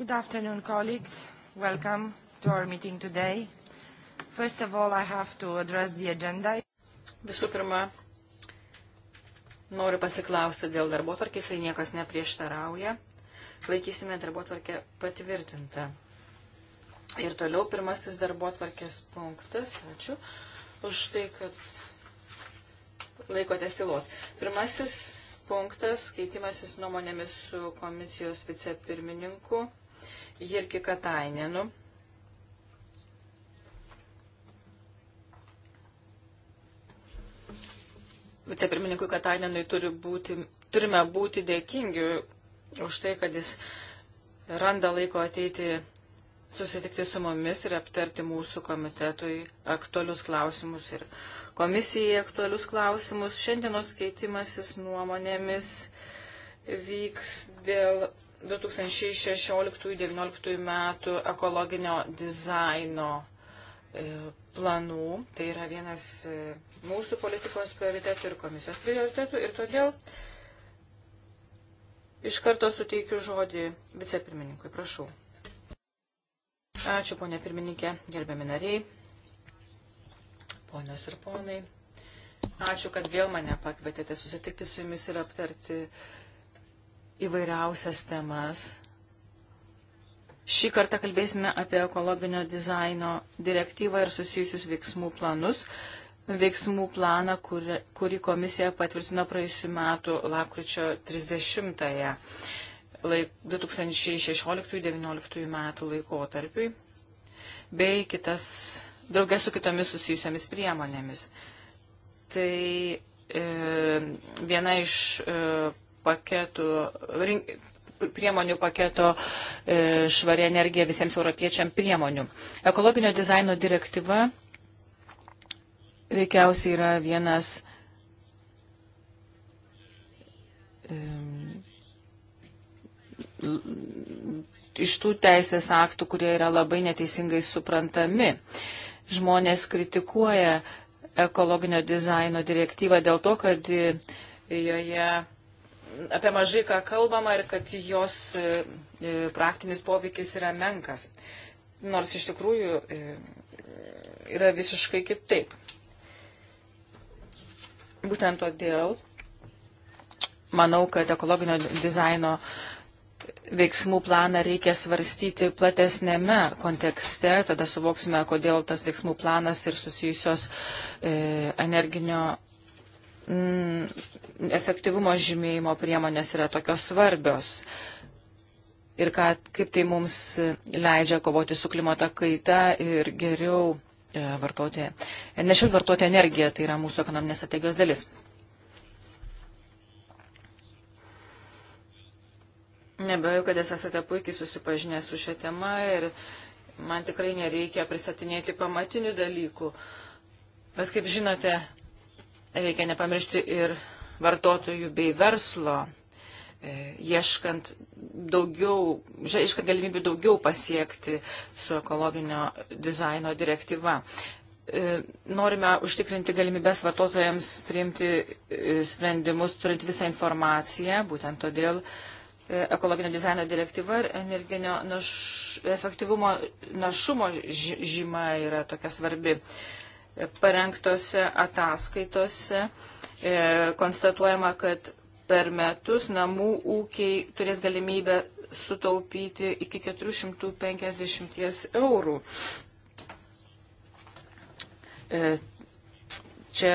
Good afternoon, colleagues. Welcome to our meeting today. First of all, I have to address the agenda. Visų pirma, noriu pasiklausti dėl darbo tvarkės, jei niekas neprieštarauja. Laikysime darbo tvarkę patvirtintą. Ir toliau pirmasis darbo tvarkės punktas. Ačiū už tai, kad laikotės tylos. Pirmasis punktas - keitimasis nuomonėmis su komisijos vicepirmininku Jirki Katainenu. Vicepirmininkui Katainenui turi būti, turime būti dėkingi už tai, kad jis randa laiko ateiti susitikti su mumis ir aptarti mūsų komitetui aktualius klausimus ir komisijai aktualius klausimus. Šiandienos keitimasis nuomonėmis vyks dėl 2016-2019 metų ekologinio dizaino e, planų. Tai yra vienas e, mūsų politikos prioritetų ir komisijos prioritetų. Ir todėl iš karto suteikiu žodį vicepirmininkui. Prašau. Ačiū, ponė pirmininkė, gerbiami nariai, ponios ir ponai. Ačiū, kad vėl mane pakvietėte susitikti su jumis ir aptarti uh, įvairiausias temas. Šį kartą kalbėsime apie ekologinio dizaino direktyvą ir susijusius veiksmų planus. Veiksmų planą, kurį, kurį komisija patvirtino praėjusiu metu lakryčio 30-ąją 2016-2019 metų laikotarpiui bei kitas, draugės su kitomis susijusiamis priemonėmis. Tai e, viena iš e, paketų, rink, priemonių paketo e, švarė energija visiems europiečiam priemonių. Ekologinio dizaino direktyva veikiausiai yra vienas e, iš tų teisės aktų, kurie yra labai neteisingai suprantami. Žmonės kritikuoja ekologinio dizaino direktyvą dėl to, kad joje apie mažai ką kalbama ir kad jos e, e, praktinis poveikis yra menkas. Nors iš tikrųjų e, yra visiškai kitaip. Būtent todėl manau, kad ekologinio dizaino veiksmų planą reikia svarstyti platesnėme kontekste, tada suvoksime, kodėl tas veiksmų planas ir susijusios e, energinio mm, efektyvumo žymėjimo priemonės yra tokios svarbios ir ką, kaip tai mums leidžia kovoti su klimato kaita ir geriau e, vartoti, nešiau vartoti energiją, tai yra mūsų ekonominės strategijos dalis. Nebejoju, kad esate puikiai susipažinę su šią temą ir man tikrai nereikia pristatinėti pamatinių dalykų. Bet kaip žinote, Reikia nepamiršti ir vartotojų bei verslo, e, ieškant, daugiau, ieškant galimybių daugiau pasiekti su ekologinio dizaino direktyva e, norime užtikrinti galimybės vartotojams priimti e, sprendimus, turint visą informaciją, būtent todėl ekologinio dizaino direktyva ir energinio naš, efektyvumo našumo žyma yra tokia svarbi parengtose ataskaitose e, konstatuojama, kad per metus namų ūkiai turės galimybę sutaupyti iki 450 eurų. E, čia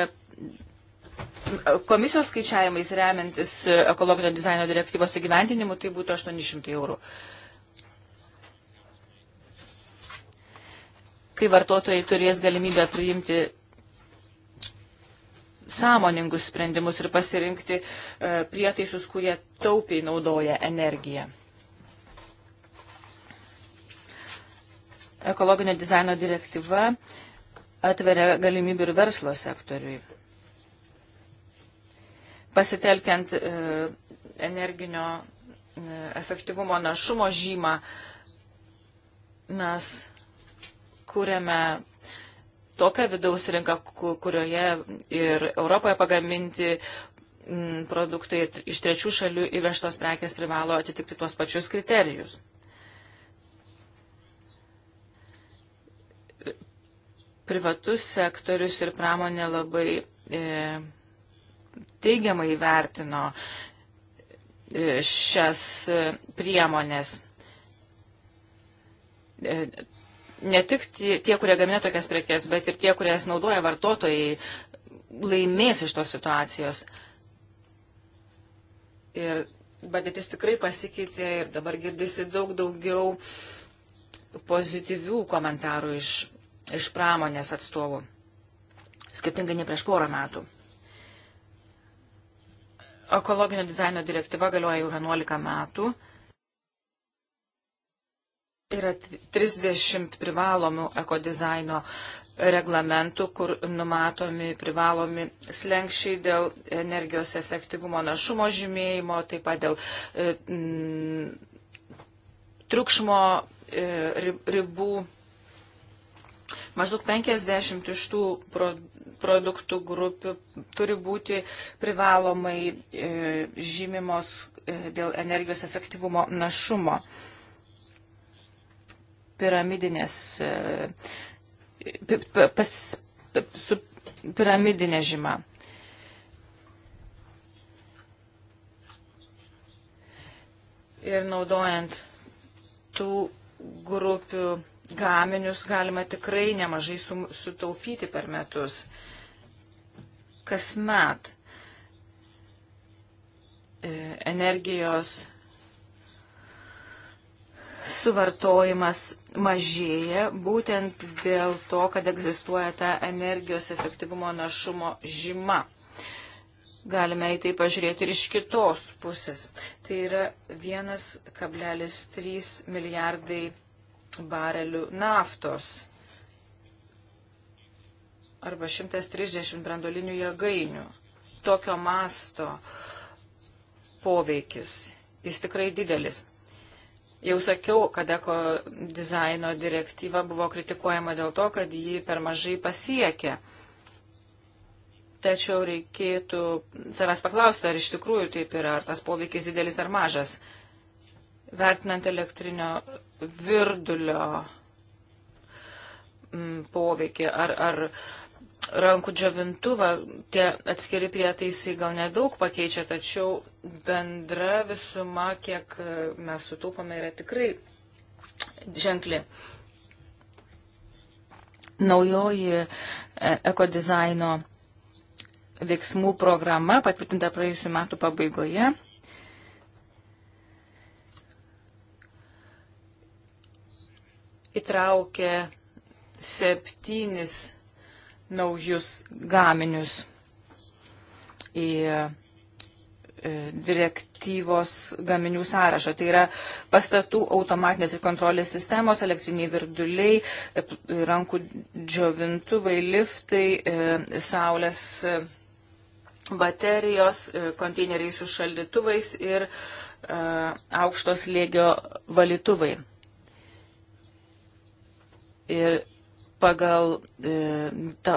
komisijos skaičiavimais remiantis ekologinio dizaino direktyvos įgyvendinimu, tai būtų 800 eurų. E, kai vartotojai turės galimybę priimti sąmoningus sprendimus ir pasirinkti e, prietaisus, kurie taupiai naudoja energiją. Ekologinio dizaino direktyva atveria galimybių ir verslo sektoriui. Pasitelkiant e, energinio e, efektyvumo našumo žymą, mes kūrėme tokią vidaus rinką, kurioje ir Europoje pagaminti mm, produktai iš trečių šalių įvežtos prekės privalo atitikti tuos pačius kriterijus. Privatus sektorius ir pramonė labai e, teigiamai vertino e, šias e, priemonės. E, ne tik tie, kurie gamina tokias prekes, bet ir tie, kurie jas naudoja vartotojai, laimės iš tos situacijos. Ir padėtis tikrai pasikeitė ir dabar girdisi daug daugiau pozityvių komentarų iš, iš pramonės atstovų, skirtingai nei prieš porą metų. Ekologinio dizaino direktyva galioja jau 11 metų Yra 30 privalomų ekodizaino reglamentų, kur numatomi privalomi slengščiai dėl energijos efektyvumo našumo žymėjimo, taip pat dėl e, m, triukšmo e, ribų. Maždaug 50 iš tų pro, produktų grupių turi būti privalomai e, žymimos e, dėl energijos efektyvumo našumo. E, piramidinės, e, pas, su piramidinė žyma. Ir naudojant tų grupių gaminius galima tikrai nemažai sutaupyti per metus. Kasmet e, energijos suvartojimas mažėja būtent dėl to, kad egzistuoja ta energijos efektyvumo našumo žyma. Galime į tai pažiūrėti ir iš kitos pusės. Tai yra 1,3 milijardai barelių naftos arba 130 brandolinių jėgainių. Tokio masto poveikis. Jis tikrai didelis. Jau sakiau, kad eko dizaino direktyva buvo kritikuojama dėl to, kad ji per mažai pasiekė. Tačiau reikėtų savęs paklausti, ar iš tikrųjų taip yra, ar tas poveikis didelis ar mažas. Vertinant elektrinio virdulio mm, poveikį, ar, ar rankų džiovintuvą, tie atskiri prietaisai gal nedaug pakeičia, tačiau bendra visuma, kiek e, mes sutaupame, yra tikrai ženkli. Naujoji e, ekodizaino veiksmų programa, patvirtinta praėjusiu metu pabaigoje, įtraukė septynis naujus gaminius į e, direktyvos gaminių sąrašą. Tai yra pastatų automatinės ir kontrolės sistemos, elektriniai virduliai, e, rankų džiovintuvai, liftai, e, saulės baterijos, konteineriai su šaldytuvais ir aukštos lėgio valytuvai. Ir pagal e,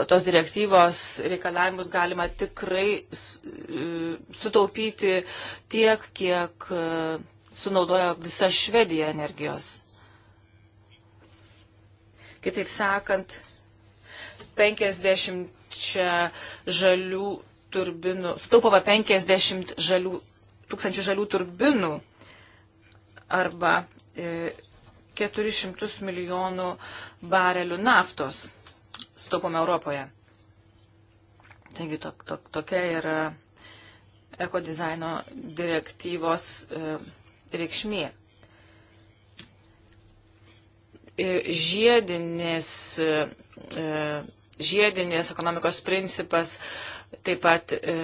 tos direktyvos reikalavimus galima tikrai e, sutaupyti tiek, kiek e, sunaudojo visa Švedija energijos. Kitaip sakant, 50 žalių turbinų, sutaupama 50 žalių, tūkstančių žalių turbinų arba e, 400 milijonų barelių naftos sutaupome Europoje. Taigi to, to, tokia yra ekodizaino direktyvos e, reikšmė. E, žiedinės, e, žiedinės ekonomikos principas taip pat e,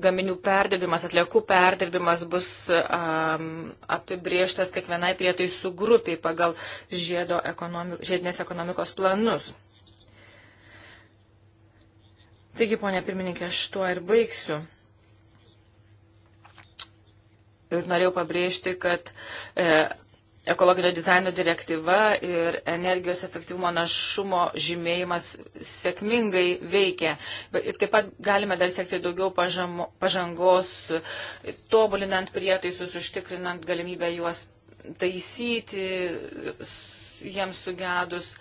gaminių perdirbimas, atliekų perdirbimas bus um, apibrieštas kiekvienai prietaisų grupiai pagal žiedo ekonomik, žiedinės ekonomikos planus. Taigi, ponė pirmininkė, aš tuo ir baigsiu. Ir norėjau pabrėžti, kad e, ekologinio dizaino direktyva ir energijos efektyvumo našumo žymėjimas sėkmingai veikia. Ir taip pat galime dar siekti daugiau pažamo, pažangos, tobulinant prietaisus, užtikrinant galimybę juos taisyti jiems sugedus.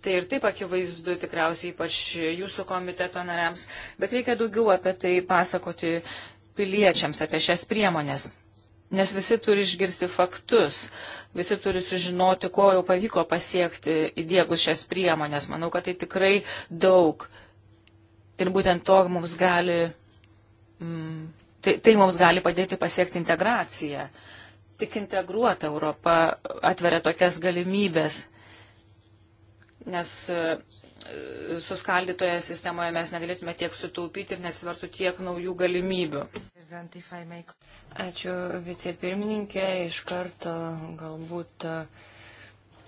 Tai ir taip akivaizdu tikriausiai ypač jūsų komiteto nariams, bet reikia daugiau apie tai pasakoti piliečiams, apie šias priemonės. Nes visi turi išgirsti faktus, visi turi sužinoti, ko jau pavyko pasiekti įdėgus šias priemonės. Manau, kad tai tikrai daug. Ir būtent to mums gali, mm, tai, tai mums gali padėti pasiekti integraciją. Tik integruota Europa atveria tokias galimybės. Nes suskaldytoje sistemoje mes negalėtume tiek sutaupyti ir neatsvertų tiek naujų galimybių. Ačiū vicepirmininkė, iš karto galbūt e,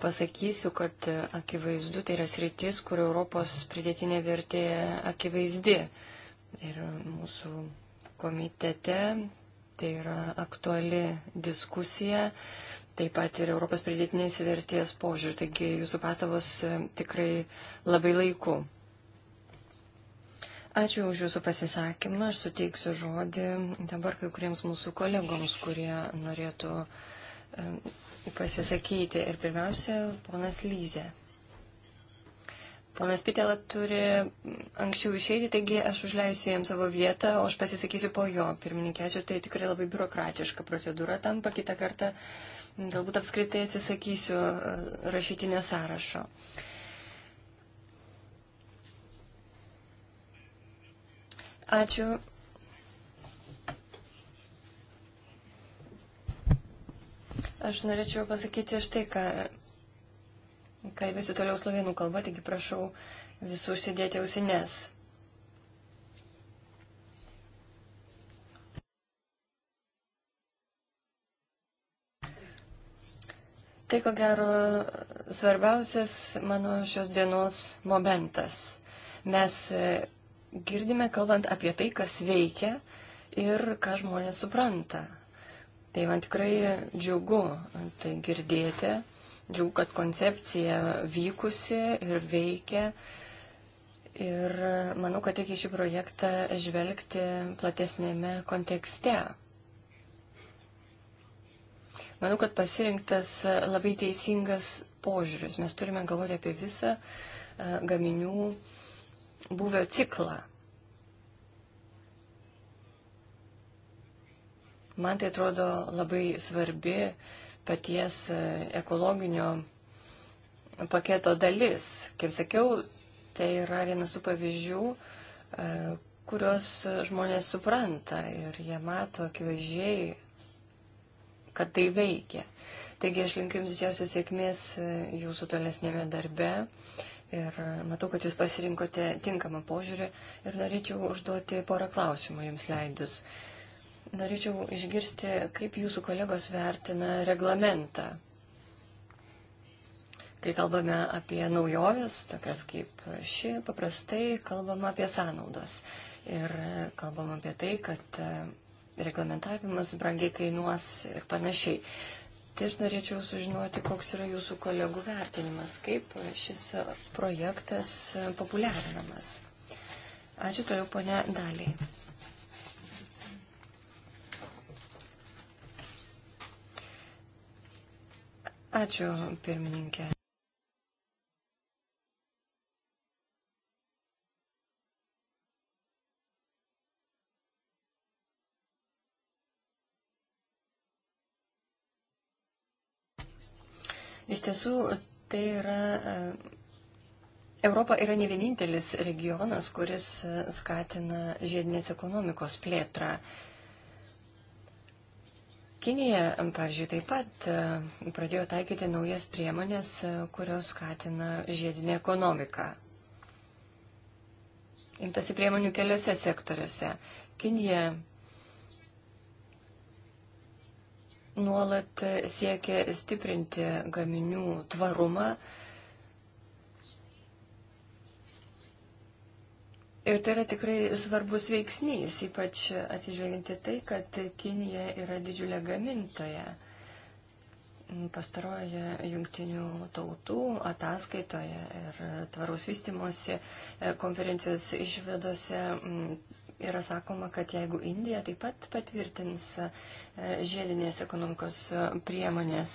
pasakysiu, kad e, akivaizdu tai yra sritis, kur Europos pridėtinė vertė akivaizdi. Ir mūsų komitete tai yra aktuali diskusija taip pat ir Europos pridėtinės vertės požiūrį. Taigi jūsų pastabos e, tikrai labai laiku. Ačiū už Jūsų pasisakymą. Aš suteiksiu žodį dabar kai kuriems mūsų kolegoms, kurie norėtų e, pasisakyti. Ir pirmiausia, ponas Lyzė. Ponas Pitela turi anksčiau išeiti, taigi aš užleisiu jam savo vietą, o aš pasisakysiu po jo. Pirmininkėčiau, tai tikrai labai biurokratiška procedūra tampa. Kitą kartą Galbūt apskritai atsisakysiu e, rašytinio sąrašo. Ačiū. Aš norėčiau pasakyti štai, ką kalbėsiu toliau slovenų kalba, taigi prašau visų užsidėti ausinės. Tai ko gero svarbiausias mano šios dienos momentas. Mes e, girdime kalbant apie tai, kas veikia ir ką žmonės supranta. Tai man tikrai džiugu tai girdėti, džiugu, kad koncepcija vykusi ir veikia. Ir manau, kad reikia šį projektą žvelgti platesnėme kontekste. Manau, kad pasirinktas labai teisingas požiūris. Mes turime galvoti apie visą e, gaminių buvę ciklą. Man tai atrodo labai svarbi paties e, ekologinio paketo dalis. Kaip sakiau, tai yra vienas tų pavyzdžių, e, kuriuos žmonės supranta ir jie mato akivaizdžiai kad tai veikia. Taigi aš linkiu Jums didžiausios sėkmės e, Jūsų tolesnėme darbe. Ir e, matau, kad Jūs pasirinkote tinkamą požiūrį ir norėčiau užduoti porą klausimų Jums leidus. Norėčiau išgirsti, kaip Jūsų kolegos vertina reglamentą. Kai kalbame apie naujoves, tokias kaip ši, paprastai kalbama apie sąnaudas. Ir e, kalbam apie tai, kad reglamentavimas brangiai kainuos ir panašiai. Tai aš norėčiau sužinoti, koks yra jūsų kolegų vertinimas, kaip šis projektas populiarinamas. Ačiū toliau, ponia Daliai. Ačiū, pirmininkė. Iš tiesų, tai yra. E, Europa yra ne vienintelis regionas, kuris e, skatina žiedinės ekonomikos plėtrą. Kinija, pavyzdžiui, taip pat e, pradėjo taikyti naujas priemonės, kurios skatina žiedinę ekonomiką. Imtasi priemonių keliose sektoriuose. Kinija nuolat siekia stiprinti gaminių tvarumą. Ir tai yra tikrai svarbus veiksnys, ypač atsižvelginti tai, kad Kinija yra didžiulė gamintoja. Pastarojoje jungtinių tautų ataskaitoje ir tvaraus vystimosi konferencijos išvedose yra sakoma, kad jeigu Indija taip pat patvirtins e, žiedinės ekonomikos e, priemonės,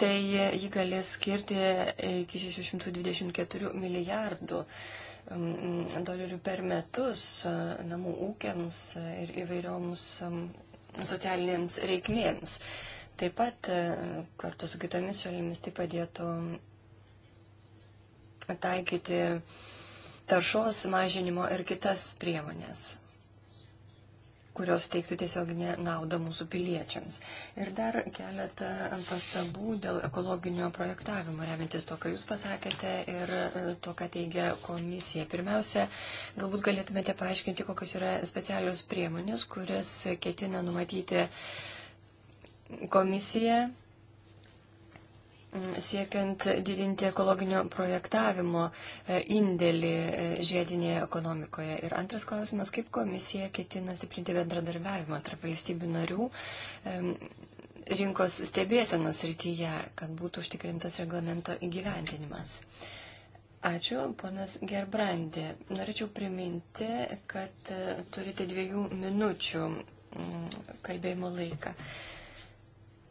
tai ji galės skirti iki 624 milijardų dolerių per metus e, namų ūkiams ir įvairioms socialinėms reikmėms. Taip pat kartu su kitomis šalimis tai padėtų taikyti taršos mažinimo ir kitas priemonės, kurios teiktų tiesioginę naudą mūsų piliečiams. Ir dar keletą pastabų dėl ekologinio projektavimo, remintis to, ką Jūs pasakėte ir e, to, ką teigia komisija. Pirmiausia, galbūt galėtumėte paaiškinti, kokios yra specialios priemonės, kurias ketina numatyti komisija Siekiant didinti ekologinio projektavimo e, indėlį e, žiedinėje ekonomikoje. Ir antras klausimas, kaip komisija ketina stiprinti bendradarbiavimą tarp valstybių narių e, rinkos stebėsenos rytyje, kad būtų užtikrintas reglamento įgyvendinimas. Ačiū, ponas Gerbrandi. Norėčiau priminti, kad turite dviejų minučių mm, kalbėjimo laiką.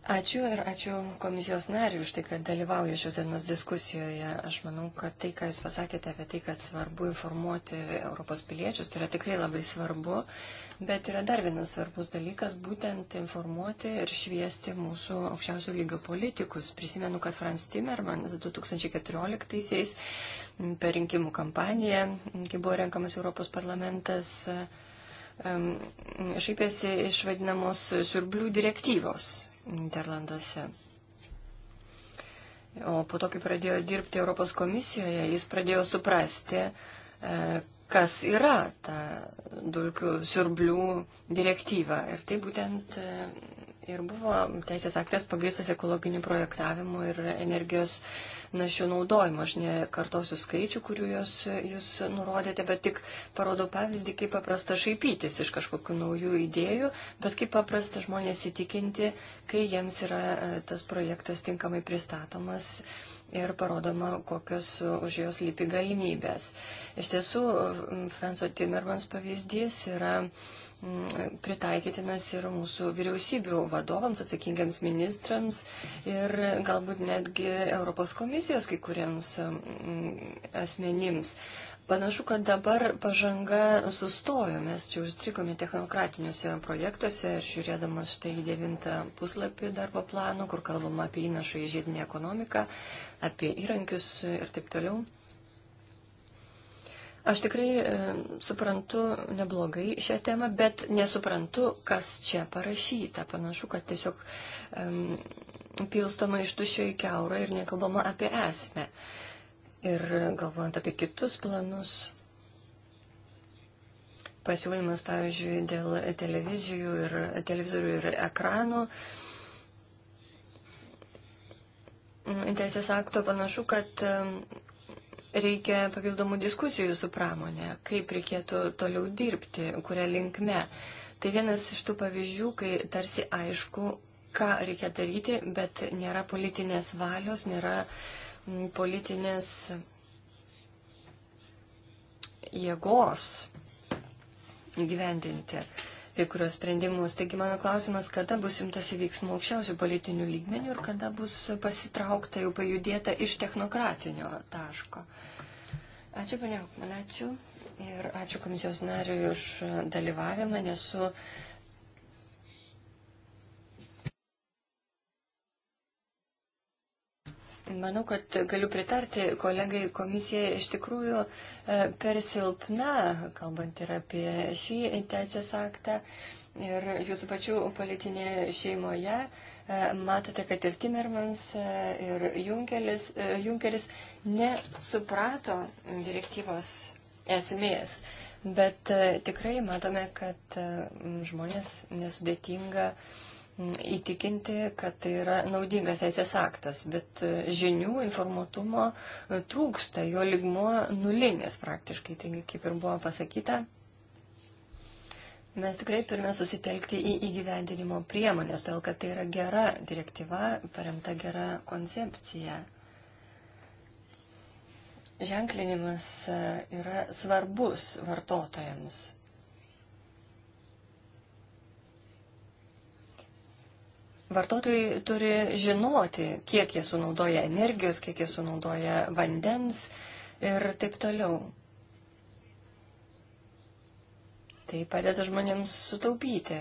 Ačiū ir ačiū komisijos nariui už tai, kad dalyvauja šios dienos diskusijoje. Aš manau, kad tai, ką Jūs pasakėte apie tai, kad svarbu informuoti Europos piliečius, tai yra tikrai labai svarbu, bet yra dar vienas svarbus dalykas - būtent informuoti ir šviesti mūsų aukščiausių lygio politikus. Prisimenu, kad Franz Timmermans 2014-aisiais per rinkimų kampaniją, kai buvo renkamas Europos parlamentas, šaipėsi iš vadinamos siurblių direktyvos Niderlanduose. O po to, kai pradėjo dirbti Europos komisijoje, jis pradėjo suprasti, e, kas yra ta dulkių siurblių direktyva. Ir tai būtent e, ir buvo teisės aktas pagristas ekologiniu projektavimu ir energijos našių naudojimu. Aš nekartosiu skaičių, kurių jūs, jūs nurodėte, bet tik parodau pavyzdį, kaip paprasta šaipytis iš kažkokių naujų idėjų, bet kaip paprasta žmonės įtikinti, kai jiems yra e, tas projektas tinkamai pristatomas ir parodoma, kokios už jos lypi galimybės. Iš tiesų, Franco Timmermans pavyzdys yra mm, pritaikytinas ir mūsų vyriausybių vadovams, atsakingiams ministrams ir galbūt netgi Europos komisijos kai kuriems mm, asmenims. Panašu, kad dabar pažanga sustojo, mes čia užstrigome technokratiniuose projektuose ir žiūrėdamas štai į devintą puslapį darbo plano, kur kalbama apie įnašą į žiedinę ekonomiką, apie įrankius ir taip toliau. Aš tikrai e, suprantu neblogai šią temą, bet nesuprantu, kas čia parašyta. Panašu, kad tiesiog e, pilstoma iš tuščio į keurą ir nekalbama apie esmę. E, Ir galvojant apie kitus planus, pasiūlymas, pavyzdžiui, dėl televizijų ir televizorių ir ekranų. Nu, teisės akto panašu, kad um, reikia papildomų diskusijų su pramonė, kaip reikėtų toliau dirbti, kurią linkme. Tai vienas iš tų pavyzdžių, kai tarsi aišku, ką reikia daryti, bet nėra politinės valios, nėra uh, politinės jėgos gyvendinti kai kurios sprendimus. Taigi mano klausimas, kada bus imtasi veiksmų aukščiausių politinių lygmenių ir kada bus pasitraukta, jau pajudėta iš technokratinio taško. Ačiū, panė, man ačiū. Ir ačiū komisijos nariui už dalyvavimą. Nesu Manau, kad galiu pritarti kolegai, komisija iš tikrųjų e, per silpna, kalbant ir apie šį teisės aktą. Ir jūsų pačių politinėje šeimoje e, matote, kad ir Timmermans, e, ir Junkeris, Junkeris nesuprato direktyvos esmės. Bet tikrai matome, kad žmonės nesudėtinga uh, įtikinti, kad tai yra naudingas teisės aktas, bet e, žinių informuotumo e, trūksta, jo ligmuo nulinis praktiškai, taigi kaip ir buvo pasakyta. Mes tikrai turime susitelkti į įgyvendinimo priemonės, todėl kad tai yra gera direktyva, paremta gera koncepcija. Ženklinimas e, yra svarbus vartotojams. Vartotojai turi žinoti, kiek jie sunaudoja energijos, kiek jie sunaudoja vandens ir taip toliau. Tai padeda žmonėms sutaupyti.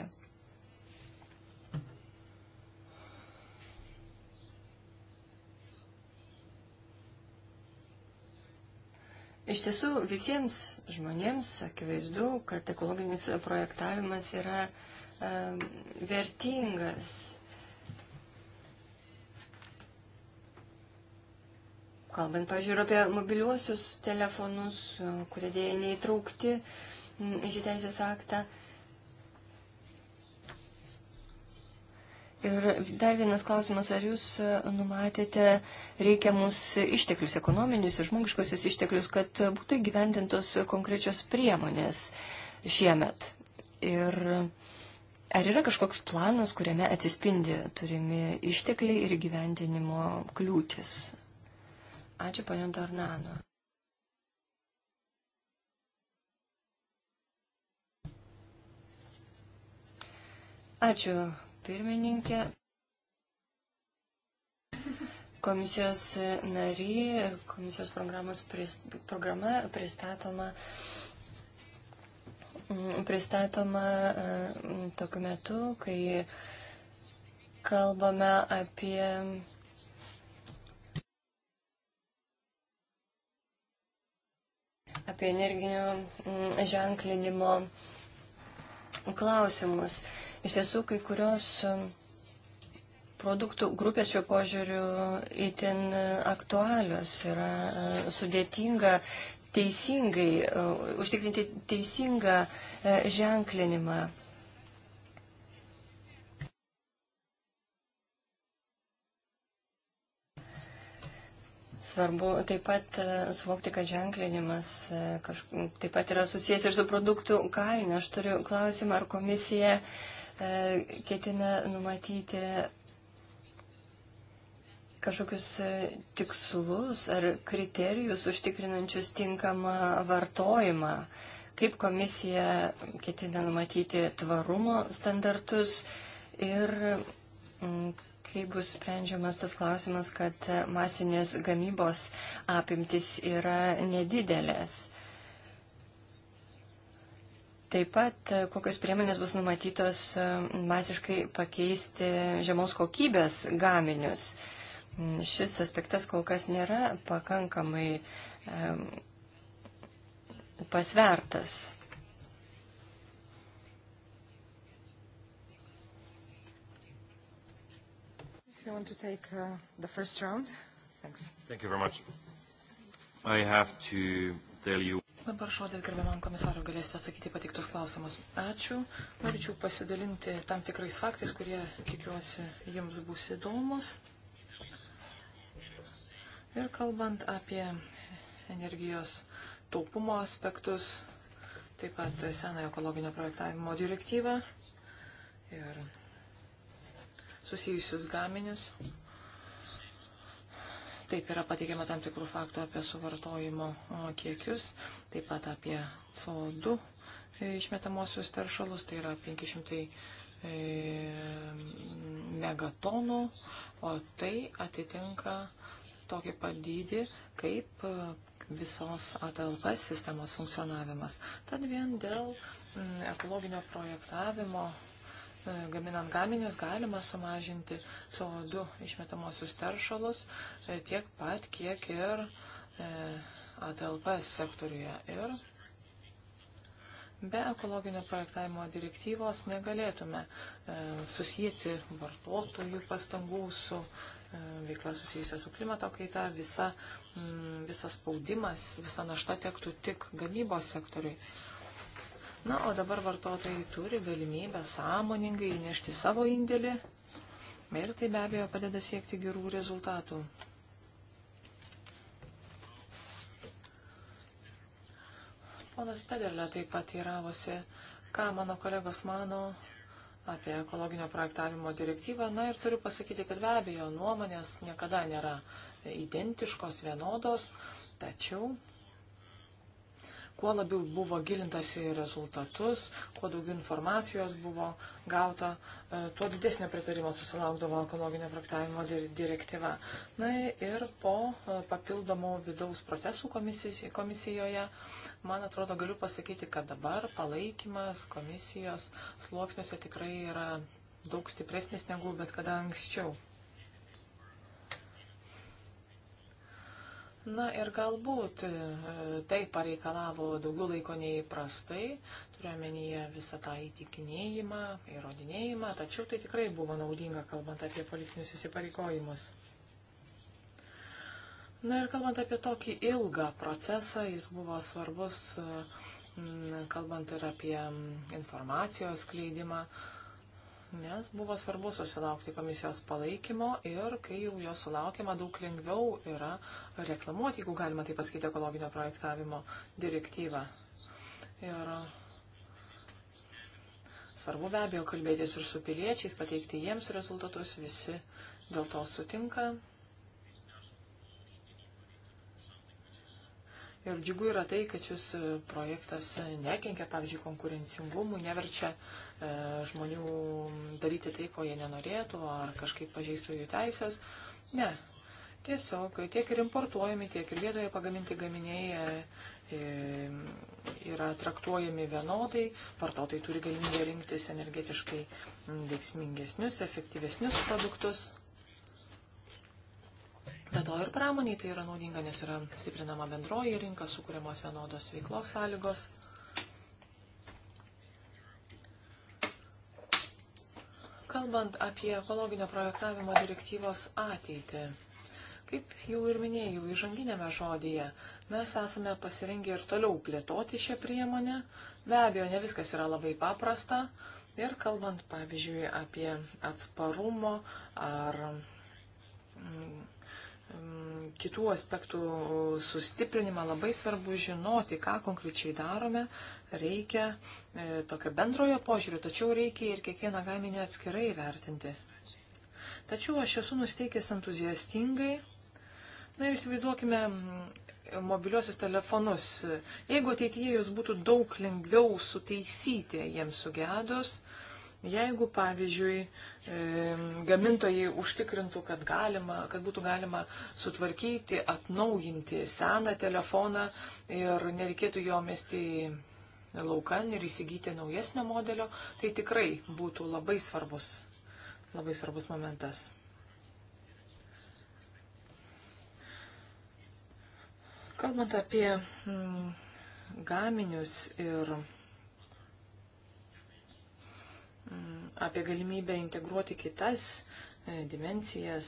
Iš tiesų, visiems žmonėms akivaizdu, kad ekologinis projektavimas yra e, vertingas Kalbant, pažiūrėjau, apie mobiliuosius telefonus, e, kurie dėja neįtraukti į šį teisės aktą. Ir dar vienas klausimas, ar jūs e, numatėte reikiamus išteklius, ekonominius ir žmogiškosius išteklius, kad būtų įgyvendintos konkrečios priemonės šiemet? Ir ar yra kažkoks planas, kuriame atsispindi turimi ištekliai ir gyvendinimo kliūtis? Ačiū, ponio Dornano. Ačiū, pirmininkė. Komisijos nary, komisijos programos prist, programa pristatoma, mm, pristatoma e, tokiu metu, kai kalbame apie apie energinio mm, ženklinimo klausimus. Iš tiesų, kai kurios mm, produktų grupės šiuo požiūriu itin aktualios yra e, sudėtinga teisingai, e, užtikrinti teisingą e, ženklinimą. Svarbu taip pat e, suvokti, kad ženklinimas e, kaž... taip pat yra susijęs ir su produktų kaina. Aš turiu klausimą, ar komisija e, ketina numatyti kažkokius tikslus ar kriterijus užtikrinančius tinkamą vartojimą. Kaip komisija ketina numatyti tvarumo standartus ir kaip bus sprendžiamas tas klausimas, kad masinės gamybos apimtis yra nedidelės. Taip pat, kokios priemonės bus numatytos e, masiškai pakeisti žemos kokybės gaminius. Šis aspektas kol kas nėra pakankamai e, pasvertas. you want to take uh, the first round? Thanks. Thank you very much. I have to tell you. Dabar žodis gerbiamam komisarui galėsite atsakyti patiktus klausimus. Ačiū. Norėčiau pasidalinti tam tikrais faktais, kurie, tikiuosi, jums bus įdomus. Ir kalbant apie energijos taupumo aspektus, taip pat senąją ekologinio projektavimo direktyvą ir susijusius gaminius. Taip yra pateikiama tam tikrų faktų apie suvartojimo kiekius, taip pat apie CO2 e, išmetamosius taršalus, tai yra 500 e, megatonų, o tai atitinka tokį padydį, kaip e, visos ATLP sistemos funkcionavimas. Tad vien dėl ekologinio projektavimo gaminant gaminius galima sumažinti CO2 išmetamosius teršalus e, tiek pat, kiek ir e, ATLP sektoriuje. Ir be ekologinio projektavimo direktyvos negalėtume e, susijęti vartotojų pastangų su veikla susijusia su klimato kaita, visa, visas spaudimas, visa našta tektų tik gamybos sektoriui. Na, o dabar vartotojai turi galimybę sąmoningai įnešti savo indėlį ir tai be abejo padeda siekti gerų rezultatų. Ponas Pederle taip pat įravosi, ką mano kolegos mano apie ekologinio projektavimo direktyvą. Na ir turiu pasakyti, kad be abejo nuomonės niekada nėra identiškos, vienodos, tačiau kuo labiau buvo gilintasi į rezultatus, kuo daugiau informacijos buvo gauta, e, tuo didesnio pritarimo susilaukdavo ekologinio traktavimo direktyva. Na ir po e, papildomų vidaus procesų komisijoje, man atrodo, galiu pasakyti, kad dabar palaikymas komisijos sluoksniuose tikrai yra daug stipresnis negu bet kada anksčiau. Na ir galbūt e, tai pareikalavo daugiau laiko nei įprastai, turiuomenyje visą tą įtikinėjimą, įrodinėjimą, tačiau tai tikrai buvo naudinga, kalbant apie politinius įsipareigojimus. Na ir kalbant apie tokį ilgą procesą, jis buvo svarbus, kalbant ir apie informacijos kleidimą. Uh, nes buvo svarbu susilaukti komisijos palaikymo ir kai jau jo sulaukima, daug lengviau yra reklamuoti, jeigu galima taip pasakyti, ekologinio projektavimo direktyvą. Ir svarbu be abejo kalbėtis ir su piliečiais, pateikti jiems rezultatus, visi dėl to sutinka. Ir džiugu yra tai, kad šis e, projektas nekenkia, pavyzdžiui, konkurencingumui, neverčia e, žmonių daryti tai, ko jie nenorėtų, ar kažkaip pažeistų jų teisės. Ne. Tiesiog tiek ir importuojami, tiek ir vietoje pagaminti gaminiai e, e yra traktuojami vienodai, vartotojai turi galimybę rinktis energetiškai veiksmingesnius, efektyvesnius produktus. Be to ir pramoniai tai yra naudinga, nes yra stiprinama bendroji rinka, sukūriamos vienodos veiklos sąlygos. Kalbant apie ekologinio projektavimo direktyvos ateitį, kaip jau ir minėjau, įžanginėme žodėje, mes esame pasirengę ir toliau plėtoti šią priemonę. Be abejo, ne viskas yra labai paprasta. Ir kalbant, pavyzdžiui, apie atsparumo ar mm, kitų aspektų sustiprinimą, labai svarbu žinoti, ką konkrečiai darome. Reikia e, tokio bendrojo požiūrio, tačiau reikia ir kiekvieną gaminį atskirai vertinti. Tačiau aš esu nusteikęs entuziastingai. Na ir įsivaizduokime mobiliuosius telefonus. Jeigu ateityje jūs būtų daug lengviau sutaisyti jiems sugedus, e, Jeigu, pavyzdžiui, gamintojai užtikrintų, kad, galima, kad būtų galima sutvarkyti, atnaujinti seną telefoną ir nereikėtų jo mesti laukan ir įsigyti naujesnio modelio, tai tikrai būtų labai svarbus, labai svarbus momentas. Kalbant apie mm, gaminius ir mm, apie galimybę integruoti kitas e, dimencijas,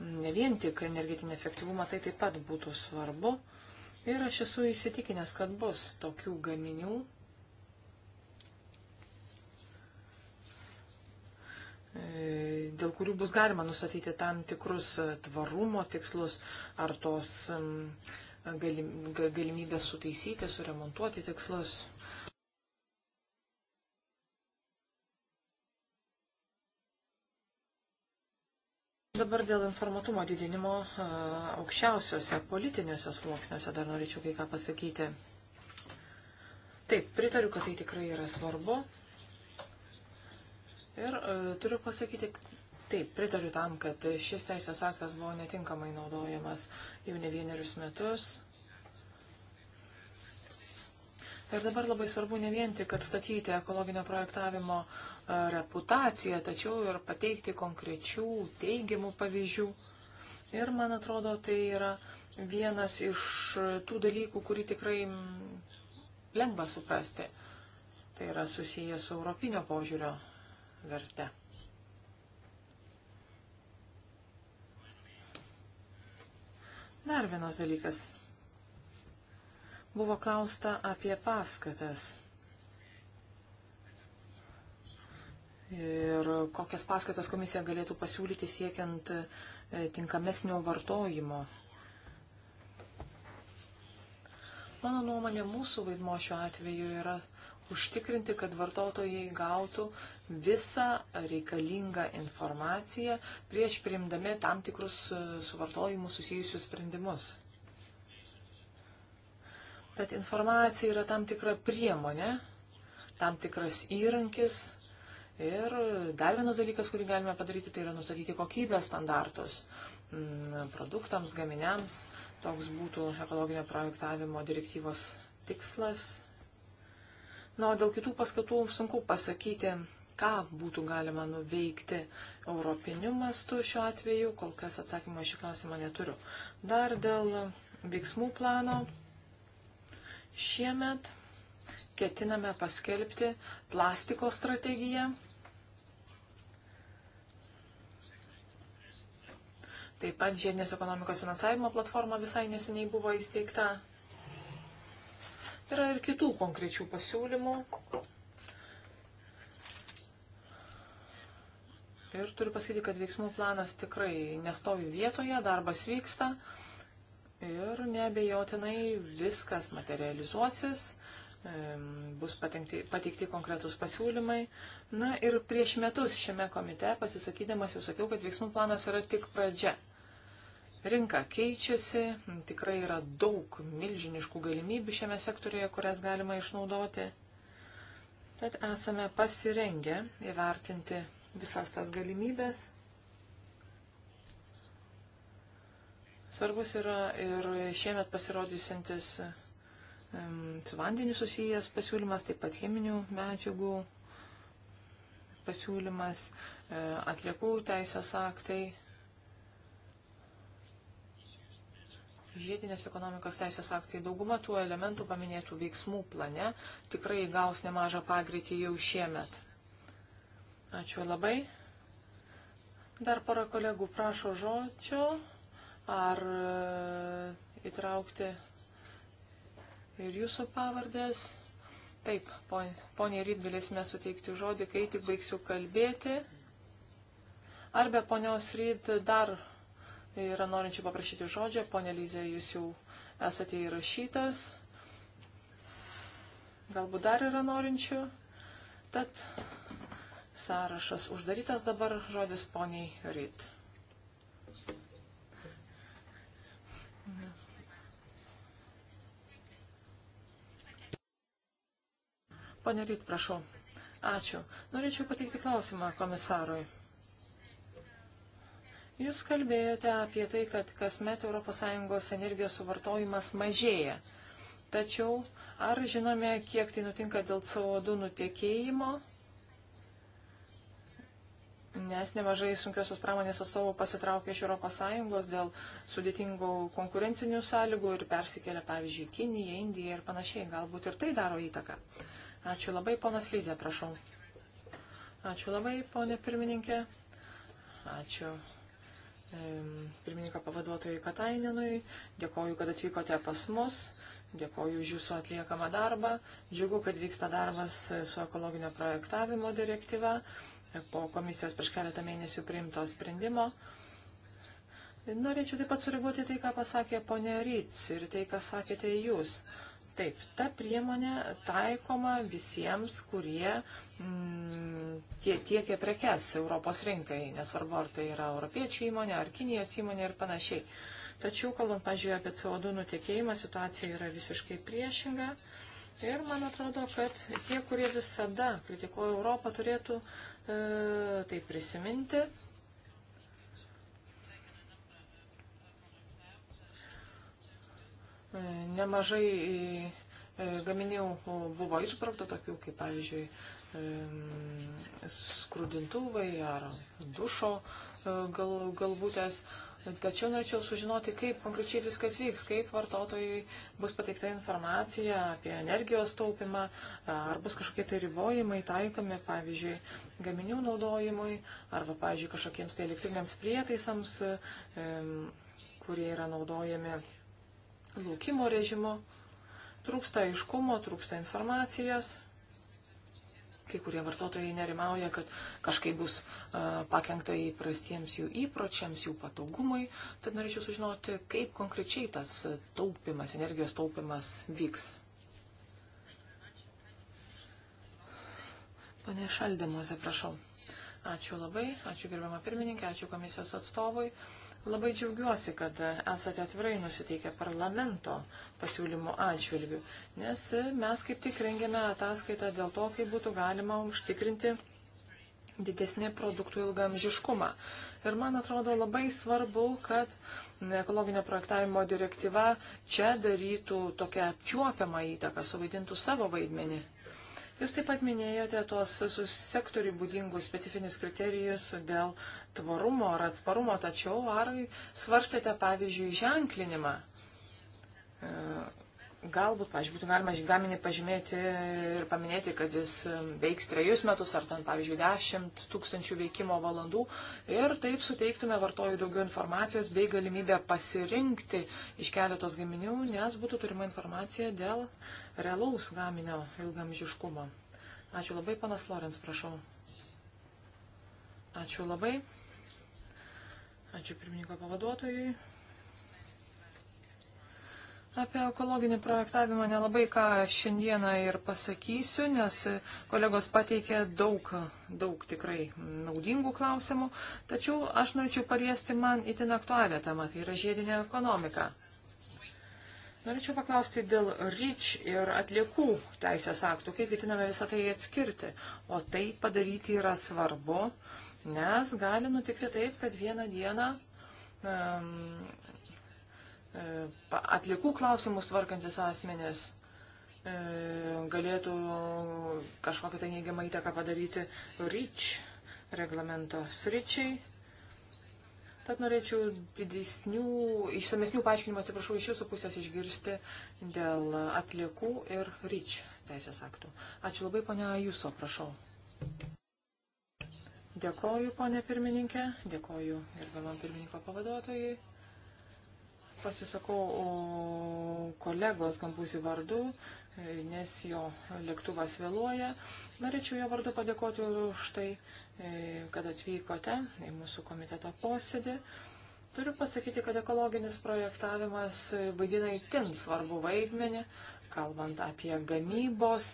ne vien tik energetinį efektyvumą, tai taip pat būtų svarbu. Ir aš esu įsitikinęs, kad bus tokių gaminių. E, dėl kurių bus galima nustatyti tam tikrus e, tvarumo tikslus ar tos galimybės sutaisyti, suremontuoti tikslus. Dabar dėl informatumo didinimo aukščiausiose politiniuose sluoksniuose dar norėčiau kai ką pasakyti. Taip, pritariu, kad tai tikrai yra svarbu. Ir e, turiu pasakyti, taip, pritariu tam, kad šis teisės aktas buvo netinkamai naudojamas jau ne vienerius metus. Ir dabar labai svarbu ne vien tik atstatyti ekologinio projektavimo uh, reputaciją, tačiau ir pateikti konkrečių teigiamų pavyzdžių. Ir man atrodo, tai yra vienas iš tų dalykų, kurį tikrai lengva suprasti. Tai yra susijęs su europinio požiūrio verte. Dar vienas dalykas. Buvo klausta apie paskatas. ir kokias paskatas komisija galėtų pasiūlyti siekiant e, tinkamesnio vartojimo. Mano nuomonė, mūsų vaidmo šiuo atveju yra užtikrinti, kad vartotojai gautų visą reikalingą informaciją prieš priimdami tam tikrus e, su vartojimu susijusius sprendimus. Tad informacija yra tam tikra priemonė, tam tikras įrankis, Ir dar vienas dalykas, kurį galime padaryti, tai yra nustatyti kokybės standartus mm, produktams, gaminiams. Toks būtų ekologinio projektavimo direktyvos tikslas. Na, o dėl kitų paskatų sunku pasakyti, ką būtų galima nuveikti europiniu mastu šiuo atveju, kol kas atsakymo šį klausimą neturiu. Dar dėl veiksmų plano. Šiemet ketiname paskelbti plastiko strategiją. Taip pat žiedinės ekonomikos finansavimo platforma visai neseniai buvo įsteigta. Yra ir kitų konkrečių pasiūlymų. Ir turiu pasakyti, kad veiksmų planas tikrai nestovi vietoje, darbas vyksta ir nebejotinai viskas materializuosis, bus patenkti, pateikti konkretus pasiūlymai. Na ir prieš metus šiame komite pasisakydamas jau sakiau, kad veiksmų planas yra tik pradžia. Rinka keičiasi, tikrai yra daug milžiniškų galimybių šiame sektorėje, kurias galima išnaudoti. Tad esame pasirengę įvertinti visas tas galimybės. Svarbus yra ir šiemet pasirodysintis su vandeniu susijęs pasiūlymas, taip pat cheminių medžiagų pasiūlymas, e, atliekų teisės aktai. žiedinės ekonomikos teisės aktai dauguma tų elementų paminėtų veiksmų plane tikrai gaus nemažą pagreitį jau šiemet. Ačiū labai. Dar para kolegų prašo žodžio. Ar e, įtraukti ir jūsų pavardės? Taip, poniai Ryd galėsime suteikti žodį, kai tik baigsiu kalbėti. Arba ponios Ryd dar yra norinčių paprašyti žodžio. Pone Lyze, jūs jau esate įrašytas. Galbūt dar yra norinčių. Tad sąrašas uždarytas dabar žodis poniai ryt. Pane Ryt, prašau. Ačiū. Norėčiau pateikti klausimą komisarui. Jūs kalbėjote apie tai, kad kasmet ES energijos suvartojimas mažėja. Tačiau ar žinome, kiek tai nutinka dėl CO2 nutekėjimo? Nes nemažai sunkiosios pramonės atstovų pasitraukė iš ES dėl sudėtingų konkurencinių sąlygų ir persikėlė, pavyzdžiui, Kinija, Indija ir panašiai. Galbūt ir tai daro įtaką. Ačiū labai, ponas Lyzė, prašau. Ačiū labai, ponė pirmininkė. Ačiū pirmininko pavaduotojui Katainenui, dėkoju, kad atvykote pas mus, dėkoju už jūsų atliekamą darbą, džiugu, kad vyksta darbas su ekologinio projektavimo direktyva po komisijos prieš keletą mėnesių priimto sprendimo. Norėčiau taip pat sureaguoti tai, ką pasakė ponė Ryts ir tai, ką sakėte jūs. Taip, ta priemonė taikoma visiems, kurie mm, tie, tiekia prekes Europos rinkai, nesvarbu, ar tai yra europiečių įmonė, ar Kinijos įmonė ir panašiai. Tačiau, kalbant, pažiūrėjau, apie CO2 nutekėjimą, situacija yra visiškai priešinga. Ir man atrodo, kad tie, kurie visada kritikuoja Europą, turėtų e, tai prisiminti E, nemažai e, gaminių buvo išbraukta, tokių kaip pavyzdžiui e, skrudintuvai ar dušo gal, galvutės. Tačiau norėčiau sužinoti, kaip konkrečiai viskas vyks, kaip vartotojui bus pateikta informacija apie energijos taupimą, ar bus kažkokie tai ribojimai taikomi, pavyzdžiui, gaminių naudojimui, arba, pavyzdžiui, kažkokiems tai elektriniams prietaisams, kurie yra naudojami laukimo režimu, trūksta aiškumo, trūksta informacijos. Kai kurie vartotojai nerimauja, kad kažkaip bus uh, pakengta įprastiems jų įpročiams, jų patogumui. Tad norėčiau sužinoti, kaip konkrečiai tas taupimas, energijos taupimas vyks. Pane Šaldimuose, prašau. Ačiū labai, ačiū gerbiamą pirmininkę, ačiū komisijos atstovui. Uh, Labai džiaugiuosi, kad esate atvirai nusiteikę parlamento pasiūlymų atžvilgių, nes mes kaip tik rengėme ataskaitą dėl to, kaip būtų galima užtikrinti didesnį produktų ilgamžiškumą. Ir man atrodo labai svarbu, kad ekologinio projektavimo direktyva čia darytų tokią apčiuopiamą įtaką, suvaidintų savo vaidmenį. Jūs taip pat minėjote tuos sektoriui būdingus specifinius kriterijus dėl tvarumo ar atsparumo, tačiau ar svarstėte, pavyzdžiui, ženklinimą? Galbūt, pavyzdžiui, būtų galima gaminį pažymėti ir paminėti, kad jis um, veiks trejus metus ar ten, pavyzdžiui, 10 tūkstančių veikimo valandų ir taip suteiktume vartojui daugiau informacijos bei galimybę pasirinkti iš keletos gaminių, nes būtų turima informacija dėl realaus gaminio ilgamžiškumo. Ačiū labai, panas Florens, prašau. Ačiū labai. Ačiū pirmininko pavaduotojui. Apie ekologinį projektavimą nelabai ką šiandieną ir pasakysiu, nes kolegos pateikė daug, daug tikrai naudingų klausimų, tačiau aš norėčiau paliesti man itin aktualią temą, tai yra žiedinė ekonomika. Norėčiau paklausti dėl REACH ir atliekų teisės aktų, kaip ketiname visą tai atskirti, o tai padaryti yra svarbu, nes gali nutikti taip, kad vieną dieną um, E, atlikų klausimus tvarkantis asmenės e, galėtų kažkokią tai neigiamą įtaką padaryti REACH reglamento sričiai. Tad norėčiau didesnių, išsamesnių paaiškinimų, atsiprašau, iš jūsų pusės išgirsti dėl atliekų ir ryč teisės aktų. Ačiū labai, ponia Jūso, prašau. Dėkoju, ponia pirmininkė, dėkoju gerbiamam pirmininko pavaduotojai pasisakau kolegos Gambuzi vardu, nes jo lėktuvas vėluoja. Norėčiau jo vardu padėkoti už tai, e, kad atvykote į mūsų komiteto posėdį. Turiu pasakyti, kad ekologinis projektavimas vaidina įtin svarbu vaidmenį, kalbant apie gamybos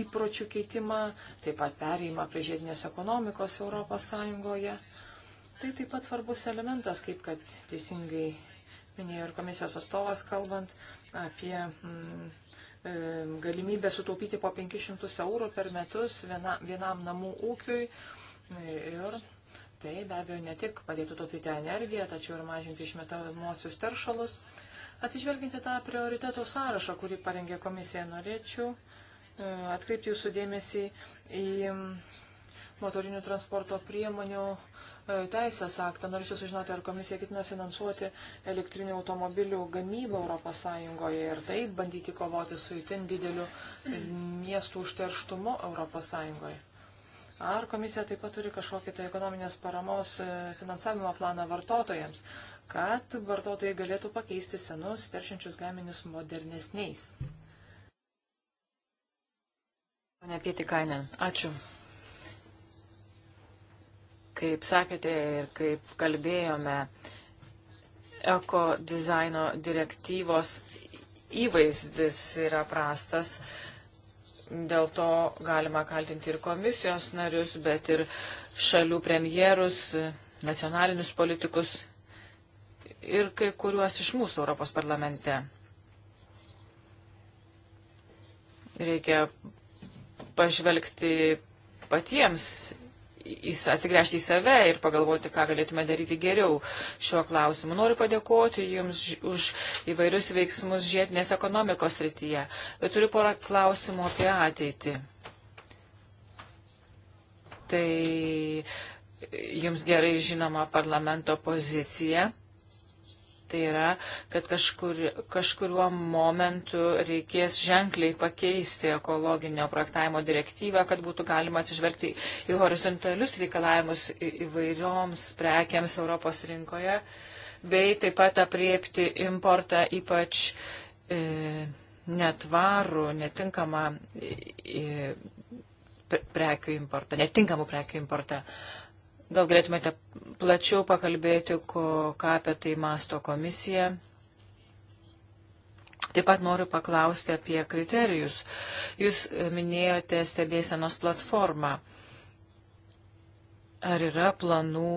įpročių keitimą, taip pat perėjimą prie žiedinės ekonomikos ES. Tai taip pat svarbus elementas, kaip kad teisingai minėjo ir komisijos atstovas, kalbant apie mm, e, galimybę sutaupyti po 500 eurų per metus viena, vienam namų ūkiui. Ir tai be abejo ne tik padėtų taupyti energiją, tačiau ir mažinti išmetamuosius teršalus. Atsižvelginti tą prioritetų sąrašą, kurį parengė komisija, norėčiau e, atkreipti jūsų dėmesį į mm, motorinių transporto priemonių E, teisės aktą. Norėčiau sužinoti, ar komisija ketina finansuoti elektrinių automobilių gamybą ES ir taip bandyti kovoti su itin dideliu miestų užterštumu ES. Ar komisija taip pat turi kažkokį tai ekonominės paramos e, finansavimo planą vartotojams, kad vartotojai galėtų pakeisti senus teršiančius gaminius modernesniais? Pane Pietikainė, ačiū. Kaip sakėte ir kaip kalbėjome, eko dizaino direktyvos įvaizdis yra prastas. Dėl to galima kaltinti ir komisijos narius, bet ir šalių premjerus, nacionalinius politikus ir kai kuriuos iš mūsų Europos parlamente. Reikia pažvelgti patiems atsigręžti į save ir pagalvoti, ką galėtume daryti geriau šiuo klausimu. Noriu padėkoti Jums už įvairius veiksmus žiedinės ekonomikos rytyje, bet turiu porą klausimų apie ateitį. Tai Jums gerai žinoma parlamento pozicija Tai yra, kad kažkur, kažkuriuo momentu reikės ženkliai pakeisti ekologinio projektavimo direktyvą, kad būtų galima atsižvelgti į horizontalius reikalavimus įvairioms prekiams Europos rinkoje, bei taip pat apriepti importą ypač. E, netvarų, netinkamą e, e, prekių importą, netinkamų prekių importą. Gal galėtumėte plačiau pakalbėti, ko, ką apie tai masto komisija. Taip pat noriu paklausti apie kriterijus. Jūs minėjote stebėsenos platformą. Ar yra planų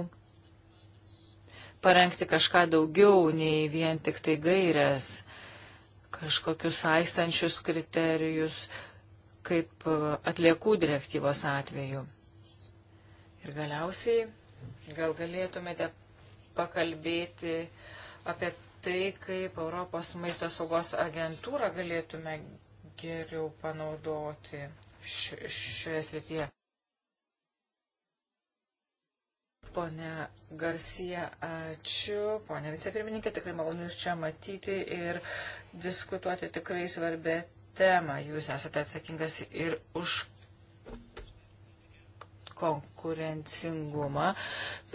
parengti kažką daugiau nei vien tik tai gairias, kažkokius aistančius kriterijus, kaip atliekų direktyvos atveju? Ir galiausiai gal galėtumėte pakalbėti apie tai, kaip Europos maisto saugos agentūrą galėtume geriau panaudoti šioje srityje. Pone Garcija, ačiū. Pone vicepirmininkė, tikrai malonu Jūs čia matyti ir diskutuoti tikrai svarbę temą. Jūs esate atsakingas ir už konkurencingumą.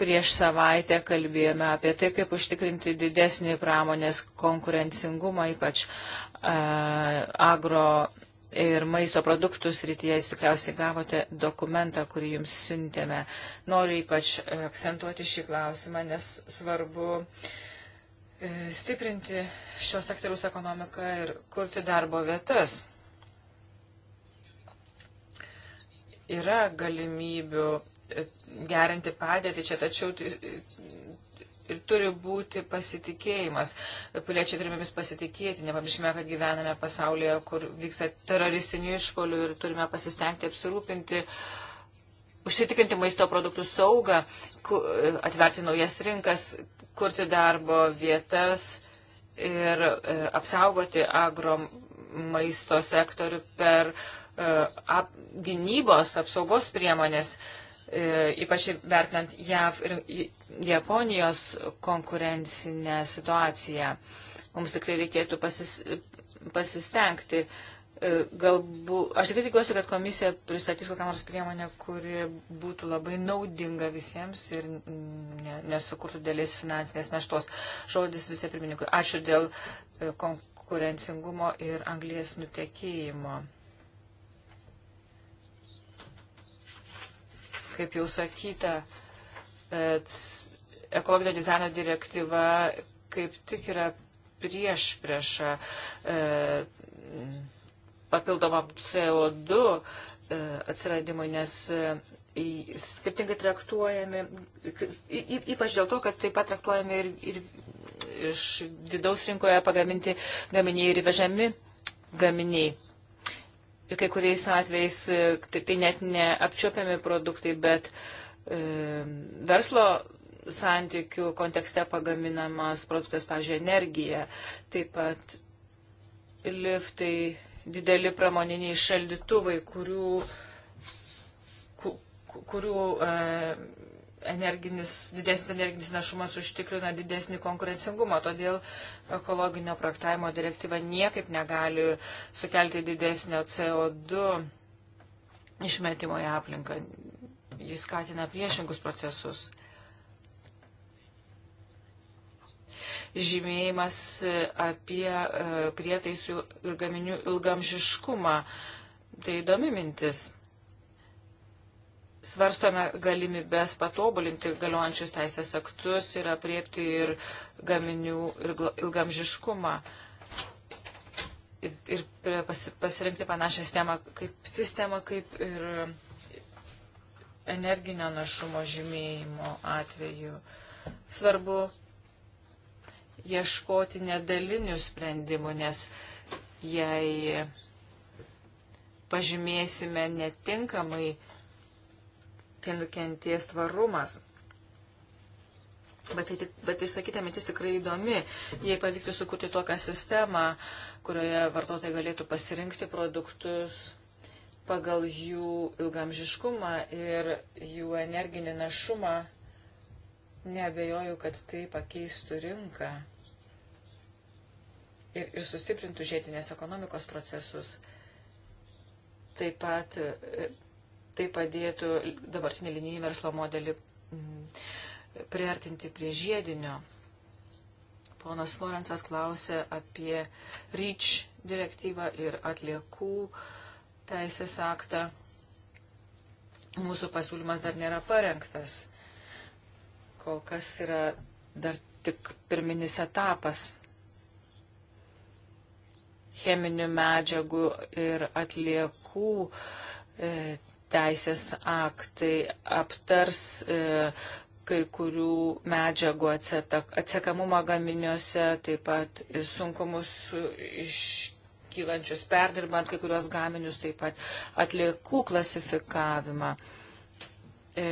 Prieš savaitę kalbėjome apie tai, kaip užtikrinti didesnį pramonės konkurencingumą, ypač uh, agro ir maisto produktų srityje. Jūs tikriausiai gavote dokumentą, kurį jums siuntėme. Noriu ypač akcentuoti šį klausimą, nes svarbu uh, stiprinti šios sektoriaus ekonomiką ir kurti darbo vietas. Yra galimybių e, gerinti padėtį čia, tačiau ir turi būti pasitikėjimas. Piliečiai turime vis pasitikėti, nepamirškime, kad gyvename pasaulyje, kur vyksta teroristinių išpolių ir turime pasistengti apsirūpinti, užsitikinti maisto produktų saugą, atverti naujas rinkas, kurti darbo vietas ir e, apsaugoti agro maisto sektorių per uh, E, ap, gynybos apsaugos priemonės, e, ypač vertinant JAV ir Japonijos konkurencinę situaciją. Mums tikrai reikėtų pasis, pasistengti. E, Galbūt, aš tikrai tikiuosi, kad komisija pristatys kokią nors priemonę, kuri būtų labai naudinga visiems ir ne, nesukurtų dėlės finansinės naštos. Žodis visie pirmininkui. Ačiū dėl konkurencingumo ir anglies nutekėjimo. kaip jau sakyta, e, ekologinio dizaino direktyva kaip tik yra prieš priešą e, papildomam CO2 e, atsiradimui, nes e, skirtingai traktuojami, ypač dėl to, kad taip pat traktuojami ir, ir iš vidaus rinkoje pagaminti gaminiai ir vežami gaminiai ir kai kuriais atvejais e, tai, tai net neapčiopiami produktai, bet e, verslo santykių kontekste pagaminamas produktas, pažiūrėjau, energija, taip pat liftai, dideli pramoniniai šaldytuvai, kurių, kurių e, energinis, didesnis energinis našumas užtikrina didesnį konkurencingumą. Todėl ekologinio projektavimo direktyva niekaip negali sukelti didesnio CO2 išmetimo į aplinką. Jis skatina priešingus procesus. Žymėjimas apie e, prietaisų ir gaminių ilgamžiškumą. Tai įdomi mintis svarstome galimybės patobulinti galiojančius teisės aktus ir apriepti ir gaminių ir ilgamžiškumą. Ir, ir pasirinkti panašią sistemą kaip, sistemą, kaip ir energinio našumo žymėjimo atveju. Svarbu ieškoti nedalinių sprendimų, nes jei pažymėsime netinkamai tai nukenties tvarumas. Bet, tai tik, bet išsakyta mintis tikrai įdomi. Jei pavyktų sukurti tokią sistemą, kurioje vartotojai galėtų pasirinkti produktus pagal jų ilgamžiškumą ir jų energinį našumą, neabejoju, kad tai pakeistų rinką ir, ir sustiprintų žiedinės ekonomikos procesus. Taip pat e, Tai padėtų dabartinį linijinį verslo modelį mm, priartinti prie žiedinio. Ponas Florensas klausė apie REACH direktyvą ir atliekų teisės aktą. Mūsų pasiūlymas dar nėra parengtas. Kol kas yra dar tik pirminis etapas cheminių medžiagų ir atliekų e, teisės aktai aptars e, kai kurių medžiagų atsekamumą gaminiuose, taip pat sunkumus iškylančius perdirbant kai kurios gaminius, taip pat atliekų klasifikavimą. E,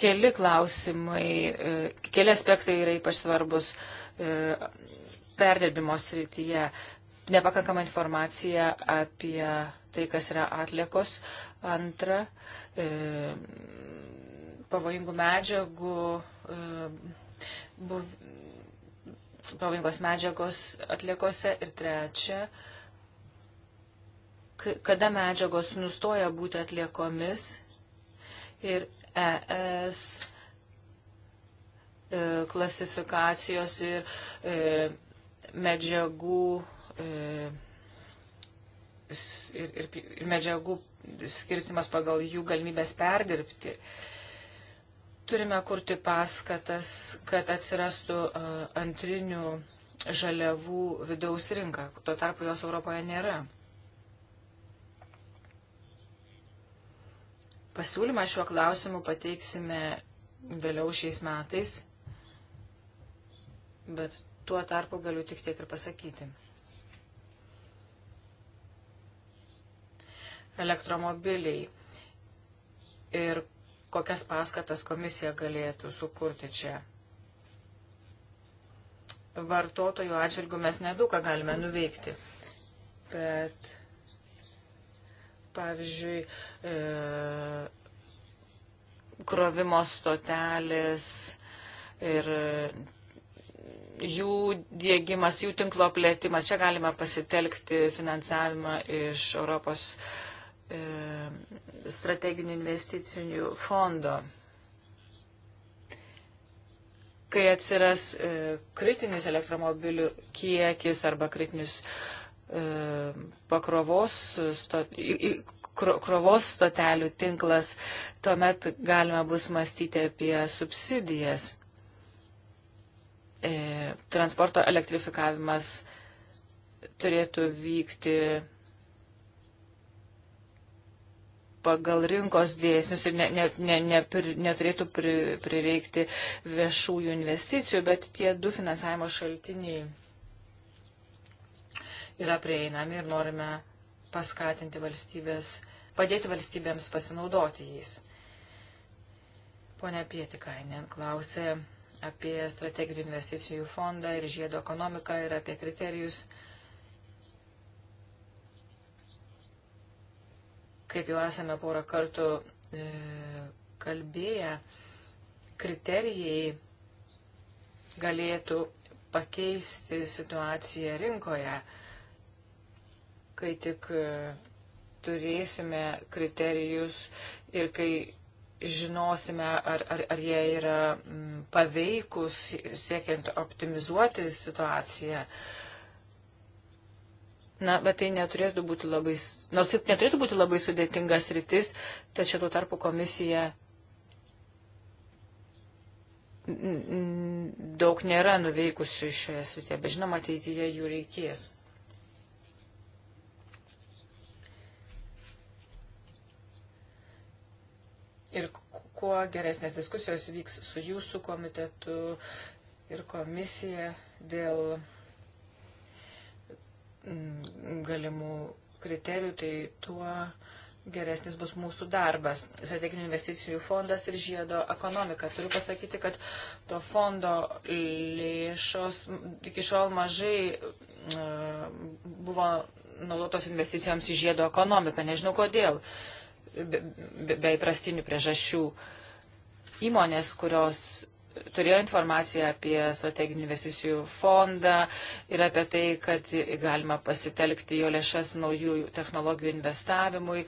keli klausimai, e, keli aspektai yra ypač svarbus e, perdirbimo srityje. E, nepakankama informacija apie tai, kas yra atliekos. Antra, e, pavojingų medžiagų, e, buv, pavojingos medžiagos atliekose. Ir trečia, kada medžiagos nustoja būti atliekomis. Ir ES e, klasifikacijos ir e, medžiagų E, ir, ir, ir medžiagų skirstimas pagal jų galimybės perdirbti. Turime kurti paskatas, kad atsirastų e, antrinių žaliavų vidaus rinka. Tuo tarpu jos Europoje nėra. Pasiūlymą šiuo klausimu pateiksime vėliau šiais metais, bet tuo tarpu galiu tik tiek ir pasakyti. elektromobiliai ir kokias paskatas komisija galėtų sukurti čia. Vartotojų atžvilgių mes nedaug ką galime nuveikti, bet pavyzdžiui, e, krovimo stotelės ir jų dėgymas, jų tinklo plėtimas. Čia galima pasitelkti finansavimą iš Europos e, E, strateginių investicinių fondo. Kai atsiras e, kritinis elektromobilių kiekis arba kritinis e, pakrovos krovos stotelių tinklas, tuomet galima bus mąstyti apie subsidijas. Transporto elektrifikavimas turėtų vykti pagal rinkos dėsnius ir ne, ne, ne, ne, neturėtų pri, prireikti viešųjų investicijų, bet tie du finansavimo šaltiniai yra prieinami ir norime paskatinti valstybės, padėti valstybėms pasinaudoti jais. Pone Pietikainen klausė apie strateginių investicijų fondą ir žiedo ekonomiką ir apie kriterijus kaip jau esame porą kartų e, kalbėję, kriterijai galėtų pakeisti situaciją rinkoje, kai tik e, turėsime kriterijus ir kai žinosime, ar, ar, ar jie yra paveikus siekiant optimizuoti situaciją. E, Na, bet tai neturėtų būti labai, nors tai neturėtų būti labai sudėtingas rytis, tačiau tuo tarpu komisija daug nėra nuveikusių šioje srityje, bet žinoma, ateityje jų reikės. Ir kuo geresnės diskusijos vyks su jūsų komitetu ir komisija dėl Mm, galimų kriterijų, tai tuo geresnis bus mūsų darbas. Strateginių investicijų fondas ir žiedo ekonomika. Turiu pasakyti, kad to fondo lėšos iki šiol mažai mm, buvo naudotos investicijoms į žiedo ekonomiką. Nežinau kodėl. Be, be, be įprastinių priežasčių. Įmonės, kurios turėjo informaciją apie strateginių investicijų fondą ir apie tai, kad galima pasitelkti jo lėšas naujų technologijų investavimui.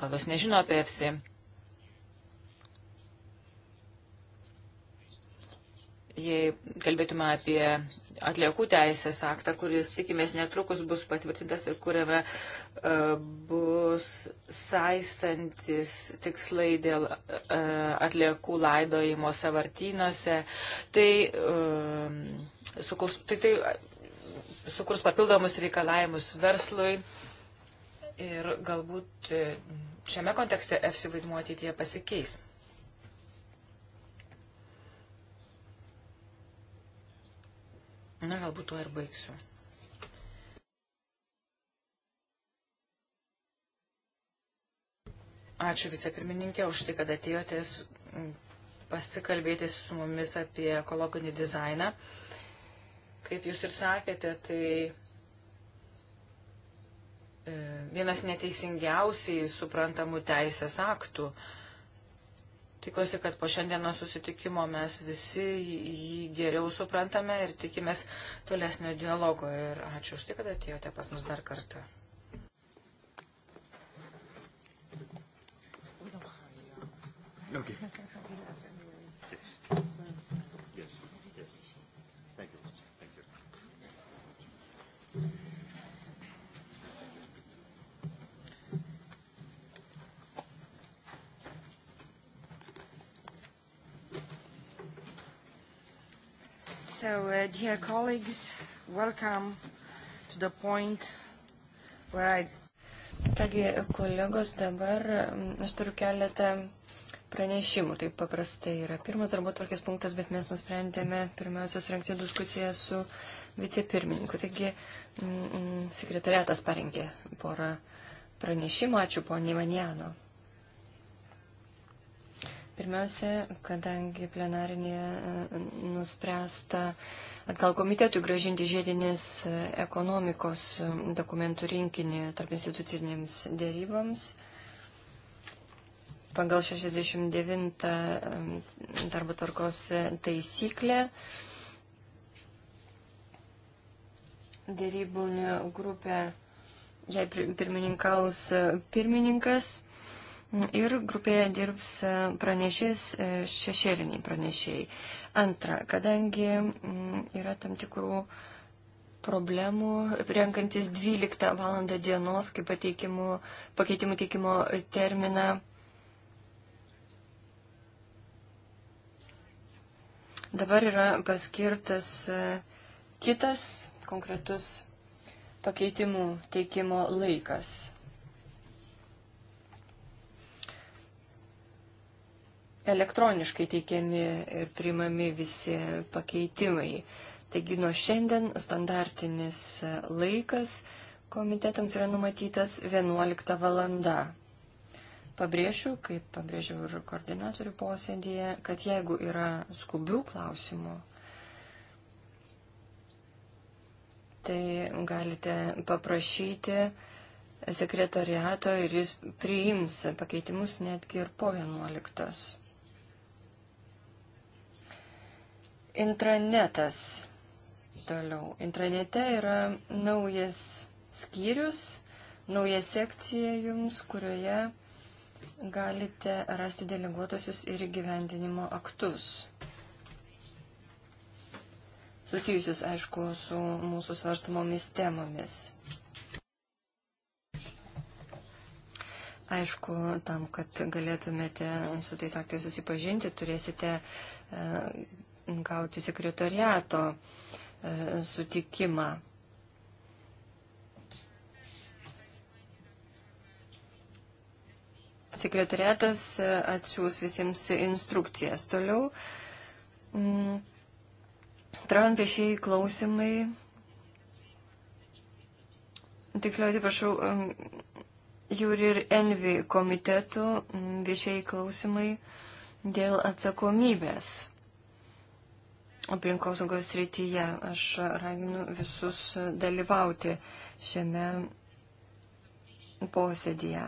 Gal jos nežino apie EFSI? Jei kalbėtume apie atliekų teisės aktą, kuris tikimės netrukus bus patvirtintas ir kuriame uh, bus saistantis tikslai dėl uh, atliekų laidojimo savartynuose. Tai, uh, sukurs, tai, tai sukurs papildomus reikalavimus verslui ir galbūt šiame kontekste EFSI vaidmuo ateityje pasikeis. Na, galbūt tuo ir baigsiu. Ačiū vicepirmininkė už tai, kad atėjote pasikalbėti su mumis apie ekologinį dizainą. Kaip jūs ir sakėte, tai e, vienas neteisingiausiai suprantamų teisės aktų. E, Tikiuosi, kad po šiandieno susitikimo mes visi jį geriau suprantame ir tikimės tolesnio dialogo. Ir ačiū už tai, kad atėjote pas mus dar kartą. Okay. So, uh, dear colleagues, welcome to the point where I... Kągi, kolegos, dabar mm, aš turiu keletą pranešimų, taip paprastai yra. Pirmas darbo tvarkės punktas, bet mes nusprendėme pirmiausia surinkti diskusiją su vicepirmininku. Taigi, m, mm, m, mm, sekretariatas parengė porą pranešimų. Ačiū poniai Maniano. Pirmiausia, kadangi plenarinėje nuspręsta atgal komitetui gražinti žiedinės e, ekonomikos e, dokumentų rinkinį tarp institucinėms dėryboms, pagal 69 e, darbo tvarkos taisyklę dėrybų grupė, jai pirmininkaus pirmininkas Ir grupėje dirbs e, pranešės e, šešėliniai pranešėjai. Antra, kadangi mm, yra tam tikrų problemų, renkantis 12 val. dienos, kaip pakeitimų teikimo terminą, dabar yra paskirtas e, kitas konkretus pakeitimų teikimo laikas. elektroniškai teikiami ir primami visi pakeitimai. Taigi nuo šiandien standartinis laikas komitetams yra numatytas 11 valanda. Pabrėšiu, kaip pabrėžiau ir koordinatorių posėdėje, kad jeigu yra skubių klausimų, tai galite paprašyti sekretoriato ir jis priims pakeitimus netgi ir po 11. Intranetas. Toliau. Intranete yra naujas skyrius, nauja sekcija jums, kurioje galite rasti deleguotosius ir gyvendinimo aktus. Susijusius, aišku, su mūsų svarstumomis temomis. Aišku, tam, kad galėtumėte su tais aktais susipažinti, turėsite e, gauti sekretariato e, sutikimą. Sekretariatas e, atsiūs visiems instrukcijas. Toliau mm, Trump viešiai klausimai. Tiksliau, atsiprašau, mm, jūri ir envi komitetų mm, viešiai klausimai dėl atsakomybės aplinkosaugos rytyje. Aš raginu visus dalyvauti šiame posėdėje.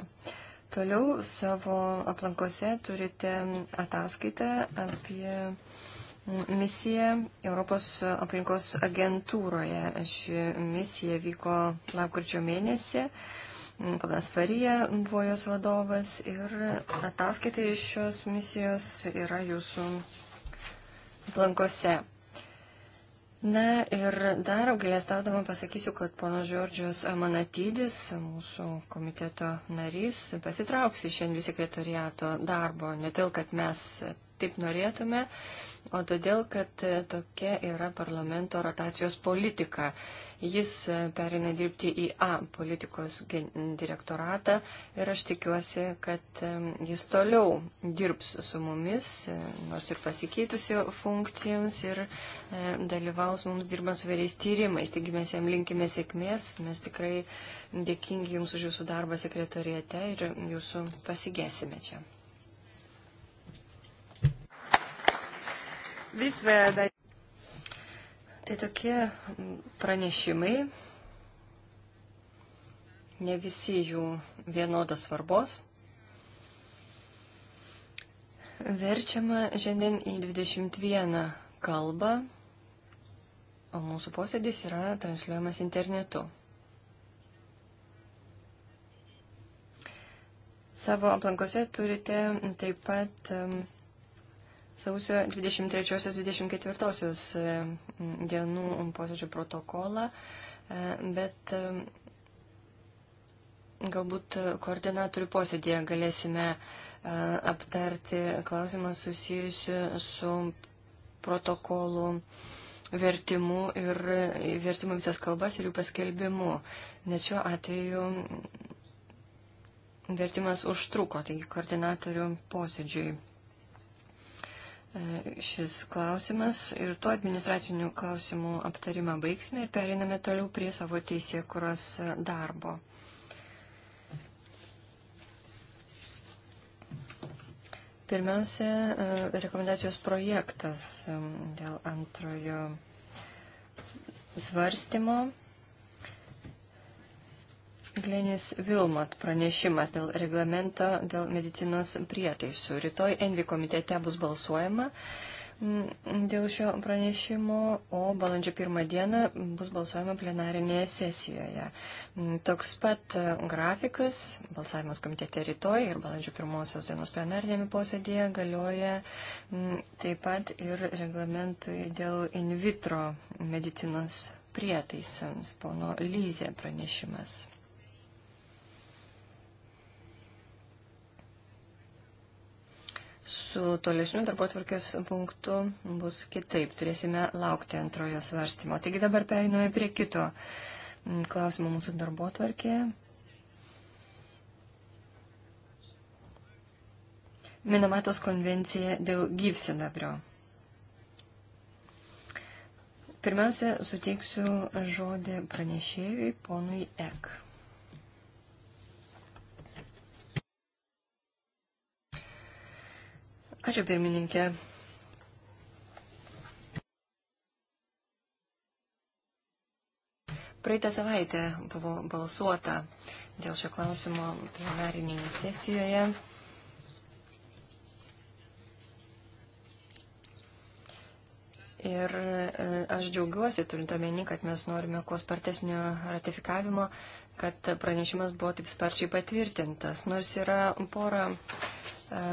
Toliau savo aplankose turite ataskaitą apie misiją Europos aplinkos agentūroje. Ši misija vyko lapkričio mėnesį. Panas Farija buvo jos vadovas ir ataskaitai iš šios misijos yra jūsų aplankose. Na ir dar gailestaudama pasakysiu, kad pono Žordžius Amanatydis, mūsų komiteto narys, pasitrauks iš NV sekretoriato darbo, ne todėl, kad mes taip norėtume, o todėl, kad e, tokia yra parlamento rotacijos politika. Jis e, perina dirbti į A politikos direktoratą ir aš tikiuosi, kad e, jis toliau dirbs su mumis, nors ir pasikeitusiu funkcijoms ir dalyvaus mums dirbant su vėliais tyrimais. Taigi mes jam linkime sėkmės, mes tikrai dėkingi Jums už Jūsų darbą sekretoriete ir Jūsų pasigėsime čia. Tai tokie pranešimai, ne visi jų vienodos svarbos verčiama šiandien į 21 kalbą, o mūsų posėdis yra transliuojamas internetu. Savo aplankose turite taip pat sausio 23-24 e, dienų posėdžio protokolą, e, bet e, galbūt koordinatorių posėdėje galėsime aptarti klausimą susijusiu su protokolu vertimu ir vertimu visas kalbas ir jų paskelbimu, nes šiuo atveju vertimas užtruko, taigi koordinatorių posėdžiui šis klausimas ir tuo administracinių klausimų aptarimą baigsime ir periname toliau prie savo teisėkuros darbo. Pirmiausia, e, rekomendacijos projektas dėl antrojo svarstymo Glenis Vilmot pranešimas dėl reglamento dėl medicinos prietaisų. Rytoj Envi komitete bus balsuojama mm, dėl šio pranešimo, o balandžio pirmą dieną bus balsuojama plenarinėje sesijoje. Mm, toks pat e, grafikas, balsavimas komitete rytoj ir balandžio pirmosios dienos plenarinėme posėdėje galioja mm, taip pat ir reglamentui dėl in vitro medicinos prietaisams, pono Lyzė pranešimas. Su tolesniu darbotvarkės punktu bus kitaip. Turėsime laukti antrojo svarstymo. Taigi dabar periname prie kito mm, klausimo mūsų darbotvarkėje. Minamatos konvencija dėl gyvsidabrio. Pirmiausia, suteiksiu žodį pranešėjui ponui Ek. Ačiū pirmininkė. Praeitą savaitę buvo balsuota dėl šio klausimo plenarinėje sesijoje. Ir e, aš džiaugiuosi, turint omeny, kad mes norime kuo spartesnio ratifikavimo, kad pranešimas buvo taip sparčiai patvirtintas. Nors yra pora e,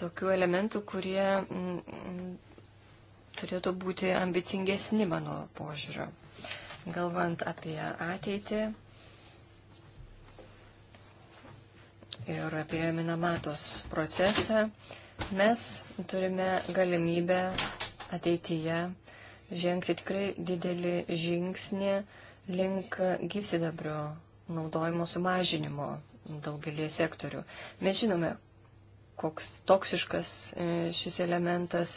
tokių elementų, kurie m, mm, turėtų būti ambicingesni mano požiūriu. Galvant apie ateitį ir apie Minamatos procesą, mes turime galimybę ateityje žengti tikrai didelį žingsnį link gyvsidabrio naudojimo sumažinimo daugelį sektorių. Mes žinome, koks toksiškas e, šis elementas.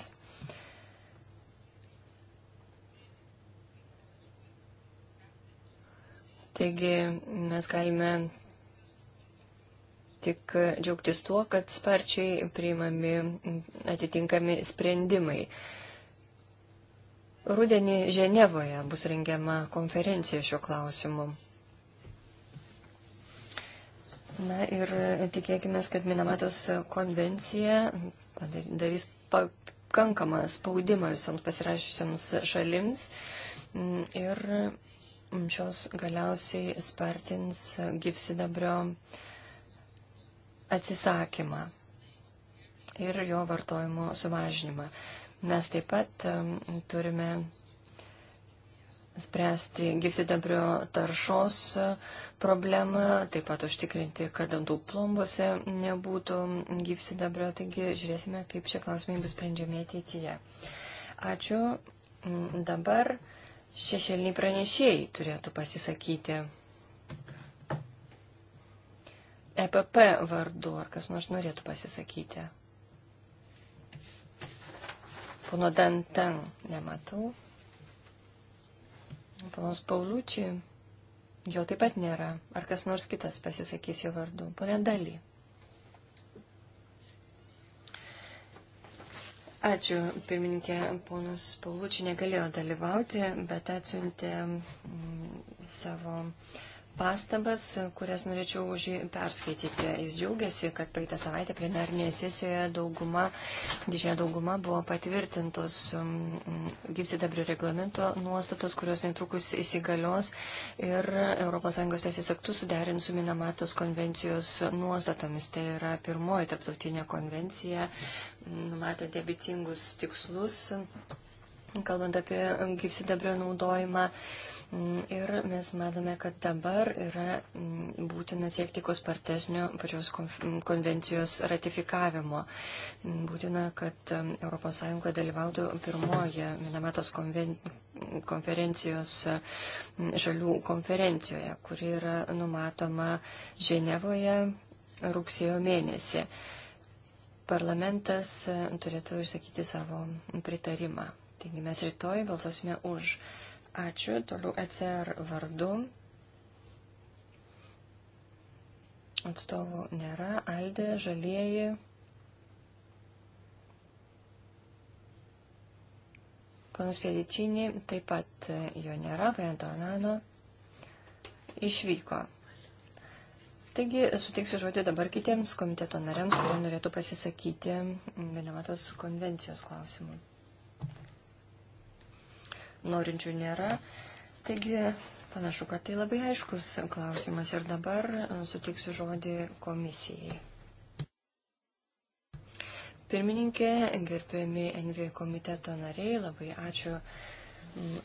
Taigi mes galime tik džiaugtis tuo, kad sparčiai priimami atitinkami sprendimai. Rudenį Ženevoje bus rengiama konferencija šiuo klausimu. Na ir e, tikėkime, kad Minamatos konvencija darys pakankamą spaudimą visoms pasirašysioms šalims mm, ir mm, šios galiausiai spartins gyvsidabrio atsisakymą ir jo vartojimo sumažinimą. Mes taip pat mm, turime spręsti gyvsidabrio taršos problemą, taip pat užtikrinti, kad dantų plombose nebūtų gyvsidabrio. Taigi žiūrėsime, kaip šie klausimai bus sprendžiami ateityje. Ačiū. Dabar šešėliniai pranešėjai turėtų pasisakyti. EPP vardu, ar kas nors norėtų pasisakyti. Pono Dantan nematau. Ponas Pauliučiai, jo taip pat nėra. Ar kas nors kitas pasisakys jo vardu? Pone Daly. Ačiū, pirmininkė, ponas Pauliučiai negalėjo dalyvauti, bet atsiuntė mm, savo uh, pastabas, kurias norėčiau už jį perskaityti. Jis džiaugiasi, kad praeitą savaitę plenarinėje sesijoje dauguma, didžiąją daugumą buvo patvirtintos um, gyvsidabrio reglamento nuostatos, kurios netrukus įsigalios ir ES teisės aktų suderins su Minamatos konvencijos nuostatomis. Tai yra pirmoji tarptautinė konvencija, numatant ambicingus tikslus, kalbant apie gyvsidabrio naudojimą. Ir mes matome, kad dabar yra būtina siekti kuo spartesnio pačios konvencijos ratifikavimo. Būtina, kad ES dalyvautų pirmoje Minamatos konferencijos žalių konferencijoje, kuri yra numatoma Ženevoje rugsėjo mėnesį. Parlamentas turėtų išsakyti savo pritarimą. Taigi mes rytoj balsuosime už. Ačiū. Toliau ECR vardu. Atstovų nėra. Aldė, žalieji. Panas Feličinį taip pat jo nėra, Vajantornano išvyko. Taigi sutiksiu žodį dabar kitiems komiteto nariams, kurie norėtų pasisakyti Venevatos konvencijos klausimu norinčių nėra. Taigi, panašu, kad tai labai aiškus klausimas ir dabar e, sutiksiu žodį komisijai. Pirmininkė, gerbiami NV komiteto nariai, labai ačiū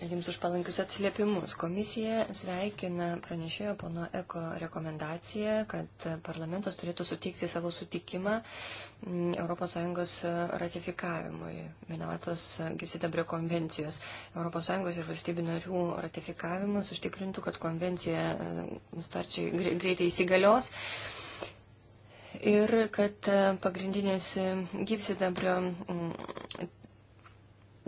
Jums už palankius atsiliepimus. Komisija sveikina pranešėjo pono Eko rekomendaciją, kad parlamentas turėtų suteikti savo sutikimą mm, ES ratifikavimui Minatos gyvsidabrio konvencijos. ES ir valstybių narių ratifikavimas užtikrintų, kad konvencija mm, starčiai greitai įsigalios. Ir kad mm, pagrindinės gyvsidabrio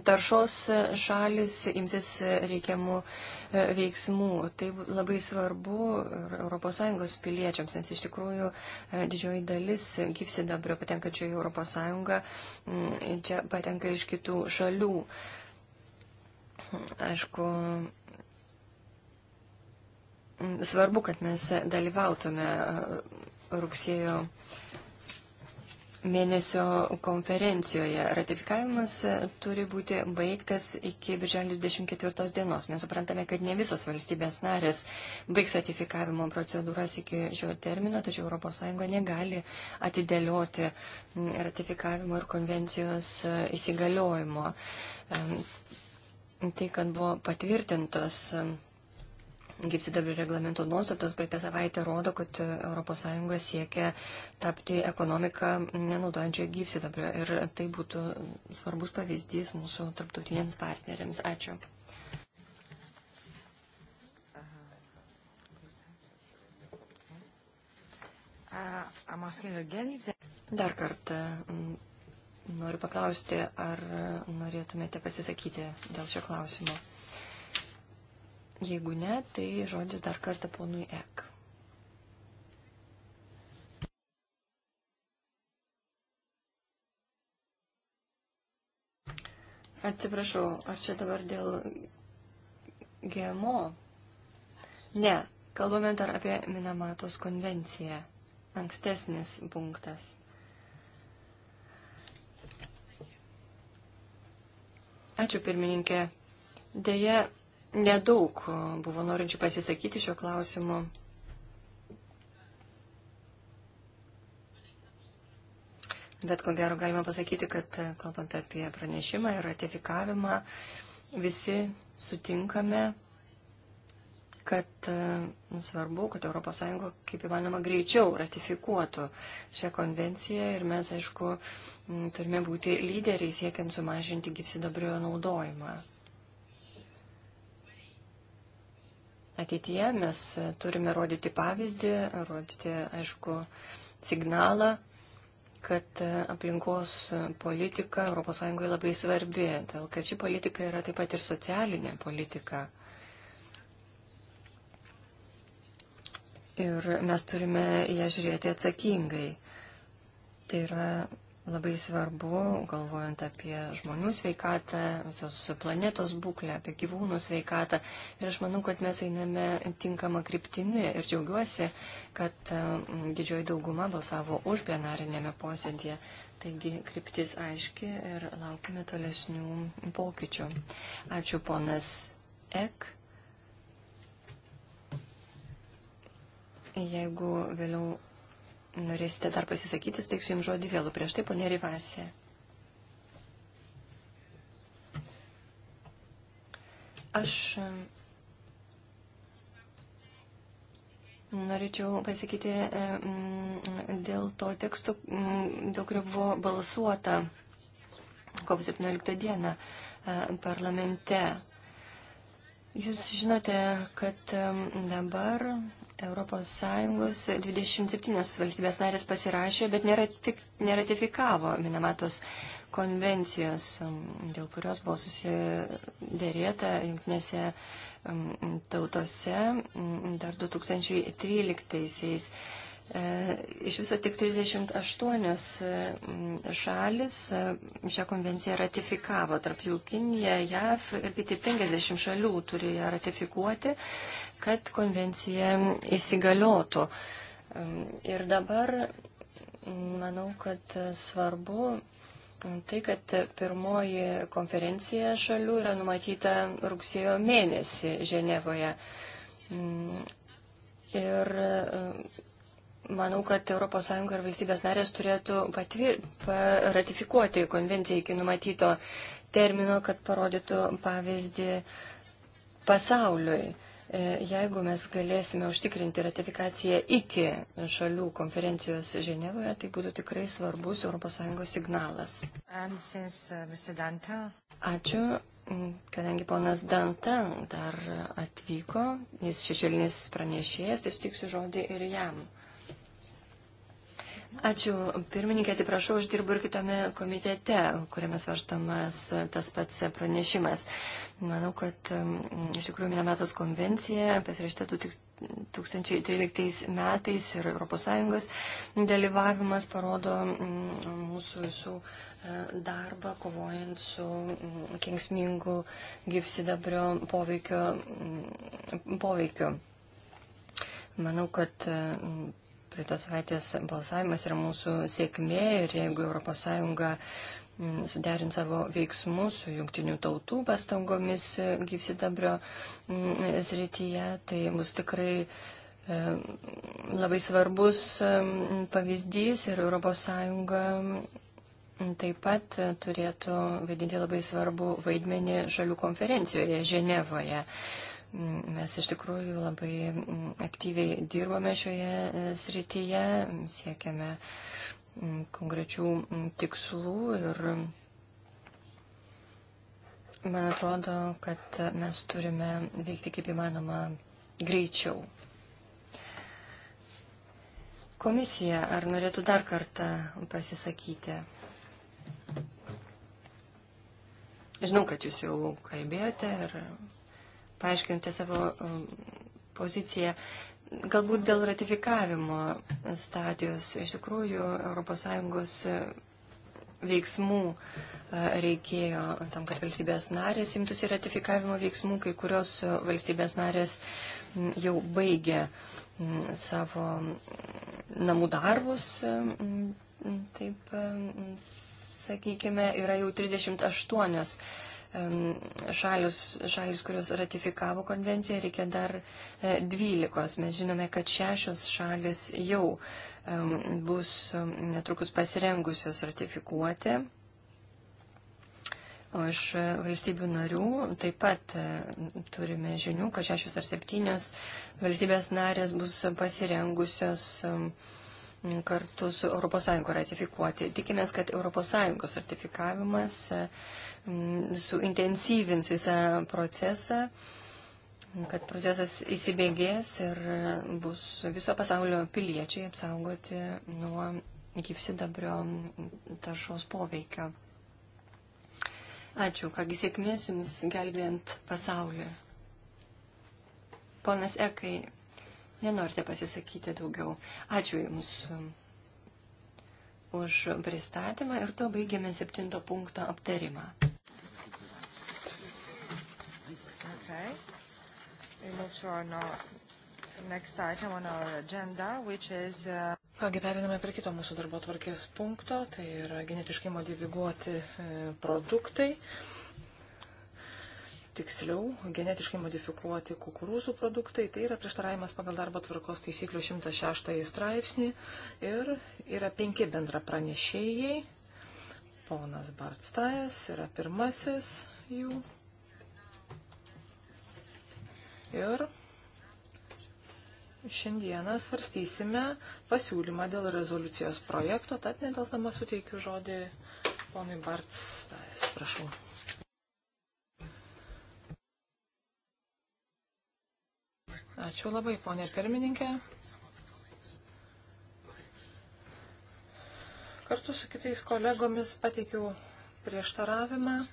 taršos šalis imsis reikiamų e, veiksmų. Tai labai svarbu ir ES piliečiams, nes iš tikrųjų e, didžioji dalis gyvsidabrio patenkačio į ES čia patenka iš kitų šalių. Aišku, svarbu, kad mes dalyvautume e, rugsėjo mėnesio konferencijoje. Ratifikavimas e, turi būti baigtas iki birželio 24 dienos. Mes suprantame, kad ne visos valstybės narės baigs ratifikavimo procedūras iki šio termino, tačiau ES negali atidėlioti ratifikavimo ir konvencijos e, įsigaliojimo. Tai, kad buvo patvirtintos gyvsidabrio reglamento nuostatos praeitą savaitę rodo, kad ES siekia tapti ekonomiką nenaudojančią gyvsidabrio. Ir tai būtų svarbus pavyzdys mūsų tarptautiniams partneriams. Ačiū. Dar kartą mm, noriu paklausti, ar norėtumėte pasisakyti dėl šio klausimo. Jeigu ne, tai žodis dar kartą ponui Ek. Atsiprašau, ar čia dabar dėl GMO? Ne, kalbame dar apie Minamatos konvenciją. Ankstesnis punktas. Ačiū pirmininkė. Deja, Nedaug buvo norinčių pasisakyti šio klausimu. Bet ko gero galima pasakyti, kad kalbant apie pranešimą ir ratifikavimą, visi sutinkame, kad svarbu, kad ES kaip įmanoma greičiau ratifikuotų šią konvenciją ir mes, aišku, turime būti lyderiai siekiant sumažinti gyvsidabrio naudojimą. ateityje mes turime rodyti pavyzdį, rodyti, aišku, signalą, kad aplinkos politika ES labai svarbi, dėl kad ši politika yra taip pat ir socialinė politika. Ir mes turime ją žiūrėti atsakingai. Tai yra labai svarbu, galvojant apie žmonių sveikatą, visos planetos būklę, apie gyvūnų sveikatą. Ir aš manau, kad mes einame tinkamą kryptimį ir džiaugiuosi, kad mm, didžioji dauguma balsavo už plenarinėme posėdėje. Taigi kryptis aiški ir laukime tolesnių pokyčių. Ačiū ponas Ek. Jeigu vėliau norėsite dar pasisakyti, suteiksiu jums žodį vėlų. Prieš tai, ponė Rivasė. Aš mm, norėčiau pasakyti mm, dėl to teksto, mm, dėl kurio buvo balsuota kovo 17 dieną e, parlamente. Jūs žinote, kad dabar ES 27 valstybės narės pasirašė, bet neratik, neratifikavo Minamatos konvencijos, um, dėl kurios buvo susidėrėta jungtinėse um, tautose um, dar 2013-aisiais. E, iš viso tik 38 šalis šią konvenciją ratifikavo, tarp jų Kinija, JAV ir kiti 50 šalių turi ją ratifikuoti kad konvencija įsigaliotų. Ir dabar manau, kad svarbu tai, kad pirmoji konferencija šalių yra numatyta rugsėjo mėnesį Ženevoje. Ir manau, kad ES ir valstybės narės turėtų patvir, ratifikuoti konvenciją iki numatyto termino, kad parodytų pavyzdį pasauliui. E, jeigu mes galėsime užtikrinti ratifikaciją iki šalių konferencijos Ženevoje, tai būtų tikrai svarbus ES signalas. Uh, Ačiū, mm, kadangi ponas Danta dar atvyko, jis šešėlinis pranešėjas, ištiksiu tai žodį ir jam. Ačiū. Pirmininkė, atsiprašau, aš dirbu ir kitame komitete, kuriame svarstamas tas pats pranešimas. Manau, kad iš tikrųjų Minamatos konvencija pasirašyta 2013 metais ir ES dalyvavimas parodo mūsų visų e, darbą kovojant su kengsmingu gyvsidabrio poveikio. poveikio. Manau, kad Praeitos savaitės balsavimas yra mūsų sėkmė ir jeigu ES mm, suderint savo veiksmus su jungtinių tautų pastangomis e, gyvsidabrio mm, srityje, tai bus tikrai e, labai svarbus e, pavyzdys ir ES taip pat turėtų vaidinti labai svarbu vaidmenį šalių konferencijoje Ženevoje. Mes iš tikrųjų labai mm, aktyviai dirbame šioje e, srityje, siekiame mm, konkrečių mm, tikslų ir man atrodo, kad mes turime veikti kaip įmanoma greičiau. Komisija, ar norėtų dar kartą pasisakyti? Žinau, kad jūs jau kalbėjote ir paaiškinti savo um, poziciją. Galbūt dėl ratifikavimo stadijos iš tikrųjų ES uh, veiksmų uh, reikėjo tam, kad valstybės narės imtųsi ratifikavimo veiksmų, kai kurios uh, valstybės narės mm, jau baigė mm, savo mm, namų darbus, taip sakykime, yra jau 38 šalis, šalis, kurios ratifikavo konvenciją, reikia dar 12. E, Mes žinome, kad šešios šalis jau bus netrukus pasirengusios ratifikuoti. O iš e, valstybių narių taip pat e, turime žinių, kad šešios ar septynios valstybės narės bus pasirengusios ratifikuoti kartu su ES ratifikuoti. Tikimės, kad ES ratifikavimas mm, suintensyvins visą procesą, kad procesas įsibėgės ir bus viso pasaulio piliečiai apsaugoti nuo gyvsidabrio taršos poveikio. Ačiū, kągi sėkmės Jums gelbėjant pasaulį. Ponas Ekai, Nenorite pasisakyti daugiau. Ačiū Jums um, už pristatymą ir tuo baigiame septinto punkto aptarimą. Okay. Uh, Kągi periname prie kito mūsų darbo tvarkės punkto, tai yra genetiškai modifikuoti e, produktai. E, tiksliau genetiškai modifikuoti kukurūzų produktai. Tai yra prieštaravimas pagal darbo tvarkos taisyklių 106 straipsnį ir yra penki bendra pranešėjai. Ponas Bartstajas yra pirmasis jų. Ir Šiandieną svarstysime pasiūlymą dėl rezoliucijos projekto, tad nedelsdama suteikiu žodį ponui Bartstais. Prašau. Ačiū labai, ponė pirmininkė. Kartu su kitais kolegomis pateikiau prieštaravimą e,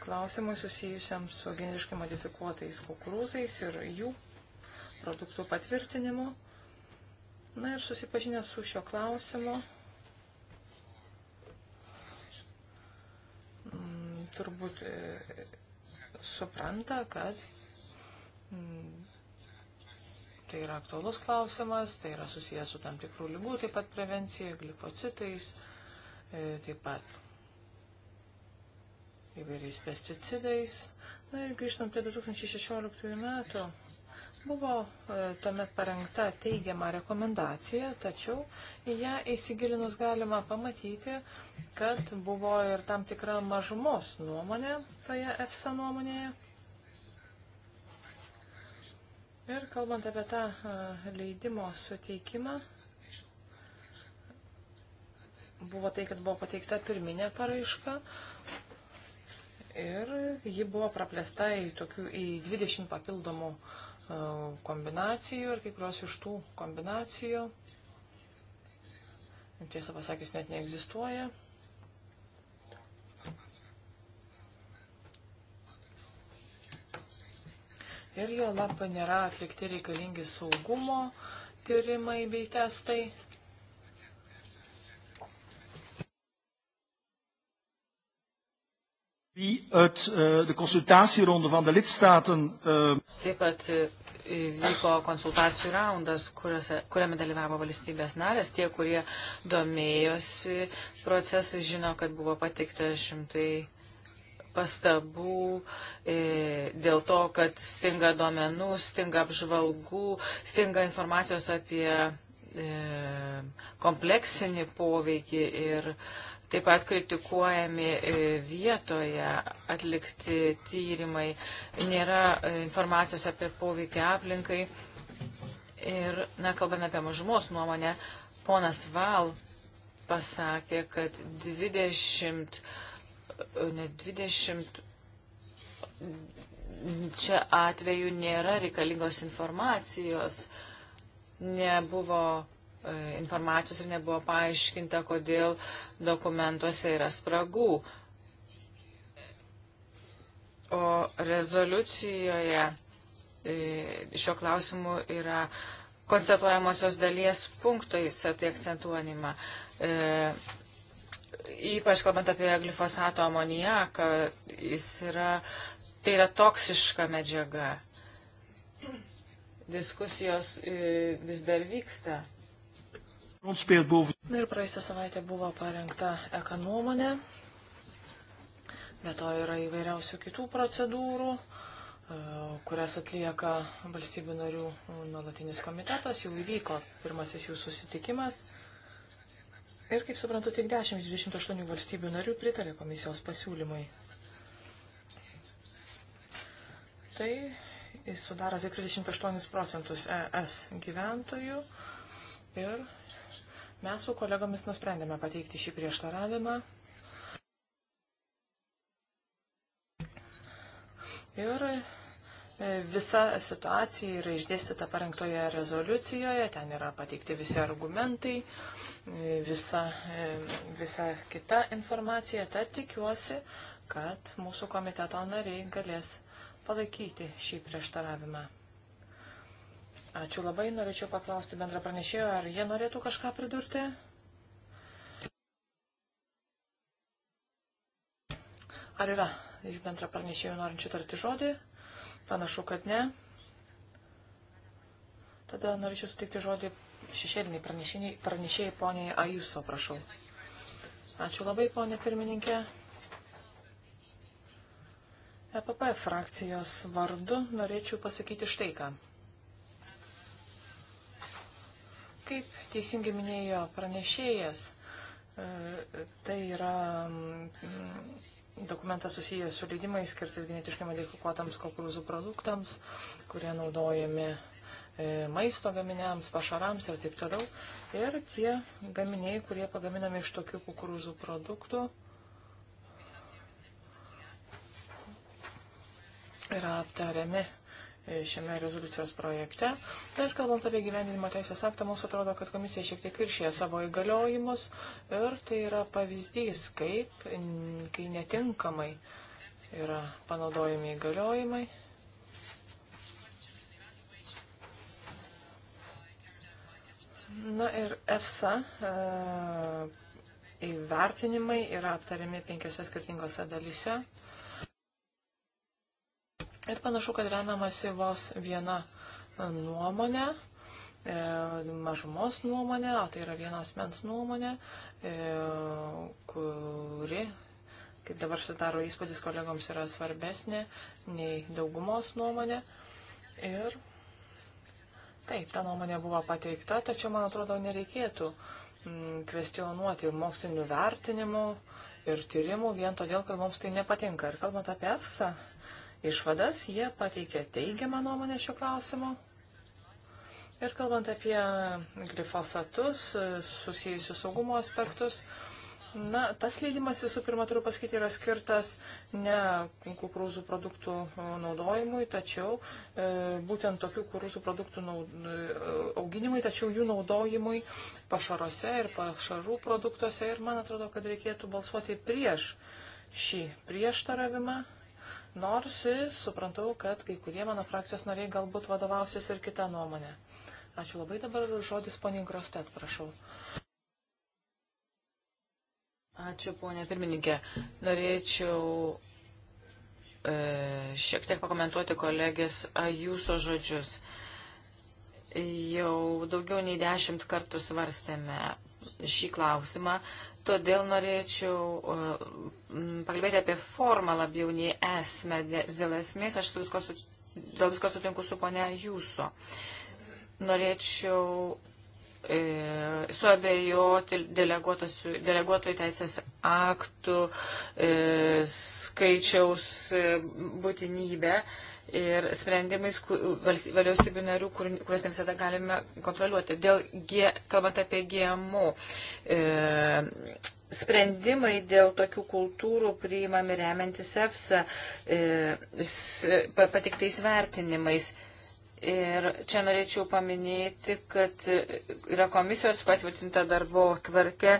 klausimui susijusiam su geniškai modifikuotais kukurūzais ir jų produktų patvirtinimu. Na ir susipažinę su šio klausimu, turbūt e, supranta, kad mm, tai yra aktualus klausimas, tai yra susijęs su tam tikrų lygų, taip pat prevencija, glifocitais, e, taip pat įvairiais pesticidais. Na ir grįžtant prie 2016 metų, Buvo e, tuomet parengta teigiama rekomendacija, tačiau į ją įsigilinus galima pamatyti, kad buvo ir tam tikra mažumos nuomonė toje EFSA nuomonėje. Ir kalbant apie tą e, leidimo suteikimą, buvo tai, kad buvo pateikta pirminė paraiška, ir ji buvo praplėsta į, tokių, į 20 papildomų e, kombinacijų ir kai kurios iš tų kombinacijų, tiesą pasakius, net neegzistuoja. Ir jo lab nėra atlikti reikalingi saugumo tyrimai bei testai. Die uit uh, eh, de consultatieronde van de lidstaten. Uh... Taip pat eh, vyko konsultacijų raundas, kuriuose, kuriame dalyvavo valstybės narės. Tie, kurie domėjosi procesais, žino, kad buvo pateikta šimtai pastabų e, dėl to, kad stinga duomenų, stinga apžvalgų, stinga informacijos apie e, kompleksinį poveikį ir e, Taip pat kritikuojami e, vietoje atlikti tyrimai, nėra e, informacijos apie poveikį aplinkai. Ir, na, kalbame apie mažumos nuomonę, ponas Val pasakė, kad 20, e, ne 20 čia atveju nėra reikalingos informacijos, nebuvo E, informacijos ir nebuvo paaiškinta, kodėl dokumentuose yra spragų. O rezoliucijoje e, šio klausimu yra konstatuojamosios dalies punktais tai akcentuojama. E, ypač kalbant apie glifosato amonijaką, jis yra, tai yra toksiška medžiaga. Diskusijos e, vis dar vyksta. Na ir praėjusią savaitę buvo parengta eka nuomonė, be to yra įvairiausių kitų procedūrų, e, kurias atlieka valstybių narių nuolatinis komitetas, jau įvyko pirmasis jų susitikimas. Ir kaip suprantu, tik 10-28 valstybių narių pritarė komisijos pasiūlymui. Tai sudaro tik 38 procentus ES gyventojų ir Mes su kolegomis nusprendėme pateikti šį prieštaravimą. Ir e, visa situacija yra išdėstyta parengtoje rezoliucijoje, ten yra pateikti visi argumentai, e, visa, e, visa kita informacija. Tad tikiuosi, kad mūsų komiteto nariai galės palaikyti šį prieštaravimą. Ačiū labai, norėčiau paklausti bendra pranešėjo, ar jie norėtų kažką pridurti? Ar yra iš bendra pranešėjų norinčių tarti žodį? Panašu, kad ne. Tada norėčiau sutikti žodį šešėliniai pranešėjai, pranešėjai poniai Ajuso, prašau. Ačiū labai, ponė pirmininkė. EPP frakcijos vardu norėčiau pasakyti štai ką. Kaip teisingai minėjo pranešėjas, e, tai yra mm, dokumentas susijęs su leidimais skirtas genetiškai modifikuotams kukurūzų produktams, kurie naudojami e, maisto gaminiams, pašarams ir taip toliau. Ir tie gaminiai, kurie pagaminami iš tokių kukurūzų produktų, yra aptariami šiame rezoliucijos projekte. Na ir kalbant apie gyvendinimo teisės aktą, mums atrodo, kad komisija šiek tiek viršė savo įgaliojimus ir tai yra pavyzdys, kaip, kai netinkamai yra panaudojami įgaliojimai. Na ir EFSA e, įvertinimai yra aptariami penkiose skirtingose dalyse. Ir panašu, kad remiamasi vos viena e, nuomonė, e, mažumos nuomonė, o tai yra vienas mens nuomonė, e, kuri, kaip dabar sudaro įspūdis kolegoms, yra svarbesnė nei daugumos nuomonė. Ir taip, ta nuomonė buvo pateikta, tačiau, man atrodo, nereikėtų mm, kvestionuoti mokslinių vertinimų ir tyrimų vien todėl, kad mums tai nepatinka. Ir kalbant apie EFSA, išvadas, jie pateikė teigiamą nuomonę šiuo klausimu. Ir kalbant apie glifosatus, e, susijusius saugumo aspektus, na, tas leidimas visų pirma, turiu pasakyti, yra skirtas ne kukurūzų produktų e, naudojimui, tačiau e, būtent tokių kukurūzų produktų naud, e, auginimui, tačiau jų naudojimui pašaruose ir pašarų produktuose. Ir man atrodo, kad reikėtų balsuoti prieš šį prieštaravimą. Nors suprantu, kad kai kurie mano frakcijos nariai galbūt vadovausis ir kitą nuomonę. Ačiū labai dabar žodis poniai Grostet, prašau. Ačiū, ponė pirmininkė. Norėčiau e, šiek tiek pakomentuoti kolegės jūsų žodžius. Jau daugiau nei dešimt kartų svarstėme šį klausimą, todėl norėčiau pakalbėti apie formą labiau nei esmę. Dėl esmės aš visko, dėl visko sutinku su ponia jūsų. Norėčiau E, suabejoti deleguotojų teisės aktų e, skaičiaus e, būtinybę ir sprendimais valstybių narių, kur, kuriuos ne visada galime kontroliuoti. Dėl, G, kalbant apie GMO, e, sprendimai dėl tokių kultūrų priimami remiantis EFSA e, patiktais vertinimais. E, Ir čia norėčiau paminėti, kad yra komisijos patvirtinta darbo tvarkė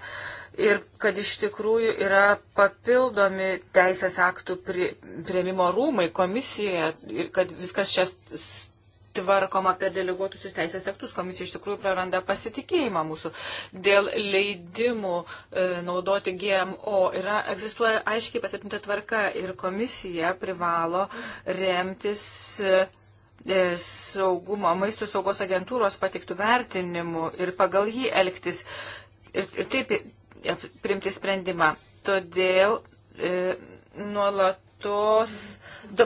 ir kad iš tikrųjų yra papildomi teisės aktų prie, prieimimo rūmai komisijoje ir kad viskas čia tvarkoma apie deleguotusius teisės aktus. Komisija iš tikrųjų praranda pasitikėjimą mūsų. Dėl leidimų e, naudoti GMO yra, egzistuoja aiškiai patvirtinta tvarka ir komisija privalo remtis. E, E, saugumo, maisto saugos agentūros patiktų vertinimų ir pagal jį elgtis ir, ir taip e, primti sprendimą. Todėl e, nuolatos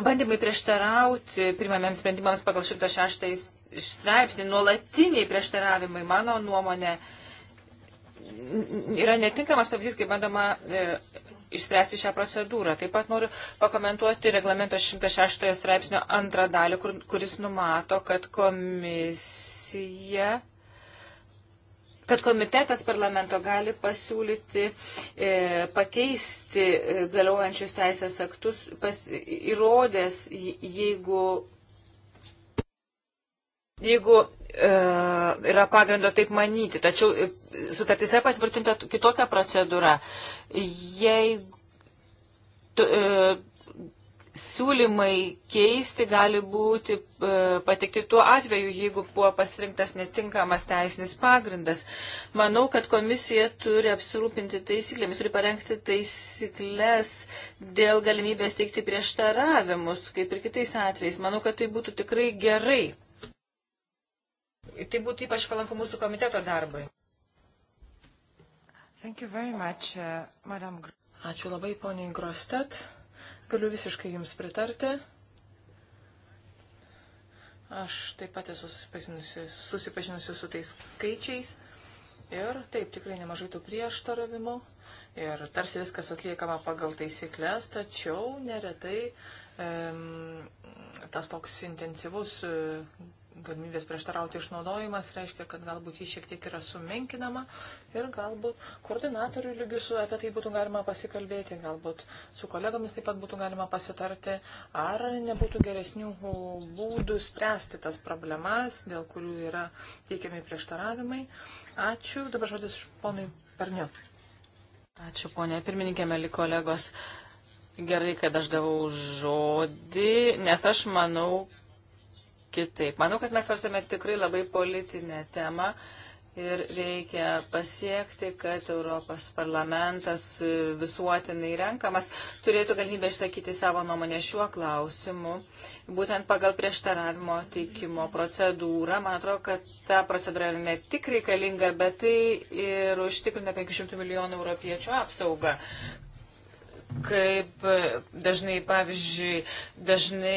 bandymai prieštarauti primamiams sprendimams pagal 106 straipsnį, nuolatiniai prieštaravimai, mano nuomonė, yra netinkamas pavyzdys, kai bandoma e, išspręsti šią procedūrą. Taip pat noriu pakomentuoti reglamento 106 straipsnio antrą dalį, kur, kuris numato, kad komisija kad komitetas parlamento gali pasiūlyti e, pakeisti e, galiojančius teisės aktus, pas, įrodęs, jeigu, jeigu E, yra pagrindo taip manyti. Tačiau e, sutartise patvirtinta kitokia procedūra. Jei tu, e, siūlymai keisti gali būti e, patikti tuo atveju, jeigu buvo pasirinktas netinkamas teisinis pagrindas. Manau, kad komisija turi apsirūpinti taisyklėmis, turi parengti taisyklės dėl galimybės teikti prieštaravimus, kaip ir kitais atvejais. Manau, kad tai būtų tikrai gerai. Tai būtų ypač palanku mūsų komiteto darbui. Much, uh, Ačiū labai, poniai Grostet. Galiu visiškai Jums pritarti. Aš taip pat esu susipažinusi, susipažinusi su tais skaičiais. Ir taip, tikrai nemažai tų prieštaravimų. Ir tarsi viskas atliekama pagal taisyklės, tačiau neretai e, tas toks intensyvus e, galimybės prieštarauti išnaudojimas reiškia, kad galbūt jis šiek tiek yra sumenkinama ir galbūt koordinatorių lygių su apie tai būtų galima pasikalbėti, galbūt su kolegomis taip pat būtų galima pasitarti, ar nebūtų geresnių būdų spręsti tas problemas, dėl kurių yra teikiami prieštaravimai. Ačiū. Dabar žodis ponui Parniu. Ačiū, ponė pirmininkė, meli kolegos. Gerai, kad aš gavau žodį, nes aš manau, kitaip. Manau, kad mes svarstame tikrai labai politinę temą. Ir reikia pasiekti, kad Europos parlamentas visuotinai renkamas turėtų galimybę išsakyti savo nuomonę šiuo klausimu. Būtent pagal prieštaravimo teikimo procedūrą, man atrodo, kad ta procedūra ne tik reikalinga, bet tai ir užtikrina 500 milijonų europiečių apsaugą kaip e, dažnai, pavyzdžiui, dažnai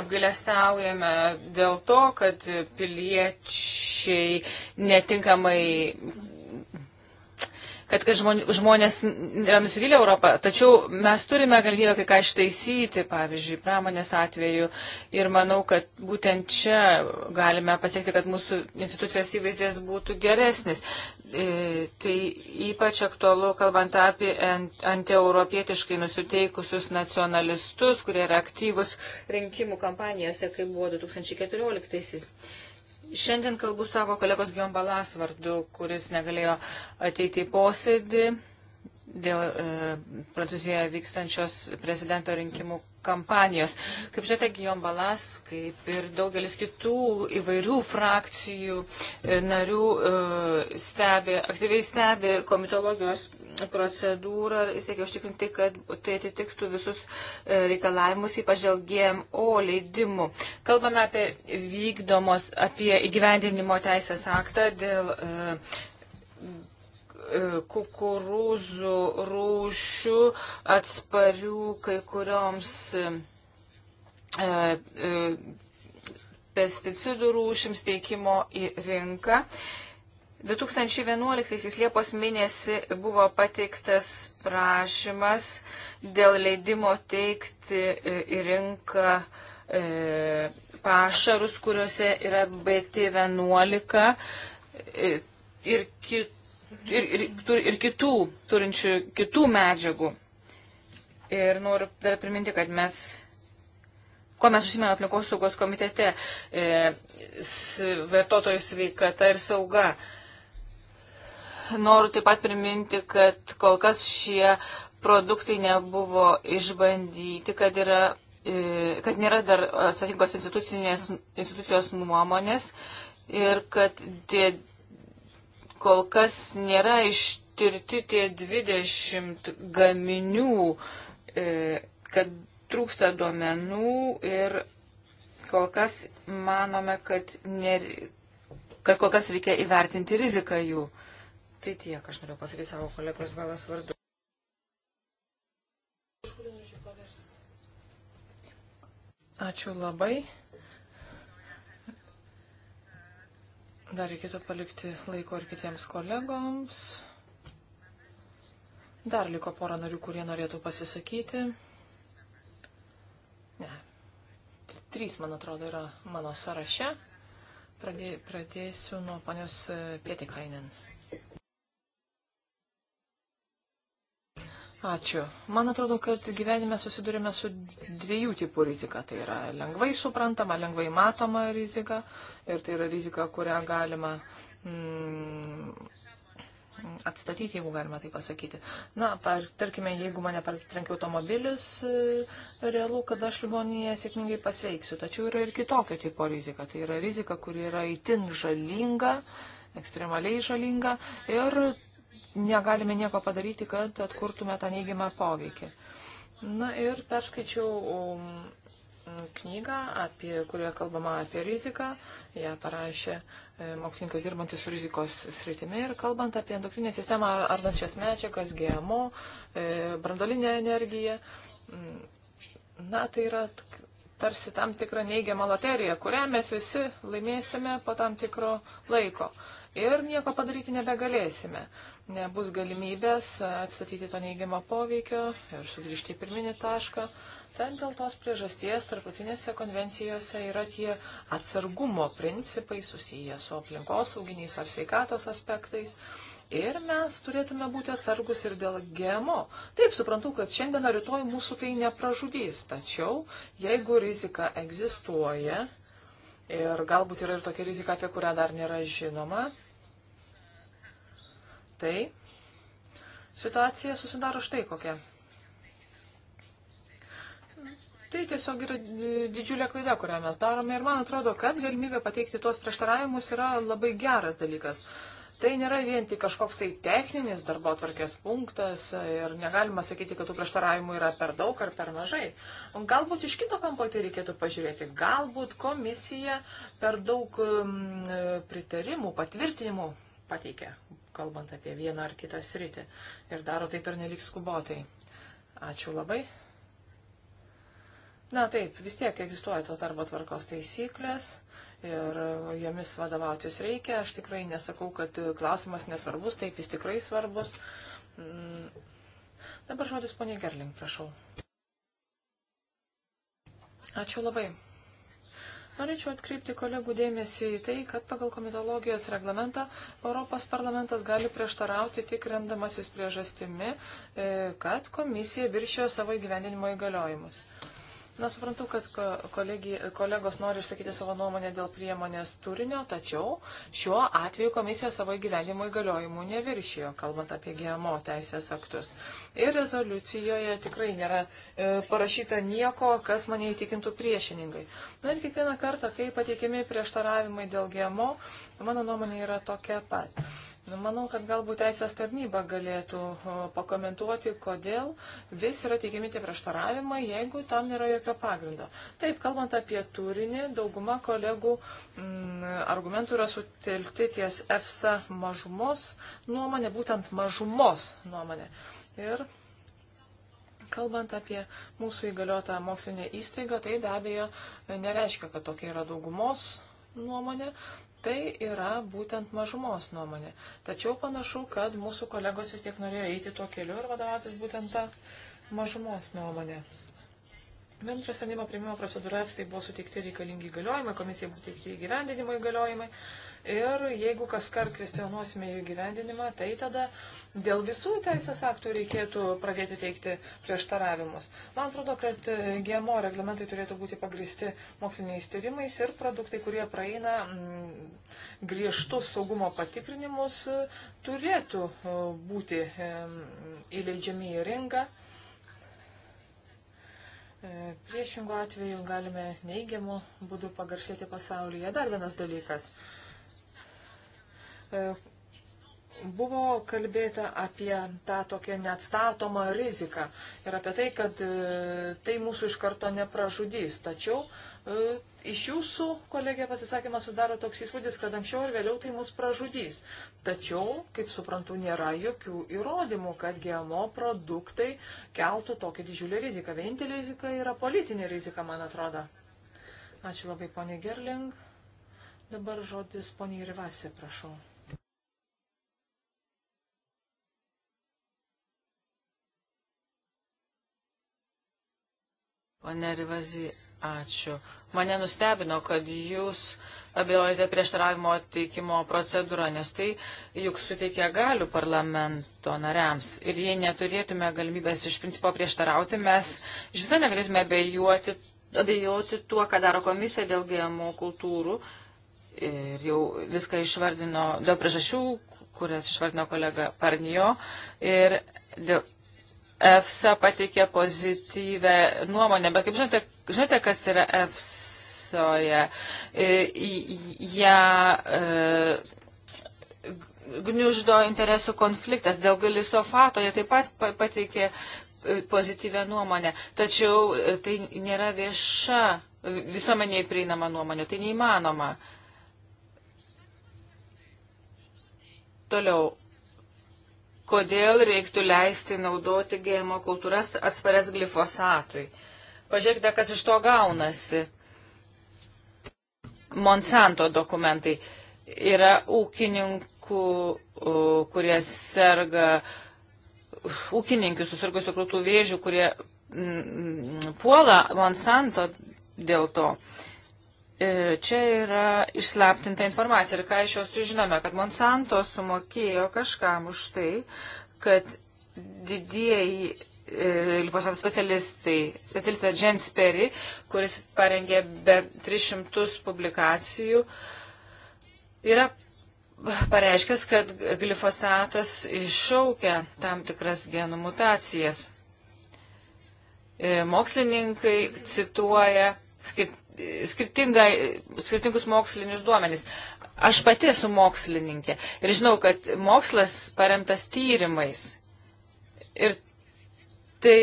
apgailestaujame dėl to, kad piliečiai netinkamai kad, kad žmonės yra nusivylę Europą, tačiau mes turime galimybę kai ką ištaisyti, pavyzdžiui, pramonės atveju. Ir manau, kad būtent čia galime pasiekti, kad mūsų institucijos įvaizdės būtų geresnis. E, tai ypač aktualu, kalbant apie antieuropietiškai nusiteikusius nacionalistus, kurie yra aktyvus rinkimų kampanijose, kaip buvo 2014. -aisiais. Šiandien kalbu savo kolegos Giombalas vardu, kuris negalėjo ateiti į posėdį dėl e, Prancūzijoje vykstančios prezidento rinkimų kampanijos. Kaip žinote, Gijom Balas, kaip ir daugelis kitų įvairių frakcijų e, narių e, stebi, aktyviai stebi komitologijos procedūrą ir siekia užtikrinti, kad tai atitiktų visus e, reikalavimus, ypač dėl GMO leidimų. Kalbame apie vykdomos, apie įgyvendinimo teisės aktą dėl e, e, kukurūzų rūšių atsparių kai kurioms pesticidų rūšims teikimo į rinką. 2011 Liepos mėnesį buvo pateiktas prašymas dėl leidimo teikti e, į rinką e, pašarus, kuriuose yra BT11 e, ir, kit, ir, ir, ir kitų, turinčių kitų medžiagų. Ir noriu dar priminti, kad mes ko mes užsimėm aplinkosaugos komitete, e, vartotojų sveikata ir sauga. E, Noriu taip pat priminti, kad kol kas šie produktai nebuvo išbandyti, kad, yra, e, kad nėra dar atsakingos institucijos nuomonės ir kad tie, kol kas nėra ištirti tie 20 gaminių, e, kad trūksta duomenų ir kol kas manome, kad, ner, kad kol kas reikia įvertinti riziką jų. Tai tiek, aš noriu pasakyti savo kolegos balas vardu. Ačiū labai. Dar reikėtų palikti laiko ir kitiems kolegoms. Dar liko pora narių, kurie norėtų pasisakyti. Ne. Trys, man atrodo, yra mano sąraše. Pradė, pradėsiu nuo panios Pietikainen. Ačiū. Man atrodo, kad gyvenime susidurime su dviejų tipų rizika. Tai yra lengvai suprantama, lengvai matoma rizika ir tai yra rizika, kurią galima mm, atstatyti, jeigu galima tai pasakyti. Na, par, tarkime, jeigu mane partrenkia automobilis, e, realu, kad aš ligoninėje sėkmingai pasveiksiu. Tačiau yra ir kitokio tipo rizika. Tai yra rizika, kuri yra itin žalinga, ekstremaliai žalinga ir negalime nieko padaryti, kad atkurtume tą neigiamą poveikį. Na ir perskaičiau um, knygą, apie, kurioje kalbama apie riziką. Ja parašė e, mokslininkas dirbantis su rizikos sritimi ir kalbant apie endokrinę sistemą ardančias medžiagas, GMO, e, brandolinę energiją. Mm, na, tai yra tarsi tam tikrą neigiamą loteriją, kurią mes visi laimėsime po tam tikro laiko. Ir nieko padaryti nebegalėsime nebus galimybės atstatyti to neigiamo poveikio ir sugrįžti į pirminį tašką. Ten dėl tos priežasties tarptautinėse konvencijose yra tie atsargumo principai susiję su aplinkosauginiais ar sveikatos aspektais. Ir mes turėtume būti atsargus ir dėl GMO. Taip, suprantu, kad šiandien ar rytoj mūsų tai nepražudys. Tačiau, jeigu rizika egzistuoja, ir galbūt yra ir tokia rizika, apie kurią dar nėra žinoma, tai situacija susidaro štai kokia. Tai tiesiog yra didžiulė klaida, kurią mes darome ir man atrodo, kad galimybė pateikti tuos prieštaravimus yra labai geras dalykas. Tai nėra vien tik kažkoks tai techninis darbo atvarkės punktas ir negalima sakyti, kad tų prieštaravimų yra per daug ar per mažai. Galbūt iš kito kampo tai reikėtų pažiūrėti. Galbūt komisija per daug mm, pritarimų, patvirtinimų pateikė kalbant apie vieną ar kitą sritį. Ir daro tai per nelik skubotai. Ačiū labai. Na taip, vis tiek egzistuoja tos darbo tvarkos taisyklės ir jomis vadovautis reikia. Aš tikrai nesakau, kad klausimas nesvarbus, taip jis tikrai svarbus. Mm. Dabar žodis ponė Gerling, prašau. Ačiū labai. Norėčiau atkreipti kolegų dėmesį į tai, kad pagal komitologijos reglamentą Europos parlamentas gali prieštarauti tik remdamasis priežastimi, e, kad komisija viršijo savo įgyvendinimo įgaliojimus. Na, suprantu, kad kolegi, kolegos nori išsakyti savo nuomonę dėl priemonės turinio, tačiau šiuo atveju komisija savo gyvenimo įgaliojimų neviršijo, kalbant apie GMO teisės aktus. Ir rezoliucijoje tikrai nėra e, parašyta nieko, kas mane įtikintų priešiningai. Na ir kiekvieną kartą, kai pateikiami prieštaravimai dėl GMO, mano nuomonė yra tokia pat. Manau, kad galbūt teisės tarnyba galėtų pakomentuoti, kodėl vis yra teigiami tie prieštaravimai, jeigu tam nėra jokio pagrindo. Taip, kalbant apie turinį, dauguma kolegų m, mm, argumentų yra sutelkti ties EFSA mažumos nuomonė, būtent mažumos nuomonė. Ir Kalbant apie mūsų įgaliotą mokslinę įstaigą, tai be abejo nereiškia, kad tokia yra daugumos nuomonė, Tai yra būtent mažumos nuomonė. Tačiau panašu, kad mūsų kolegos vis tiek norėjo eiti tuo keliu ir vadovautis būtent tą mažumos nuomonę. Bendro sprendimo priimimo procedūra EFSA tai buvo suteikti reikalingi įgaliojimai, komisijai buvo suteikti įgyvendinimo įgaliojimai, Ir jeigu kas kart kvestionuosime jų gyvendinimą, tai tada dėl visų teisės aktų reikėtų pradėti teikti prieštaravimus. Man atrodo, kad GMO reglamentai turėtų būti pagristi moksliniais tyrimais ir produktai, kurie praeina mm, griežtus saugumo patikrinimus, turėtų e, būti e, įleidžiami į ringą. E, Priešingų atveju galime neigiamų būdų pagarsėti pasaulyje. Dar vienas dalykas. E, buvo kalbėta apie tą tokią neatstatomą riziką ir apie tai, kad e, tai mūsų iš karto nepražudys. Tačiau e, iš jūsų kolegė pasisakymą sudaro toks įspūdis, kad anksčiau ir vėliau tai mus pražudys. Tačiau, kaip suprantu, nėra jokių įrodymų, kad GMO produktai keltų tokią didžiulę riziką. Vienintelė rizika yra politinė rizika, man atrodo. Ačiū labai, ponė Gerling. Dabar žodis ponė Rivasi, prašau. Pane Rivazy, ačiū. Mane nustebino, kad jūs abejojate prieštaravimo teikimo procedūrą, nes tai juk suteikia galių parlamento nariams. Ir jei neturėtume galimybės iš principo prieštarauti, mes iš viso negalėtume abejoti, abejoti tuo, ką daro komisija dėl GMO kultūrų. Ir jau viską išvardino dėl priežasčių, kurias išvardino kolega Parnijo. Ir dėl, EFSA pateikė pozityvę nuomonę, bet kaip žinote, žinote kas yra EFSOje? E, ja, e, gniuždo interesų konfliktas dėl galisofato, jie taip pat pateikė e, pozityvę nuomonę, tačiau e, tai nėra vieša visuomeniai prieinama nuomonė, tai neįmanoma. Toliau, kodėl reiktų leisti naudoti gėjimo kultūras atsparias glifosatui. Pažiūrėkite, kas iš to gaunasi. Monsanto dokumentai yra ūkininkų, kurie serga, ūkininkų susirgusių krūtų vėžių, kurie puola Monsanto dėl to. Uh, E, čia yra išslaptinta informacija ir ką iš jos sužinome, kad Monsanto sumokėjo kažkam už tai, kad didieji e, glifosato specialistai, specialistas Jens Perry, kuris parengė be 300 publikacijų, yra pareiškęs, kad glifosatas iššaukia tam tikras genų mutacijas. E, mokslininkai cituoja skirtingus skirtingus mokslinius duomenys. Aš pati esu mokslininkė ir žinau, kad mokslas paremtas tyrimais. Ir tai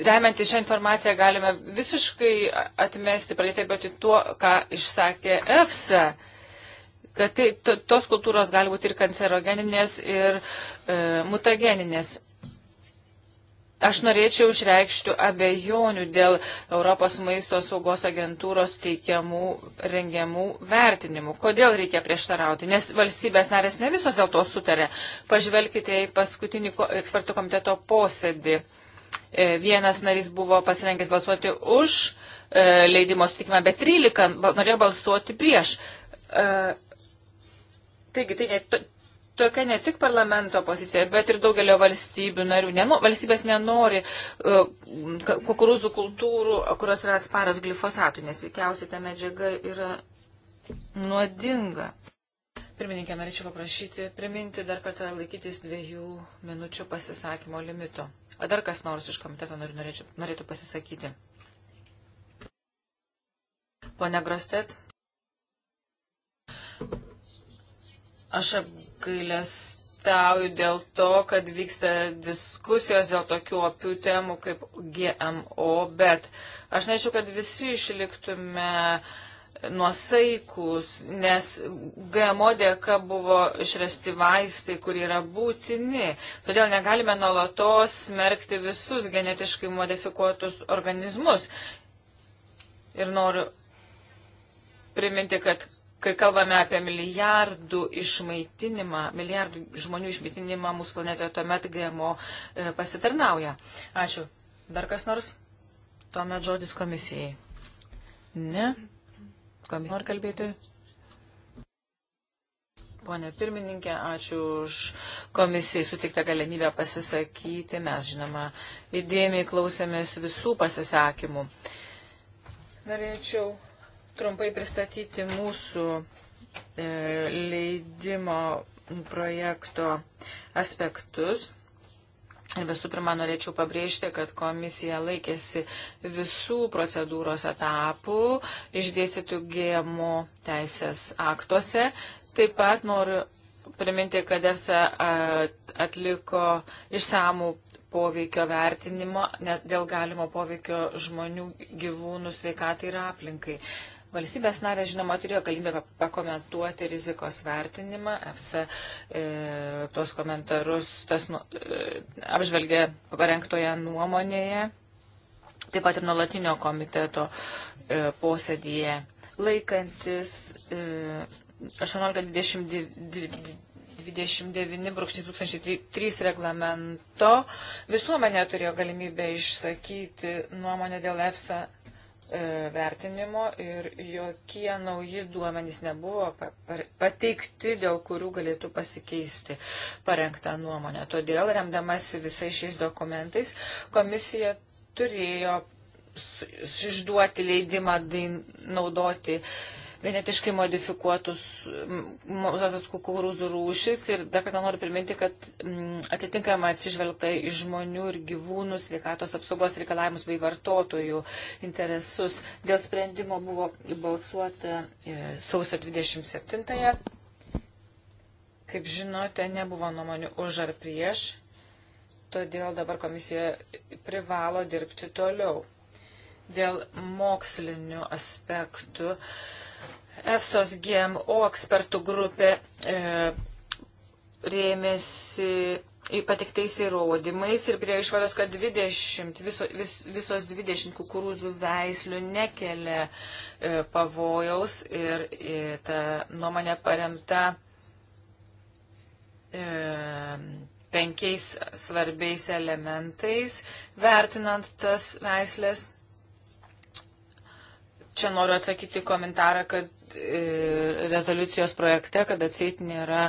remiantį šią informaciją galime visiškai atmesti, pradėti abejoti tuo, ką išsakė EFSA, kad tai, to, tos kultūros gali būti ir kancerogeninės, ir e, mutageninės. Aš norėčiau išreikšti abejonių dėl Europos maisto saugos agentūros teikiamų rengiamų vertinimų. Kodėl reikia prieštarauti? Nes valstybės narės ne visos dėl to sutarė. Pažvelkite į paskutinį ekspertų komiteto posėdį. E, vienas narys buvo pasirengęs balsuoti už e, leidimo sutikimą, bet 13 norėjo balsuoti prieš. E, taigi, tai ne, tokia ne tik parlamento pozicija, bet ir daugelio valstybių narių. Nenu, valstybės nenori uh, kukurūzų kultūrų, kurios yra atsparios glifosatui, nes veikiausiai ta medžiaga yra nuodinga. Pirmininkė, norėčiau paprašyti, priminti dar kartą laikytis dviejų minučių pasisakymo limito. Ar dar kas nors iš komiteto norėčiau, norėtų pasisakyti? Pone Grostet, aš ab, apgailestauju dėl to, kad vyksta diskusijos dėl tokių opių temų kaip GMO, bet aš nežinau, kad visi išliktume nuosaikus, nes GMO dėka buvo išrasti vaistai, kurie yra būtini. Todėl negalime nuolatos smerkti visus genetiškai modifikuotus organizmus. Ir noriu priminti, kad kai kalbame apie milijardų išmaitinimą, milijardų žmonių išmaitinimą mūsų planetoje, tuomet GMO e, pasitarnauja. Ačiū. Dar kas nors? Tuomet žodis komisijai. Ne? Komisija nori kalbėti? Pone pirmininkė, ačiū už komisijai sutiktą galimybę pasisakyti. Mes, žinoma, įdėmiai klausėmės visų pasisakymų. Norėčiau trumpai pristatyti mūsų e, leidimo projekto aspektus. Ir visų pirma, norėčiau pabrėžti, kad komisija laikėsi visų procedūros etapų išdėstytų GMO teisės aktuose. Taip pat noriu priminti, kad EFSA atliko išsamų poveikio vertinimo, net dėl galimo poveikio žmonių gyvūnų sveikatai ir aplinkai. Valstybės narės, žinoma, turėjo galimybę pakomentuoti rizikos vertinimą. FC e, tuos komentarus tas, nu, e, apžvelgė parengtoje nuomonėje, taip pat ir nuolatinio komiteto e, posėdėje. Laikantis e, 1829-2003 reglamento visuomenė turėjo galimybę išsakyti nuomonę dėl EFSA E, vertinimo ir jokie nauji duomenys nebuvo pateikti, dėl kurių galėtų pasikeisti parengtą nuomonę. Todėl, remdamasi visais šiais dokumentais, komisija turėjo išduoti leidimą naudoti uh, genetiškai modifikuotus mozasas kukurūzų rūšis ir dar kartą noriu priminti, kad atitinkama atsižvelgta į žmonių ir gyvūnų sveikatos apsaugos reikalavimus bei vartotojų interesus. Dėl sprendimo buvo balsuota e, sausio 27-ąją. Kaip žinote, nebuvo nuomonių už ar prieš, todėl dabar komisija privalo dirbti toliau dėl mokslinių aspektų EFSOS GMO ekspertų grupė e, rėmėsi patiktais įrodymais ir prie išvados, kad 20, viso, vis, visos 20 kukurūzų veislių nekelia e, pavojaus ir e, ta nuomonė paremta e, penkiais svarbiais elementais, vertinant tas veislės. Čia noriu atsakyti komentarą, kad kad e, rezoliucijos projekte, kad atseit nėra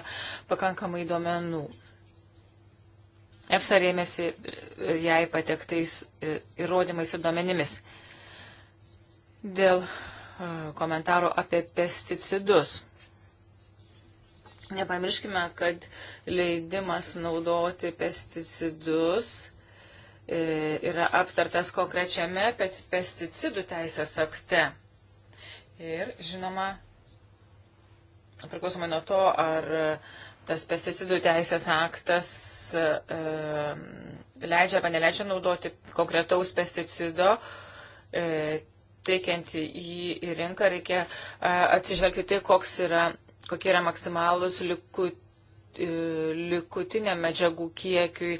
pakankamai duomenų. EFSA rėmėsi e, jai patektais e, įrodymais ir duomenimis. Dėl komentarų apie pesticidus. Nepamirškime, kad leidimas naudoti pesticidus yra aptartas konkrečiame pesticidų teisės akte. Ir, žinoma, priklausomai nuo to, ar e, tas pesticidų teisės aktas e, e, leidžia arba neleidžia naudoti konkretaus pesticido, e, teikiant jį į rinką, reikia e, atsižvelgti tai, koks yra, kokie yra maksimalus likut, likutinė medžiagų kiekiui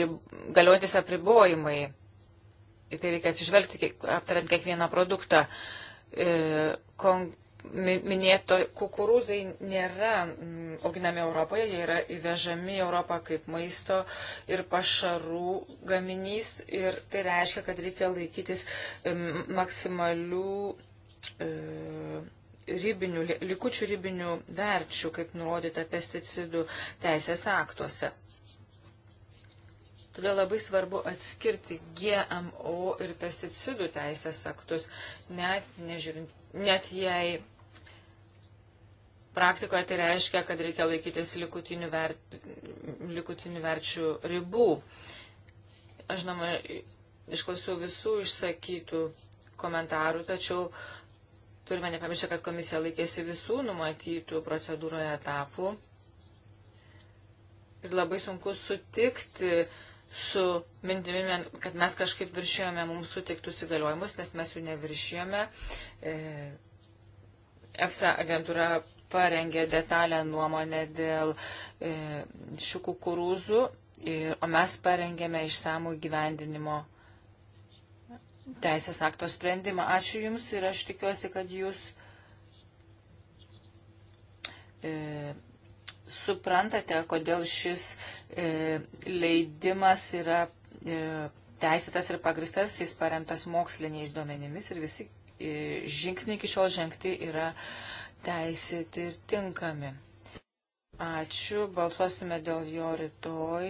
rib, galiuotis apribojimai. Į tai reikia atsižvelgti, kiek, aptariant kiekvieną produktą. E, E, minėto kukurūzai nėra mm, auginami Europoje, jie yra įvežami į Europą kaip maisto ir pašarų gaminys ir tai reiškia, kad reikia laikytis maksimalių e, ribinių, likučių ribinių verčių, kaip nurodyta pesticidų teisės aktuose. Todėl labai svarbu atskirti GMO ir pesticidų teisės aktus, net, nežiūrint, net jei praktikoje tai reiškia, kad reikia laikytis likutinių, ver, likutinių verčių ribų. Aš žinoma, išklausiau visų išsakytų komentarų, tačiau turime nepamiršti, kad komisija laikėsi visų numatytų procedūroje etapų. Ir labai sunku sutikti, su mintimi, kad mes kažkaip viršėjome mums suteiktus įgaliojimus, nes mes jų neviršėjome. E, EFSA agentūra parengė detalę nuomonę dėl e, šių kukurūzų, o mes parengėme išsamų gyvendinimo teisės akto sprendimą. Ačiū Jums ir aš tikiuosi, kad Jūs e, suprantate, kodėl šis e, leidimas yra e, teisėtas ir pagristas, jis paremtas moksliniais duomenimis ir visi e, žingsniai iki šiol žengti yra teisėti ir tinkami. Ačiū, balsuosime dėl jo rytoj.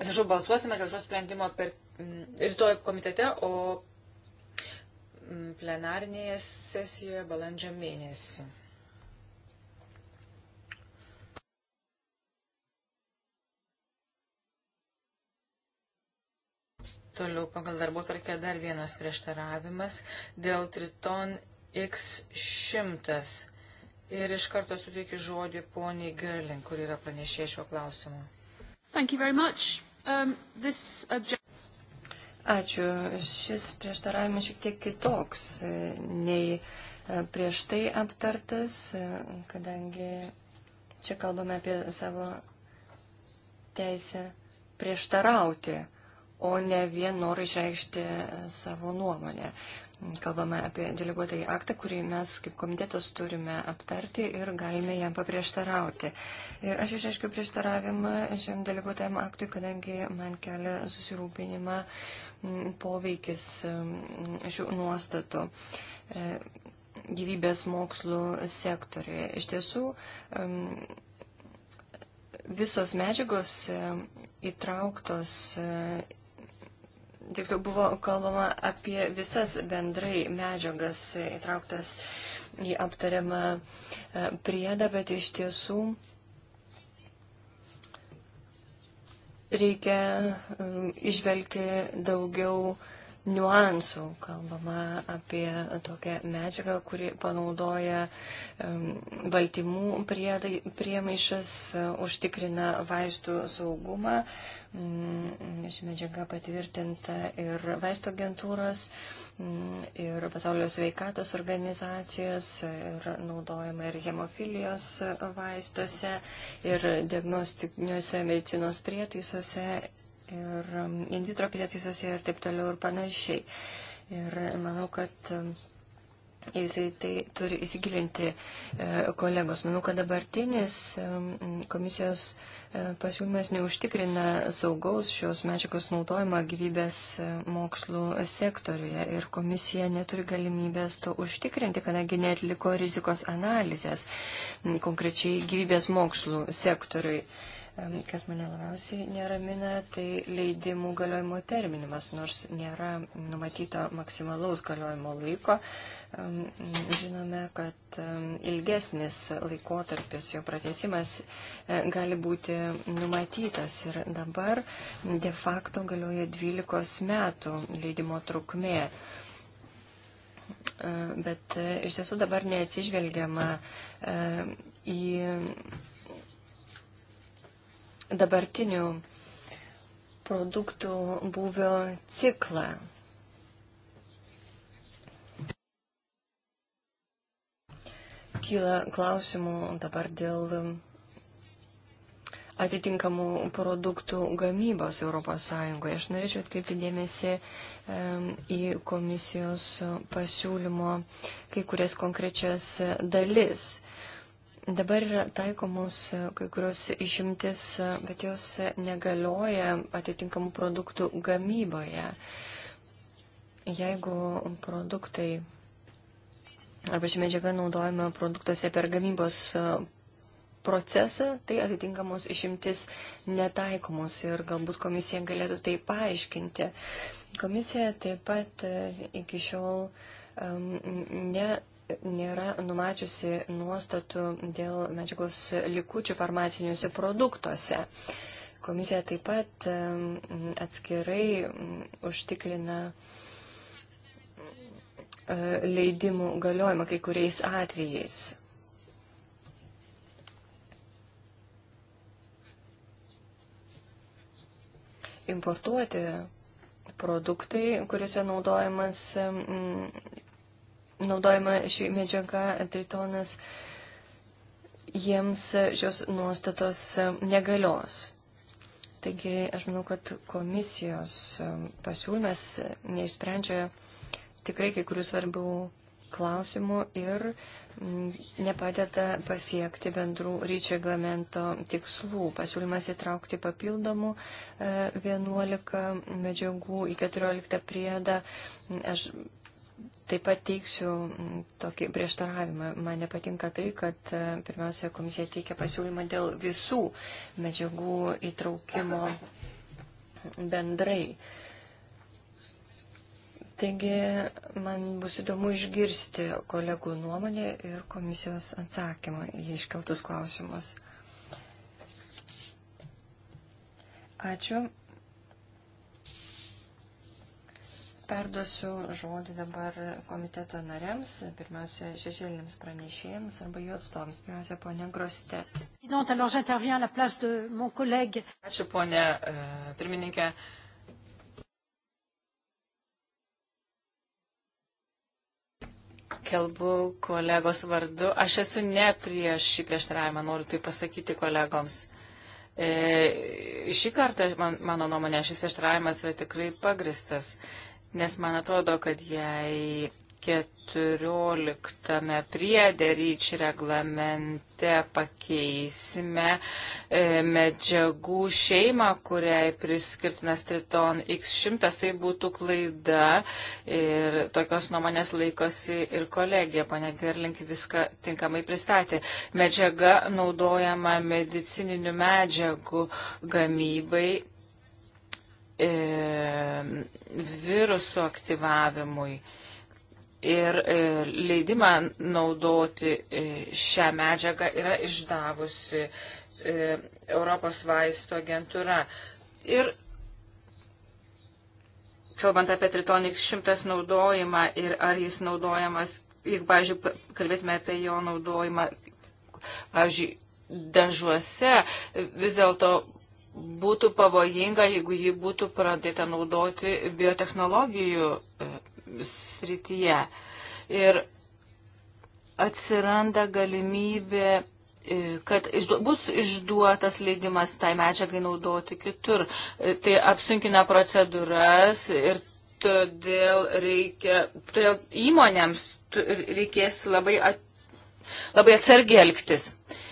Atsiprašau, balsuosime dėl šio sprendimo per m, mm, rytoj komitete, o mm, plenarinėje sesijoje balandžio mėnesį. Toliau pagal darbo tvarkę dar vienas prieštaravimas dėl Triton X100. Ir iš karto suteikiu žodį poniai Gerlin, kur yra pranešė šiuo klausimu. Um, object... Ačiū. Šis prieštaravimas šiek tiek kitoks nei e, prieš tai aptartas, e, kadangi čia kalbame apie savo teisę prieštarauti o ne vien norą išreikšti savo nuomonę. Kalbame apie deleguotąjį aktą, kurį mes kaip komitetas turime aptarti ir galime jam paprieštarauti. Ir aš išreiškiu prieštaravimą šiam deleguotąjam aktui, kadangi man kelia susirūpinimą mm, poveikis mm, šių nuostatų e, gyvybės mokslų sektoriuje. Iš tiesų, mm, visos medžiagos e, įtrauktos e, tiksliau buvo kalbama apie visas bendrai medžiagas įtrauktas į aptariamą e, priedą, bet iš tiesų reikia e, išvelgti daugiau niuansų. Kalbama apie tokią medžiagą, kuri panaudoja baltymų priedai, priemaišas, užtikrina vaistų saugumą. Mm, ši medžiaga patvirtinta ir vaisto agentūros, mm, ir pasaulio sveikatos organizacijos, ir naudojama ir hemofilijos vaistuose, ir diagnostiniuose medicinos prietaisuose, ir um, in vitro prietaisuose ir taip toliau ir panašiai. Ir manau, kad um, jisai tai turi įsigilinti e, kolegos. Manau, kad dabartinis um, komisijos e, pasiūlymas neužtikrina saugaus šios medžiagos naudojimą gyvybės e, mokslų sektoriuje ir komisija neturi galimybės to užtikrinti, kadangi netliko rizikos analizės konkrečiai gyvybės mokslų sektoriui. Kas mane labiausiai neramina, tai leidimų galiojimo terminimas, nors nėra numatyto maksimalaus galiojimo laiko. Žinome, kad ilgesnis laikotarpis, jo pratesimas e, gali būti numatytas ir dabar de facto galioja 12 metų leidimo trukmė. E, bet e, iš tiesų dabar neatsižvelgiama į dabartinių produktų būvio ciklą. Kyla klausimų dabar dėl atitinkamų produktų gamybos ES. Aš norėčiau atkreipti dėmesį į komisijos pasiūlymo kai kurias konkrečias dalis. Dabar yra taikomos e, kai kurios išimtis, e, bet jos e, negalioja atitinkamų produktų gamyboje. Jeigu produktai arba ši medžiaga naudojama produktuose per gamybos procesą, tai atitinkamos išimtis netaikomos ir galbūt komisija galėtų tai paaiškinti. Komisija taip pat iki šiol um, ne nėra numačiusi nuostatų dėl medžiagos likučių farmaciniuose produktuose. Komisija taip pat atskirai užtikrina e, leidimų galiojimą kai kuriais atvejais. Importuoti produktai, kuriuose naudojamas naudojama ši medžiaga tritonas, jiems šios nuostatos negalios. Taigi aš manau, kad komisijos pasiūlymas neišsprendžia tikrai kai kurių svarbių klausimų ir mm, nepadeda pasiekti bendrų ryčio reglamento tikslų. Pasiūlymas įtraukti papildomų 11 e, medžiagų į 14 priedą. Aš Taip pat teiksiu mm, tokį prieštaravimą. Man nepatinka tai, kad e, pirmiausia komisija teikia pasiūlymą dėl visų medžiagų įtraukimo bendrai. Taigi man bus įdomu išgirsti kolegų nuomonę ir komisijos atsakymą į iškeltus klausimus. Ačiū. Perduosiu žodį dabar komiteto nariams, pirmiausia, šešėlėms pranešėjams arba jų atstovams, pirmiausia, ponė Grostet. Ačiū, ponė e, pirmininkė. Kalbu kolegos vardu. Aš esu ne prieš šį prieštaravimą, noriu tai pasakyti kolegoms. E, šį kartą, man, mano nuomonė, šis prieštaravimas yra tikrai pagristas nes man atrodo, kad jei 14 priedė ryč reglamente pakeisime e, medžiagų šeimą, kuriai priskirtinas Triton X100, tai būtų klaida ir tokios nuomonės laikosi ir kolegija, pane Gerlink viską tinkamai pristatė. Medžiaga naudojama medicininių medžiagų gamybai e, virusų aktyvavimui ir e, leidimą naudoti e, šią medžiagą yra išdavusi e, Europos vaisto agentūra. Ir kalbant apie tritonix šimtas naudojimą ir ar jis naudojamas, jeigu, pavyzdžiui, kalbėtume apie jo naudojimą, pavyzdžiui, dažuose, vis dėlto būtų pavojinga, jeigu ji būtų pradėta naudoti biotehnologijų e, srityje. Ir atsiranda galimybė, e, kad išdu, bus išduotas leidimas tai medžiagai naudoti kitur. E, tai apsunkina procedūras ir todėl reikia, todėl įmonėms reikės labai, at, labai atsargiai elgtis. Uh,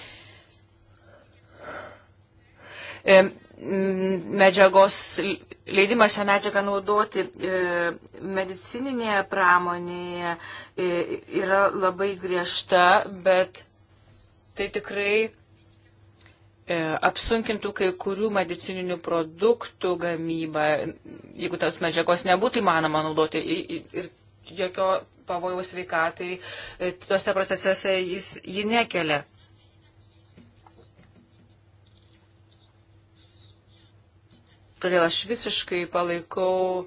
E, medžiagos, leidimas šią medžiagą naudoti e, medicininėje pramonėje e, yra labai griežta, bet tai tikrai apsunkintų kai kurių medicininių produktų gamybą, jeigu tos medžiagos nebūtų įmanoma naudoti ir jokio pavojaus sveikatai, tuose procesuose jis, ji nekelia. Todėl aš visiškai palaikau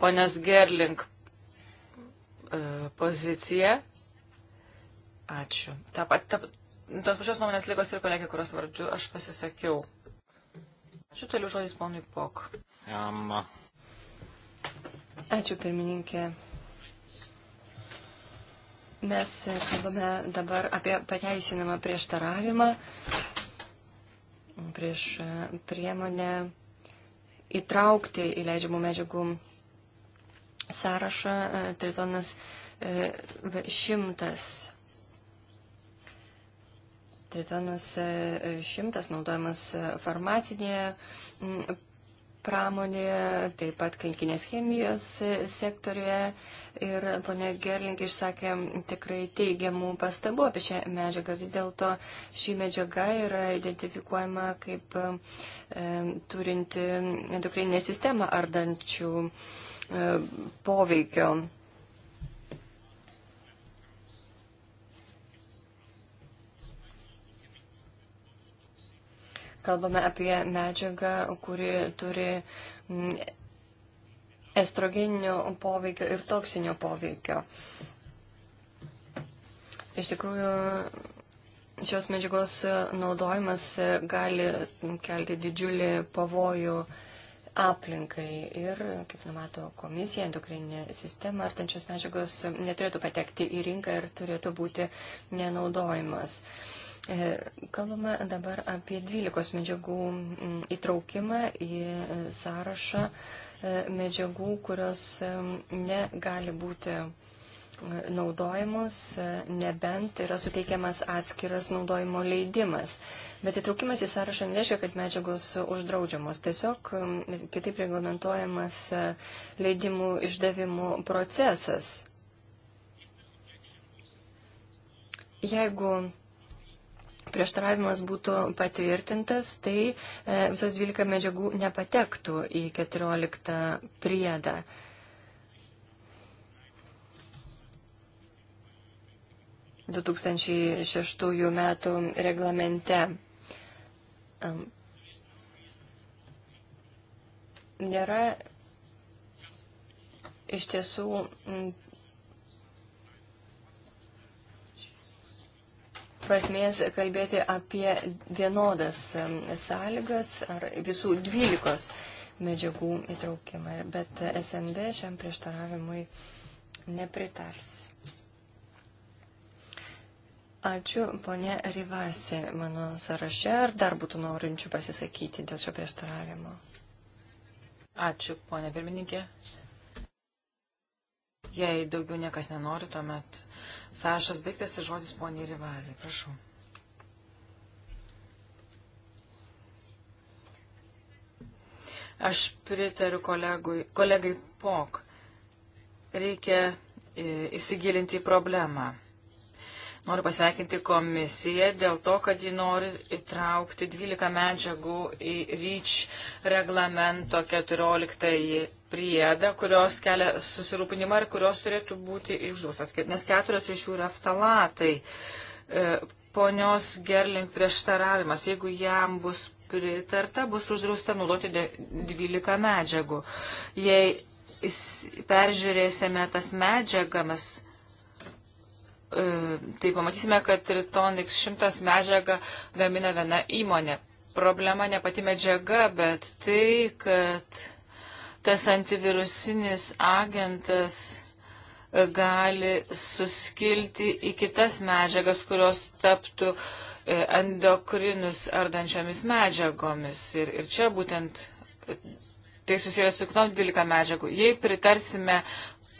ponios Gerling e, poziciją. Ačiū. Ta pat, ta, tos pačios nuomonės lygos ir palikė, kurios vardžių aš pasisakiau. Ačiū toliau žodis ponui Pok. Um. Ačiū pirmininkė. Mes kalbame dabar apie pateisinamą prieštaravimą prieš e, priemonę įtraukti į leidžiamų medžiagų sąrašą e, tritonas e, šimtas. Tritonas e, šimtas naudojamas farmacinėje pramonėje, taip pat klinikinės chemijos sektorėje. Ir ponė Gerling išsakė tikrai teigiamų pastabų apie šią medžiagą. Vis dėlto ši medžiaga yra identifikuojama kaip e, turinti endokrininę sistemą ardančių e, poveikio. kalbame apie medžiagą, kuri turi mm, estrogeninio poveikio ir toksinio poveikio. Iš tikrųjų, šios medžiagos naudojimas gali kelti didžiulį pavojų aplinkai ir, kaip numato komisija, endokrininė sistema, artančios medžiagos neturėtų patekti į rinką ir turėtų būti nenaudojimas. Um, E, kalbame dabar apie 12 medžiagų įtraukimą į e, sąrašą e, medžiagų, kurios negali būti naudojamos, nebent yra suteikiamas atskiras naudojimo leidimas. Bet įtraukimas į sąrašą nereiškia, kad medžiagos uždraudžiamos. Tiesiog kitaip reglamentuojamas leidimų išdavimo procesas. Jeigu prieštaravimas būtų patvirtintas, tai e, visos 12 medžiagų nepatektų į 14 priedą. ...2006 metų reglamente. Nėra iš tiesų prasmės kalbėti apie vienodas sąlygas ar visų dvylikos medžiagų įtraukimą, bet SNB šiam prieštaravimui nepritars. Ačiū, ponė Rivasi, mano sąraše. Ar dar būtų norinčių pasisakyti dėl šio prieštaravimo? Ačiū, ponė pirmininkė. Jei daugiau niekas nenori, tuomet Sąrašas baigtas ir žodis poniai Rivazai. Prašau. Aš pritariu kolegui, kolegai POK. Reikia e, įsigilinti į problemą. Noriu pasveikinti komisiją dėl to, kad ji nori įtraukti 12 medžiagų į REACH reglamento 14 priedą, kurios kelia susirūpinimą ir kurios turėtų būti išduotos, nes keturios iš jų yra ftalatai. E, ponios Gerling prieštaravimas, jeigu jam bus pritarta, bus uždrausta naudoti 12 medžiagų. Jei peržiūrėsime tas medžiagamas, e, tai pamatysime, kad Tritonix 100 medžiagą gamina viena įmonė. Problema ne pati medžiaga, bet tai, kad tas antivirusinis agentas e, gali suskilti į kitas medžiagas, kurios taptų e, endokrinus ardančiomis medžiagomis. Ir, ir čia būtent e, tai susijęs su kitom 12 medžiagų. Jei pritarsime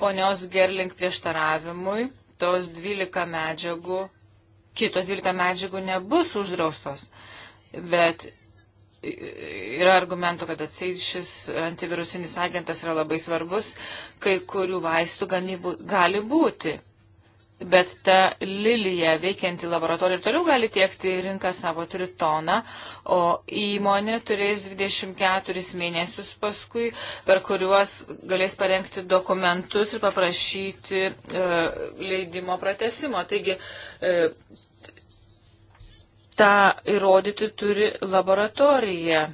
ponios Gerling prieštaravimui, tos 12 medžiagų, kitos 12 medžiagų nebus uždraustos. Bet yra argumentų, kad atseit šis antivirusinis agentas yra labai svarbus, kai kurių vaistų gamybų gali būti. Bet ta lilyje veikianti laboratorija ir toliau gali tiekti rinką savo tritoną, o įmonė turės 24 mėnesius paskui, per kuriuos galės parengti dokumentus ir paprašyti e, leidimo pratesimo. Taigi e, tą įrodyti turi laboratorija.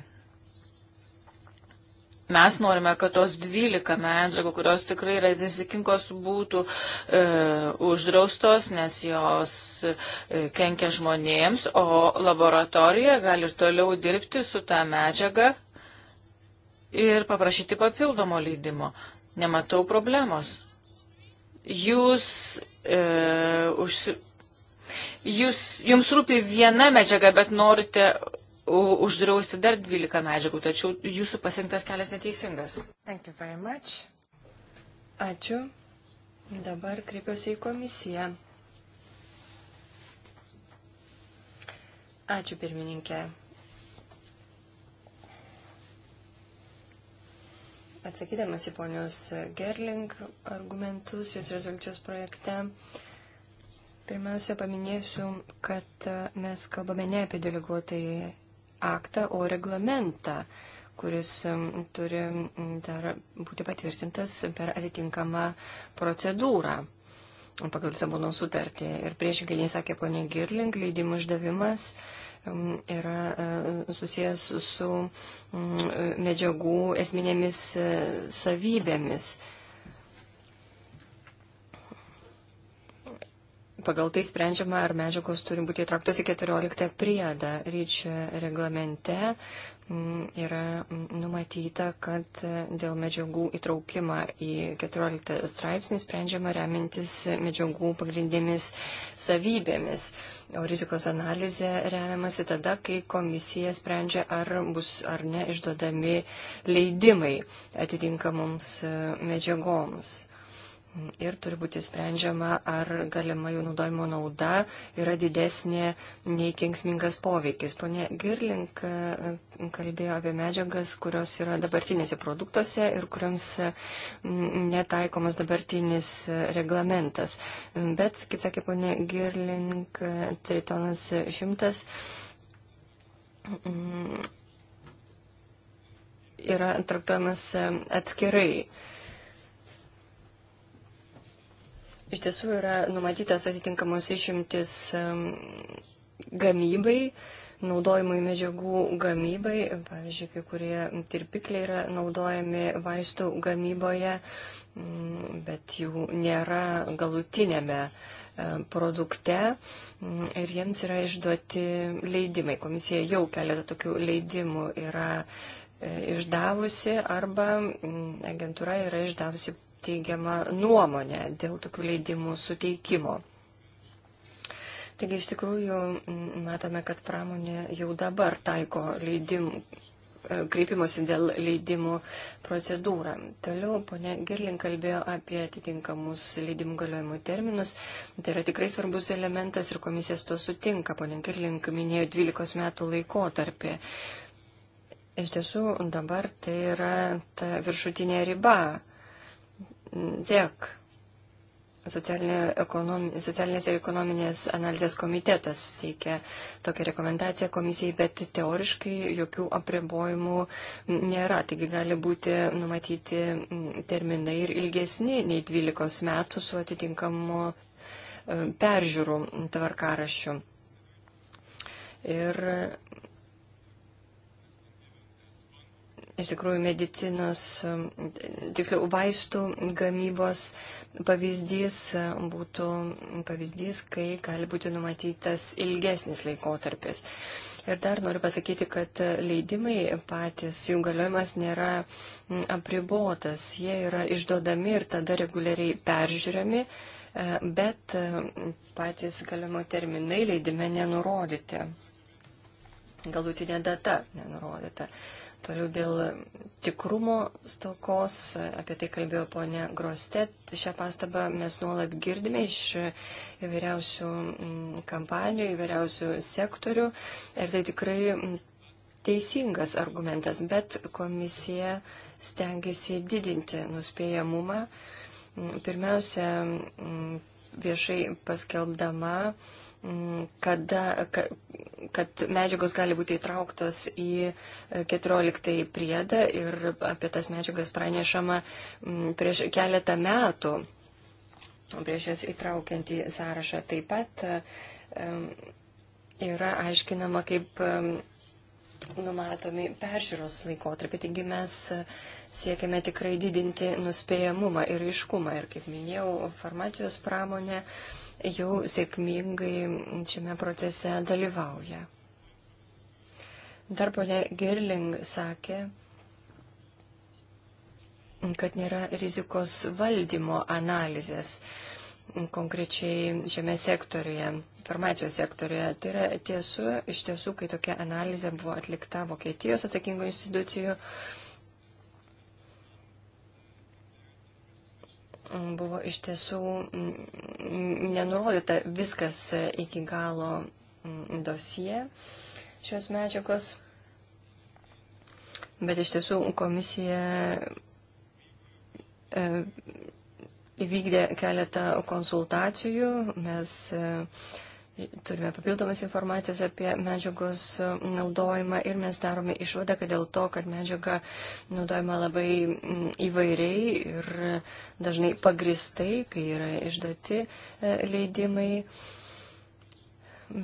Mes norime, kad tos 12 medžiagų, kurios tikrai yra rizikingos, būtų e, uždraustos, nes jos e, kenkia žmonėms, o laboratorija gali ir toliau dirbti su tą medžiagą ir paprašyti papildomo leidimo. Nematau problemos. Jūs e, užsi Jūs, jums rūpi viena medžiaga, bet norite uždrausti dar 12 medžiagų, tačiau jūsų pasirinktas kelias neteisingas. Ačiū. Dabar kreipiuosi į komisiją. Ačiū pirmininkė. Atsakydamas į ponios Gerling argumentus jos rezoliucijos projekte, Pirmiausia, paminėsiu, kad e, mes kalbame ne apie deleguotąjį aktą, o reglamentą, kuris e, turi dar būti patvirtintas per atitinkamą procedūrą pagal Lisabono sutartį. Ir priešingai nei sakė ponė Girling, leidimų išdavimas yra e, susijęs su medžiagų esminėmis savybėmis. pagal tai sprendžiama, ar medžiagos turi būti įtrauktos į 14 priedą. Ryčio reglamente mm, yra mm, numatyta, kad dėl medžiagų įtraukimą į 14 straipsnį sprendžiama remintis medžiagų pagrindėmis savybėmis. O rizikos analizė remiamasi tada, kai komisija sprendžia, ar bus ar ne išduodami leidimai atitinkamoms medžiagoms ir turi būti sprendžiama, ar galima jų naudojimo nauda yra didesnė nei kengsmingas poveikis. Pone Girlink e, kalbėjo apie medžiagas, kurios yra dabartinėse produktuose ir kuriams netaikomas dabartinis reglamentas. Bet, kaip sakė pone Girlink, e, tritonas šimtas yra traktuojamas atskirai. Iš tiesų yra numatytas atitinkamos išimtis gamybai, naudojimui medžiagų gamybai. Pavyzdžiui, kai kurie tirpikliai yra naudojami vaistų gamyboje, mm, bet jų nėra galutinėme e, produkte mm, ir jiems yra išduoti leidimai. Komisija jau keletą tokių leidimų yra e, išdavusi arba mm, agentūra yra išdavusi teigiamą nuomonę dėl tokių leidimų suteikimo. Taigi iš tikrųjų matome, kad pramonė jau dabar taiko leidimų, e, kreipimosi dėl leidimų procedūrą. Toliau ponė Girlin kalbėjo apie atitinkamus leidimų galiojimų terminus. Tai yra tikrai svarbus elementas ir komisijas to sutinka. Ponė Girlin minėjo 12 metų laikotarpį. Iš tiesų dabar tai yra ta viršutinė riba DEC, Socialinė, socialinės ir ekonominės analizės komitetas teikia tokią rekomendaciją komisijai, bet teoriškai jokių apribojimų nėra. Taigi gali būti numatyti terminai ir ilgesni nei 12 metų su atitinkamu e, peržiūrų tvarkarašiu. Ir iš tikrųjų medicinos, tiksliau vaistų gamybos pavyzdys e, būtų pavyzdys, kai gali būti numatytas ilgesnis laikotarpis. Ir dar noriu pasakyti, kad leidimai patys, jų galiojimas nėra apribotas, jie yra išduodami ir tada reguliariai peržiūriami, e, bet patys galiojimo terminai leidime nenurodyti. Galutinė data nenurodyta. Toliau dėl tikrumo stokos, apie tai kalbėjo ponė Grostet. Šią pastabą mes nuolat girdime iš įvairiausių mm, kampanijų, įvairiausių sektorių. Ir tai tikrai mm, teisingas argumentas, bet komisija stengiasi didinti nuspėjamumą. Mm, pirmiausia, viešai paskelbdama Mm, kada, kad medžiagos gali būti įtrauktos į 14 e, priedą ir apie tas medžiagas pranešama mm, prieš keletą metų, prieš jas įtraukiant į sąrašą. Taip pat e, yra aiškinama, kaip numatomi peržiūros laikotarpiai. Taigi mes e, siekiame tikrai didinti nuspėjamumą ir iškumą. Ir kaip minėjau, farmacijos pramonė. Uh, jau sėkmingai šiame procese dalyvauja. Dar ponia Girling sakė, kad nėra rizikos valdymo analizės konkrečiai šiame sektoriuje, farmacijos sektoriuje. Tai yra tiesų, iš tiesų, kai tokia analizė buvo atlikta Vokietijos atsakingų institucijų, buvo iš tiesų mm, nenurodyta viskas iki galo mm, dosie šios medžiagos, bet iš tiesų komisija e, įvykdė keletą konsultacijų, mes e, Turime papildomas informacijos apie medžiagos naudojimą ir mes darome išvadą, kad dėl to, kad medžiaga naudojama labai mm, įvairiai ir dažnai pagristai, kai yra išduoti e, leidimai.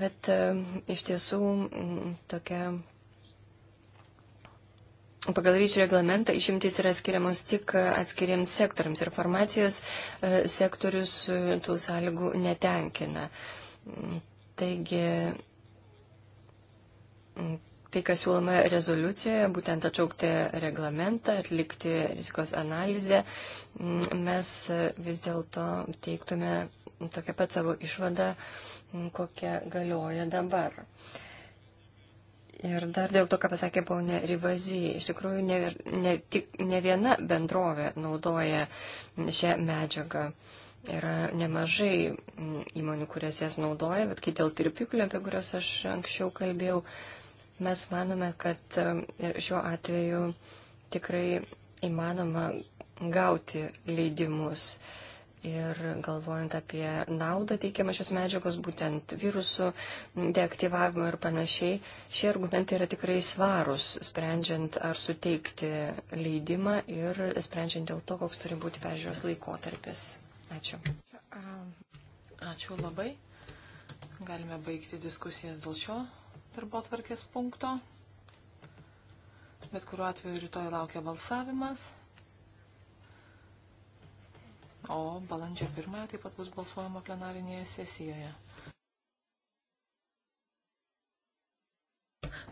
Bet e, iš tiesų mm, tokia. Pagal ryčių reglamentą išimtis yra skiriamos tik atskiriems sektoriams ir farmacijos e, sektorius tų sąlygų netenkina. Uh, Taigi, tai, kas siūloma rezoliucijoje, būtent atšaukti reglamentą, atlikti rizikos analizę, mes vis dėlto teiktume tokią pat savo išvadą, kokią galioja dabar. Ir dar dėl to, ką pasakė ponė Rivazy, iš tikrųjų ne, ne, tik, ne viena bendrovė naudoja šią medžiagą. Yra nemažai mm, įmonių, kurias jas naudoja, bet kai dėl tirpiklių, apie kurias aš anksčiau kalbėjau, mes manome, kad mm, šiuo atveju tikrai įmanoma gauti leidimus. Ir galvojant apie naudą teikiamą šios medžiagos, būtent virusų deaktyvavimą ir panašiai, šie argumentai yra tikrai svarūs, sprendžiant ar suteikti leidimą ir sprendžiant dėl to, koks turi būti peržiūros laikotarpis. Ačiū. Ačiū labai. Galime baigti diskusijas dėl šio darbo tvarkės punkto. Bet kuriuo atveju rytoj laukia balsavimas. O balandžio pirmąją taip pat bus balsuojama plenarinėje sesijoje.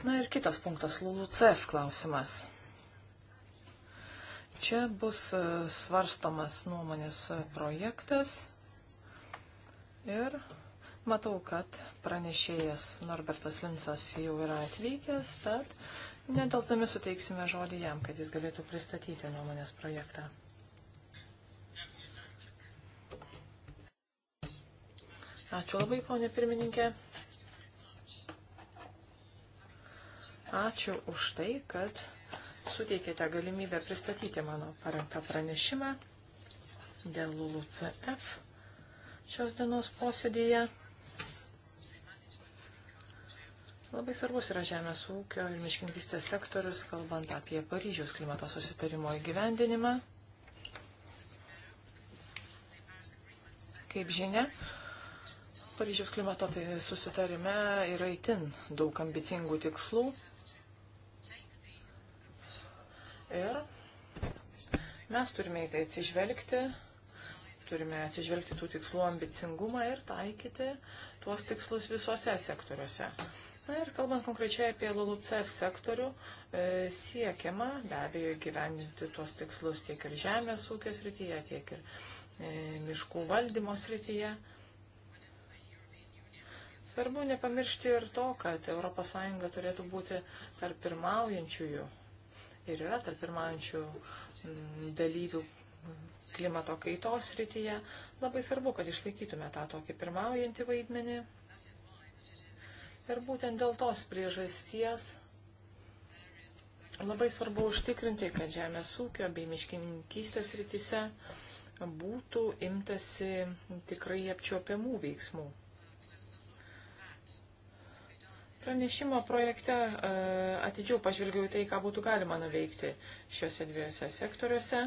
Na ir kitas punktas - LULUCF klausimas. Čia bus e, svarstomas nuomonės e, projektas ir matau, kad pranešėjas Norbertas Linsas jau yra atvykęs, tad nedelsdami suteiksime žodį jam, kad jis galėtų pristatyti nuomonės projektą. Ačiū labai, ponė pirmininkė. Ačiū už tai, kad suteikėte galimybę pristatyti mano parengtą pranešimą dėl LULUCF šios dienos posėdėje. Labai svarbus yra žemės ūkio ir miškingistės sektorius, kalbant apie Paryžiaus klimato susitarimo įgyvendinimą. Kaip žinia, Paryžiaus klimato tai susitarime yra įtin daug ambicingų tikslų Ir mes turime į tai atsižvelgti, turime atsižvelgti tų tikslų ambicingumą ir taikyti tuos tikslus visose sektoriuose. Na ir kalbant konkrečiai apie LULUCF sektorių, e, siekiama be abejo gyvendinti tuos tikslus tiek ir žemės ūkio srityje, tiek ir e, miškų valdymo srityje. Svarbu nepamiršti ir to, kad ES turėtų būti tarp pirmaujančiųjų ir yra tarp pirmaujančių mm, dalyvių klimato kaitos rytyje. Labai svarbu, kad išlaikytume tą tokį pirmaujantį vaidmenį. Ir būtent dėl tos priežasties labai svarbu užtikrinti, kad žemės ūkio bei miškininkystės rytise būtų imtasi tikrai apčiuopiamų veiksmų. Pranešimo projekte e, atidžiau pažvelgiau tai, ką būtų galima nuveikti šiuose dviejose sektoriuose.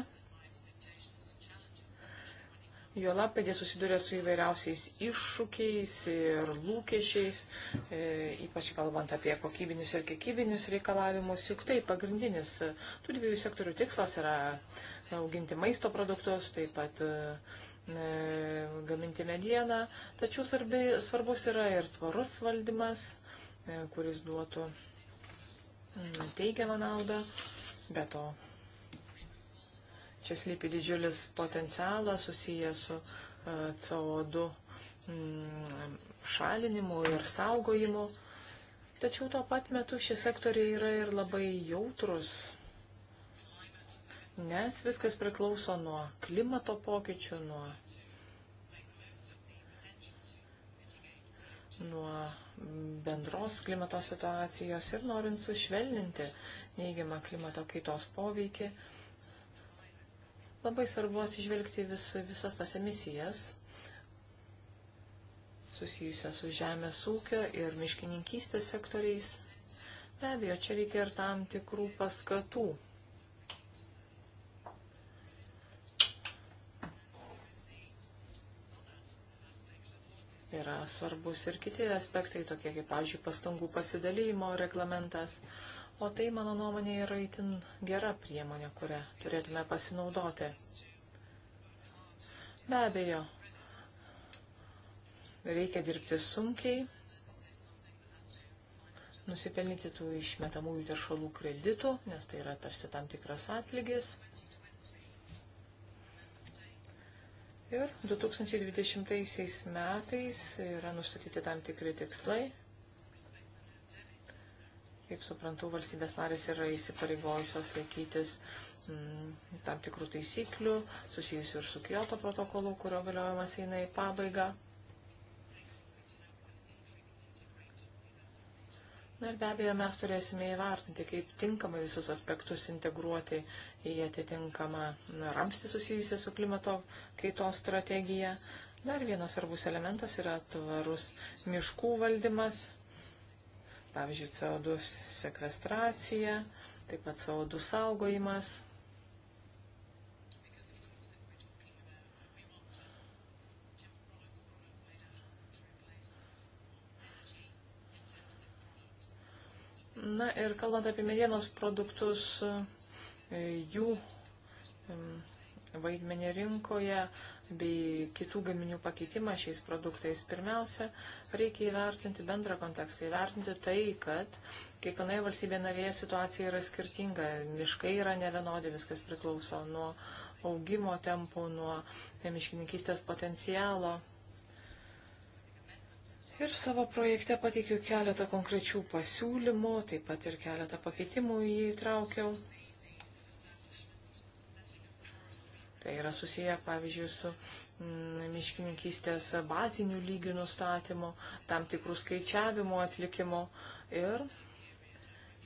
Juolab, kad jie susiduria su įvairiausiais iššūkiais ir lūkesčiais, e, ypač kalbant apie kokybinius ir kiekybinius reikalavimus, juk tai pagrindinis e, tų dviejų sektorių tikslas yra auginti maisto produktus, taip pat e, e gaminti medieną, tačiau svarbi, svarbus yra ir tvarus valdymas E, kuris duotų mm, teigiamą naudą, bet to čia slypi didžiulis potencialas susijęs su e, CO2 mm, šalinimu ir saugojimu. Tačiau tuo pat metu šie sektoriai yra ir labai jautrus, nes viskas priklauso nuo klimato pokyčių, nuo nuo bendros klimato situacijos ir norint sušvelninti neigiamą klimato kaitos poveikį, labai svarbu atsižvelgti vis, visas tas emisijas susijusias su žemės ūkio ir miškininkystės sektoriais. Be abejo, čia reikia ir tam tikrų paskatų yra svarbus ir kiti aspektai, tokie kaip, pavyzdžiui, pastangų pasidalymo reglamentas. O tai, mano nuomonė, yra itin gera priemonė, kurią turėtume pasinaudoti. Be abejo, reikia dirbti sunkiai, nusipelnyti tų išmetamųjų teršalų kreditų, nes tai yra tarsi tam tikras atlygis. Ir 2020 metais yra nustatyti tam tikri tikslai. Kaip suprantu, valstybės narės yra įsipareigojusios laikytis mm, tam tikrų taisyklių, susijusių ir su Kyoto protokolu, kurio galiojimas eina į pabaigą. Na ir be abejo, mes turėsime įvertinti, kaip tinkamai visus aspektus integruoti į atitinkamą ramstį susijusią su klimato kaitos strategija. Dar vienas svarbus elementas yra tvarus miškų valdymas, pavyzdžiui, CO2 sekvestracija, taip pat CO2 saugojimas, Na ir kalbant apie medienos produktus, e, jų vaidmenį rinkoje bei kitų gaminių pakeitimą šiais produktais. Pirmiausia, reikia įvertinti bendrą kontekstą, įvertinti tai, kad kiekvienoje valstybėje narėje situacija yra skirtinga, miškai yra nevienodi, viskas priklauso nuo augimo tempų, nuo e, miškininkystės potencialo. Ir savo projekte pateikiu keletą konkrečių pasiūlymų, taip pat ir keletą pakeitimų įtraukiau. Tai yra susiję, pavyzdžiui, su mm, miškininkystės bazinių lygių nustatymo, tam tikrų skaičiavimų atlikimo. Ir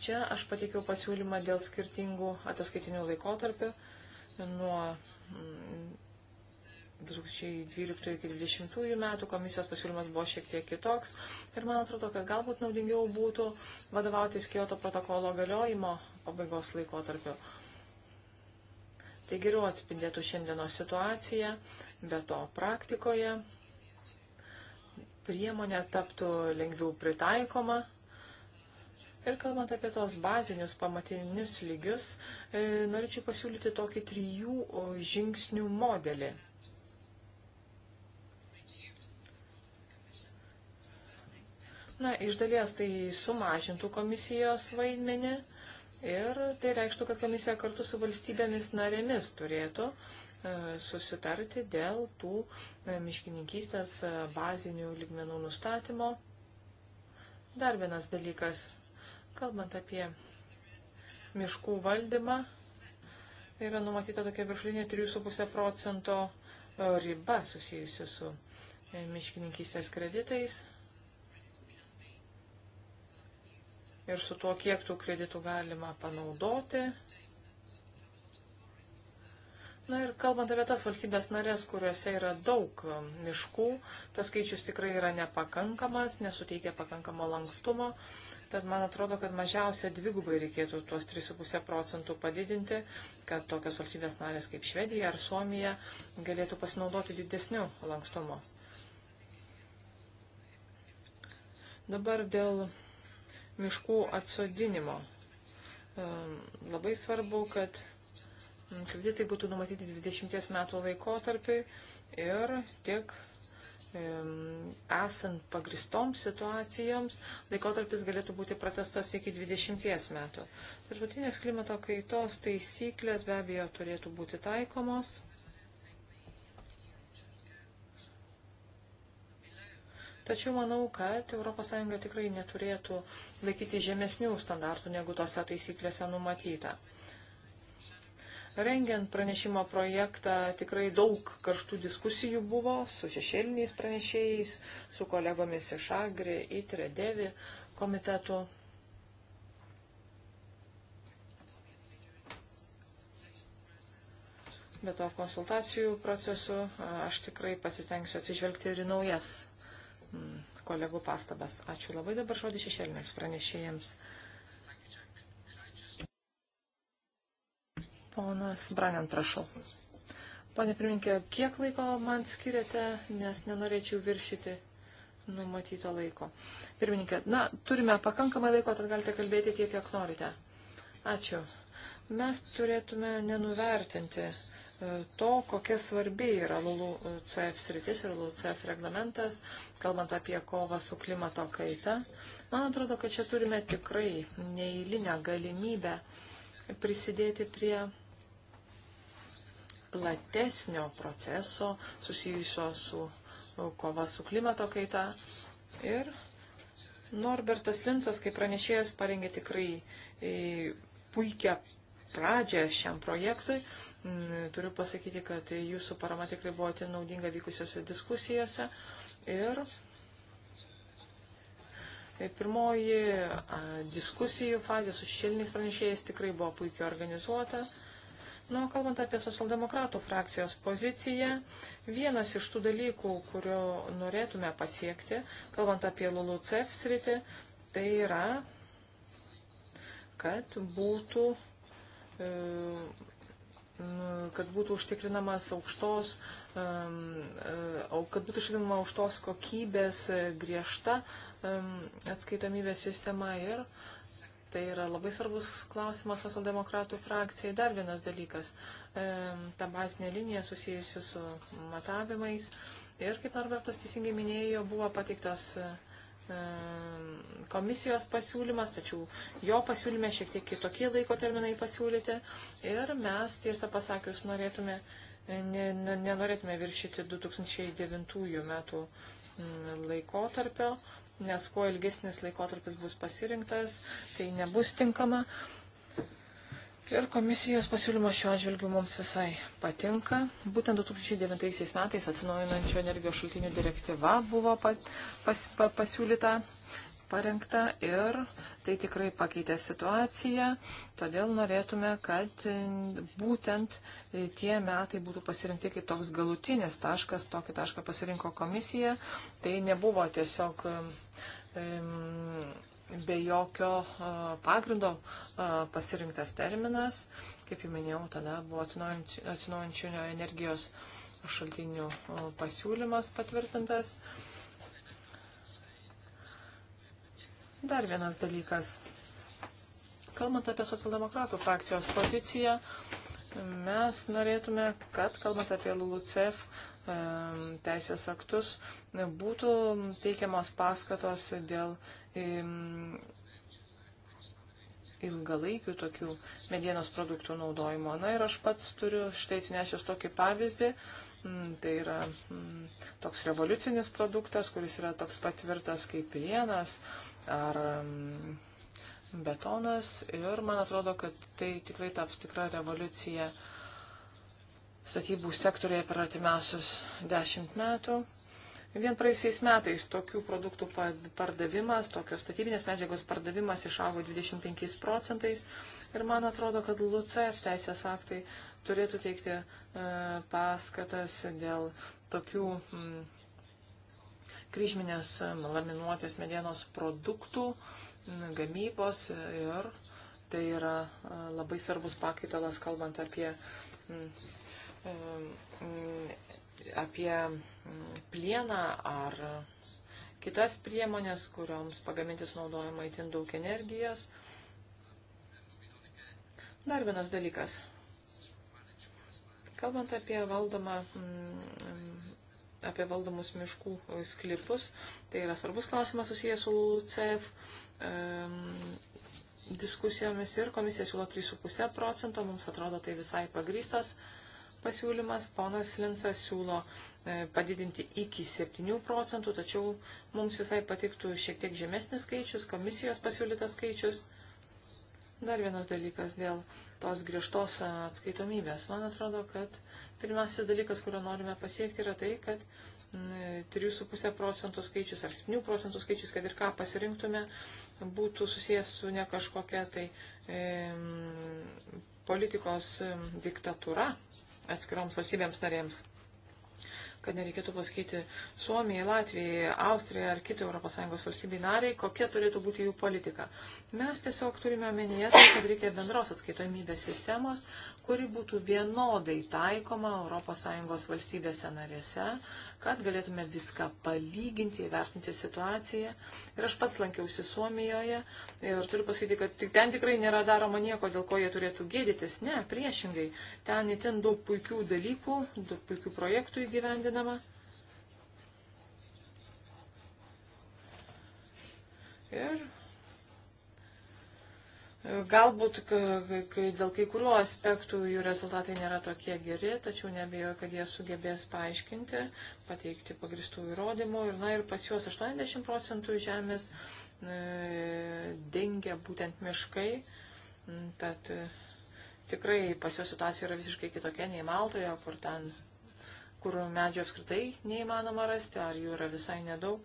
čia aš pateikiau pasiūlymą dėl skirtingų ataskaitinių laikotarpių nuo mm, 2012-2020 metų komisijos pasiūlymas buvo šiek tiek kitoks ir man atrodo, kad galbūt naudingiau būtų vadovautis Kyoto protokolo galiojimo pabaigos laikotarpiu. Tai geriau atspindėtų šiandienos situaciją, be to praktikoje priemonė taptų lengviau pritaikoma. Ir kalbant apie tos bazinius pamatinius lygius, e, norėčiau pasiūlyti tokį trijų žingsnių modelį. Na, iš dalies tai sumažintų komisijos vaidmenį ir tai reikštų, kad komisija kartu su valstybėmis narėmis turėtų e, susitarti dėl tų e, miškininkystės e, bazinių lygmenų nustatymo. Dar vienas dalykas, kalbant apie miškų valdymą, yra numatyta tokia viršutinė 3,5 procento riba susijusi su miškininkystės kreditais. ir su tuo, kiek tų kreditų galima panaudoti. Na ir kalbant apie tas valstybės narės, kuriuose yra daug um, miškų, tas skaičius tikrai yra nepakankamas, nesuteikia pakankamo lankstumo. Tad man atrodo, kad mažiausia dvigubai reikėtų tuos 3,5 procentų padidinti, kad tokios valstybės narės kaip Švedija ar Suomija galėtų pasinaudoti didesniu lankstumu. Dabar dėl miškų atsodinimo. Labai svarbu, kad kreditai būtų numatyti 20 metų laikotarpiai ir tik esant pagristoms situacijoms, laikotarpis galėtų būti pratestas iki 20 metų. Tarptautinės klimato kaitos taisyklės be abejo turėtų būti taikomos. Tačiau manau, kad ES tikrai neturėtų laikyti žemesnių standartų, negu tose taisyklėse numatyta. Rengiant pranešimo projektą tikrai daug karštų diskusijų buvo su šešėliniais pranešėjais, su kolegomis iš Agri, Itre, Devi komitetų. Be to konsultacijų procesu aš tikrai pasistengsiu atsižvelgti ir į naujas Mm, kolegų pastabas. Ačiū labai dabar žodį šešėliniams pranešėjams. Ponas Branen, prašau. Pane pirminkė, kiek laiko man skiriate, nes nenorėčiau viršyti numatyto laiko. Pirmininkė, na, turime pakankamai laiko, tad galite kalbėti tiek, kiek norite. Ačiū. Mes turėtume nenuvertinti uh, to, kokia svarbi yra LULUCF e, sritis ir LULUCF reglamentas, kalbant apie kovą su klimato kaita. Man atrodo, kad čia turime tikrai neįlinę galimybę prisidėti prie platesnio proceso susijusio su e, kova su klimato kaita. Ir Norbertas Linsas, kaip pranešėjas, parengė tikrai e, puikią pradžią šiam projektui Turiu pasakyti, kad jūsų parama tikrai buvo ten naudinga vykusiose diskusijose. Ir e, pirmoji diskusijų fazė su šešėliniais pranešėjais tikrai buvo puikiai organizuota. Na, nu, kalbant apie socialdemokratų frakcijos poziciją, vienas iš tų dalykų, kurio norėtume pasiekti, kalbant apie LULUCEF sritį, tai yra, kad būtų e, Nu, kad būtų užtikrinamas aukštos, e, kad būtų užtikrinama aukštos kokybės e, griežta atskaitomybės sistema ir tai yra labai svarbus klausimas socialdemokratų frakcijai. Dar vienas dalykas - ta bazinė linija susijusi su matavimais. Ir kaip Norbertas teisingai minėjo, buvo pateiktas uh, komisijos pasiūlymas, tačiau jo pasiūlyme šiek tiek kitokie laiko terminai pasiūlyti ir mes, tiesą pasakius, norėtume, ne, ne, nenorėtume viršyti 2009 metų laikotarpio, nes kuo ilgesnis laikotarpis bus pasirinktas, tai nebus tinkama. Uh, Ir komisijos pasiūlymas šiuo atžvilgiu mums visai patinka. Būtent 2009 metais atsinaujinančio energijos šaltinių direktyva buvo pat, pas, pa, pasiūlyta, parengta ir tai tikrai pakeitė situaciją. Todėl norėtume, kad būtent tie metai būtų pasirinkti kaip toks galutinis taškas, tokį tašką pasirinko komisija. Tai nebuvo tiesiog. Um, be jokio pagrindo pasirinktas terminas. Kaip jau minėjau, tada buvo atsinaujančių energijos šaltinių pasiūlymas patvirtintas. Dar vienas dalykas. Kalbant apie socialdemokratų frakcijos poziciją, mes norėtume, kad, kalbant apie LULUCEF teisės aktus, būtų teikiamos paskatos dėl ilgalaikių tokių medienos produktų naudojimo. Na ir aš pats turiu štai atsinešęs tokį pavyzdį. Mm, tai yra mm, toks revoliucinis produktas, kuris yra toks patvirtas kaip plienas ar mm, betonas. Ir man atrodo, kad tai tikrai taps tikra revoliucija statybų sektorėje per artimiausius dešimt metų. Vien praeisiais metais tokių produktų pardavimas, tokios statybinės medžiagos pardavimas išaugo 25 procentais ir man atrodo, kad LUCF teisės aktai turėtų teikti e, paskatas dėl tokių m, mm, kryžminės laminuotės medienos produktų m, gamybos ir tai yra e, labai svarbus pakaitalas, kalbant apie m, mm, e, m, mm, apie mm, plieną ar kitas priemonės, kurioms pagamintis naudojama įtin daug energijos. Dar vienas dalykas. Kalbant apie valdomą, mm, apie valdomus miškų sklipus, tai yra svarbus klausimas susijęs su LUCF diskusijomis ir komisija siūlo 3,5 procento, mums atrodo tai visai pagrystas pasiūlymas. Ponas Linsas siūlo e, padidinti iki 7 procentų, tačiau mums visai patiktų šiek tiek žemesnis skaičius, komisijos pasiūlytas skaičius. Dar vienas dalykas dėl tos griežtos atskaitomybės. Man atrodo, kad pirmasis dalykas, kurio norime pasiekti, yra tai, kad 3,5 procentų skaičius ar 7 procentų skaičius, kad ir ką pasirinktume, būtų susijęs su ne kažkokia tai e, politikos diktatūra, atskiroms valstybėms narėms kad nereikėtų pasakyti Suomijai, Latvijai, Austrijai ar kitai ES valstybei nariai, kokia turėtų būti jų politika. Mes tiesiog turime omenyje tai, kad reikia bendros atskaitomybės sistemos, kuri būtų vienodai taikoma ES valstybėse narėse, kad galėtume viską palyginti, įvertinti situaciją. Ir aš pats lankiausi Suomijoje ir turiu pasakyti, kad tik ten tikrai nėra daroma nieko, dėl ko jie turėtų gėdytis. Ne, priešingai, ten įtin daug puikių dalykų, daug puikių projektų įgyvendinama. Ir Galbūt kai dėl kai kurių aspektų jų rezultatai nėra tokie geri, tačiau nebejoju, kad jie sugebės paaiškinti, pateikti pagristų įrodymų. Ir, na ir pas juos 80 procentų žemės e, dengia būtent miškai. Mm, tad e, tikrai pas juos situacija yra visiškai kitokia nei Maltoje, kur ten kur medžio apskritai neįmanoma rasti, ar jų yra visai nedaug.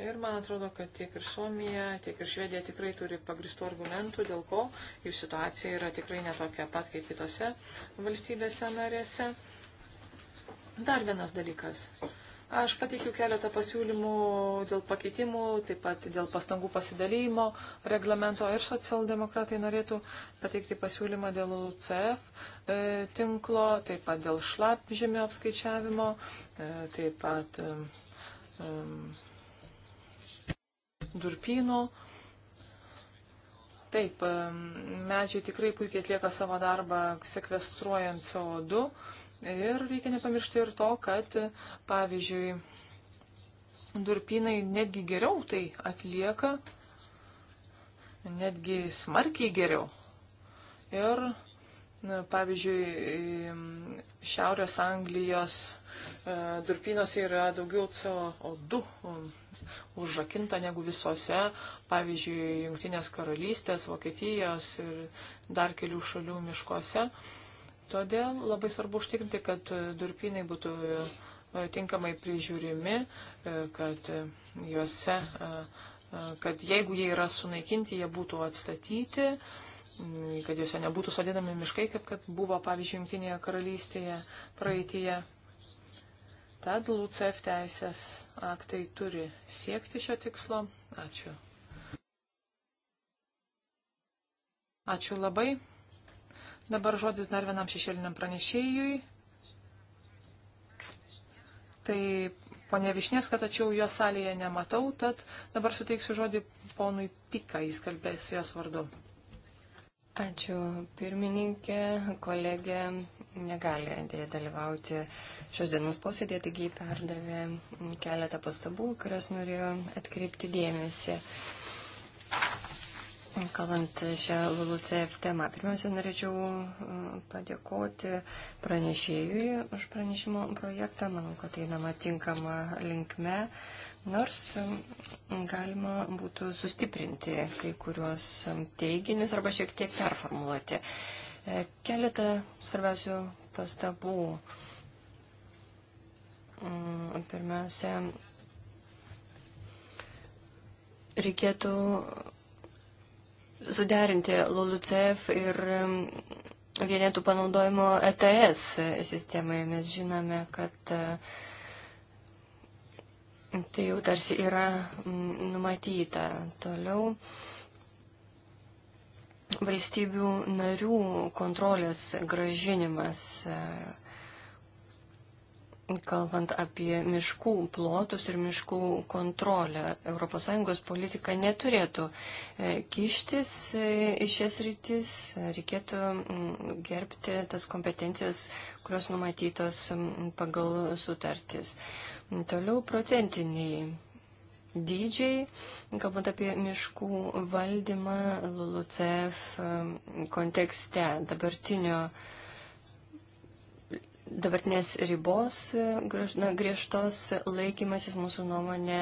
Ir man atrodo, kad tiek ir Suomija, tiek ir Švedija tikrai turi pagristų argumentų, dėl ko jų situacija yra tikrai netokia pat kaip kitose valstybėse narėse. Dar vienas dalykas. Aš pateikiu keletą pasiūlymų dėl pakeitimų, taip pat dėl pastangų pasidalymo reglamento ir socialdemokratai norėtų pateikti pasiūlymą dėl UCF e, tinklo, taip pat dėl šlapžėmio apskaičiavimo, e, taip pat. E, e, durpynų. Taip, medžiai tikrai puikiai atlieka savo darbą sekvestruojant CO2 ir reikia nepamiršti ir to, kad pavyzdžiui, durpynai netgi geriau tai atlieka, netgi smarkiai geriau. Ir Na, pavyzdžiui, Šiaurės Anglijos e, durpynuose yra daugiau CO2 um, užrakinta negu visose, pavyzdžiui, Junktinės karalystės, Vokietijos ir dar kelių šalių miškuose. Todėl labai svarbu užtikrinti, kad durpynai būtų e, tinkamai prižiūrimi, e, kad juose, kad jeigu jie yra sunaikinti, jie būtų atstatyti kad juose nebūtų sodinami miškai, kaip kad buvo, pavyzdžiui, Junktinėje karalystėje praeitie. Tad LUCF teisės aktai turi siekti šio tikslo. Ačiū. Ačiū labai. Dabar žodis dar vienam šešėliniam pranešėjui. Tai ponė Višnievska, tačiau jo salėje nematau, tad dabar suteiksiu žodį ponui Pika, jis kalbės jos vardu. Ačiū pirmininkė, kolegė negali dėja dalyvauti šios dienos posėdėje, taigi perdavė keletą pastabų, kurias norėjo atkreipti dėmesį. Kalbant šią LULUCF temą, pirmiausia, norėčiau uh, padėkoti pranešėjui už pranešimo projektą. Manau, kad einama tinkama linkme. Uh, Nors mm, galima būtų sustiprinti kai kuriuos mm, teiginius arba šiek tiek performuluoti. E, keletą svarbiausių pastabų. Mm, pirmiausia, reikėtų suderinti LULUCF ir vienetų panaudojimo ETS sistemai. Mes žinome, kad uh, Tai jau tarsi yra numatyta. Toliau valstybių narių kontrolės gražinimas kalbant apie miškų plotus ir miškų kontrolę. ES politika neturėtų e, kištis e, į šias rytis, reikėtų mm, gerbti tas kompetencijas, kurios numatytos mm, pagal sutartis. Toliau procentiniai dydžiai, kalbant apie miškų valdymą LULUCF e, kontekste dabartinio dabartinės ribos e, na, griežtos laikymasis mūsų nuomonė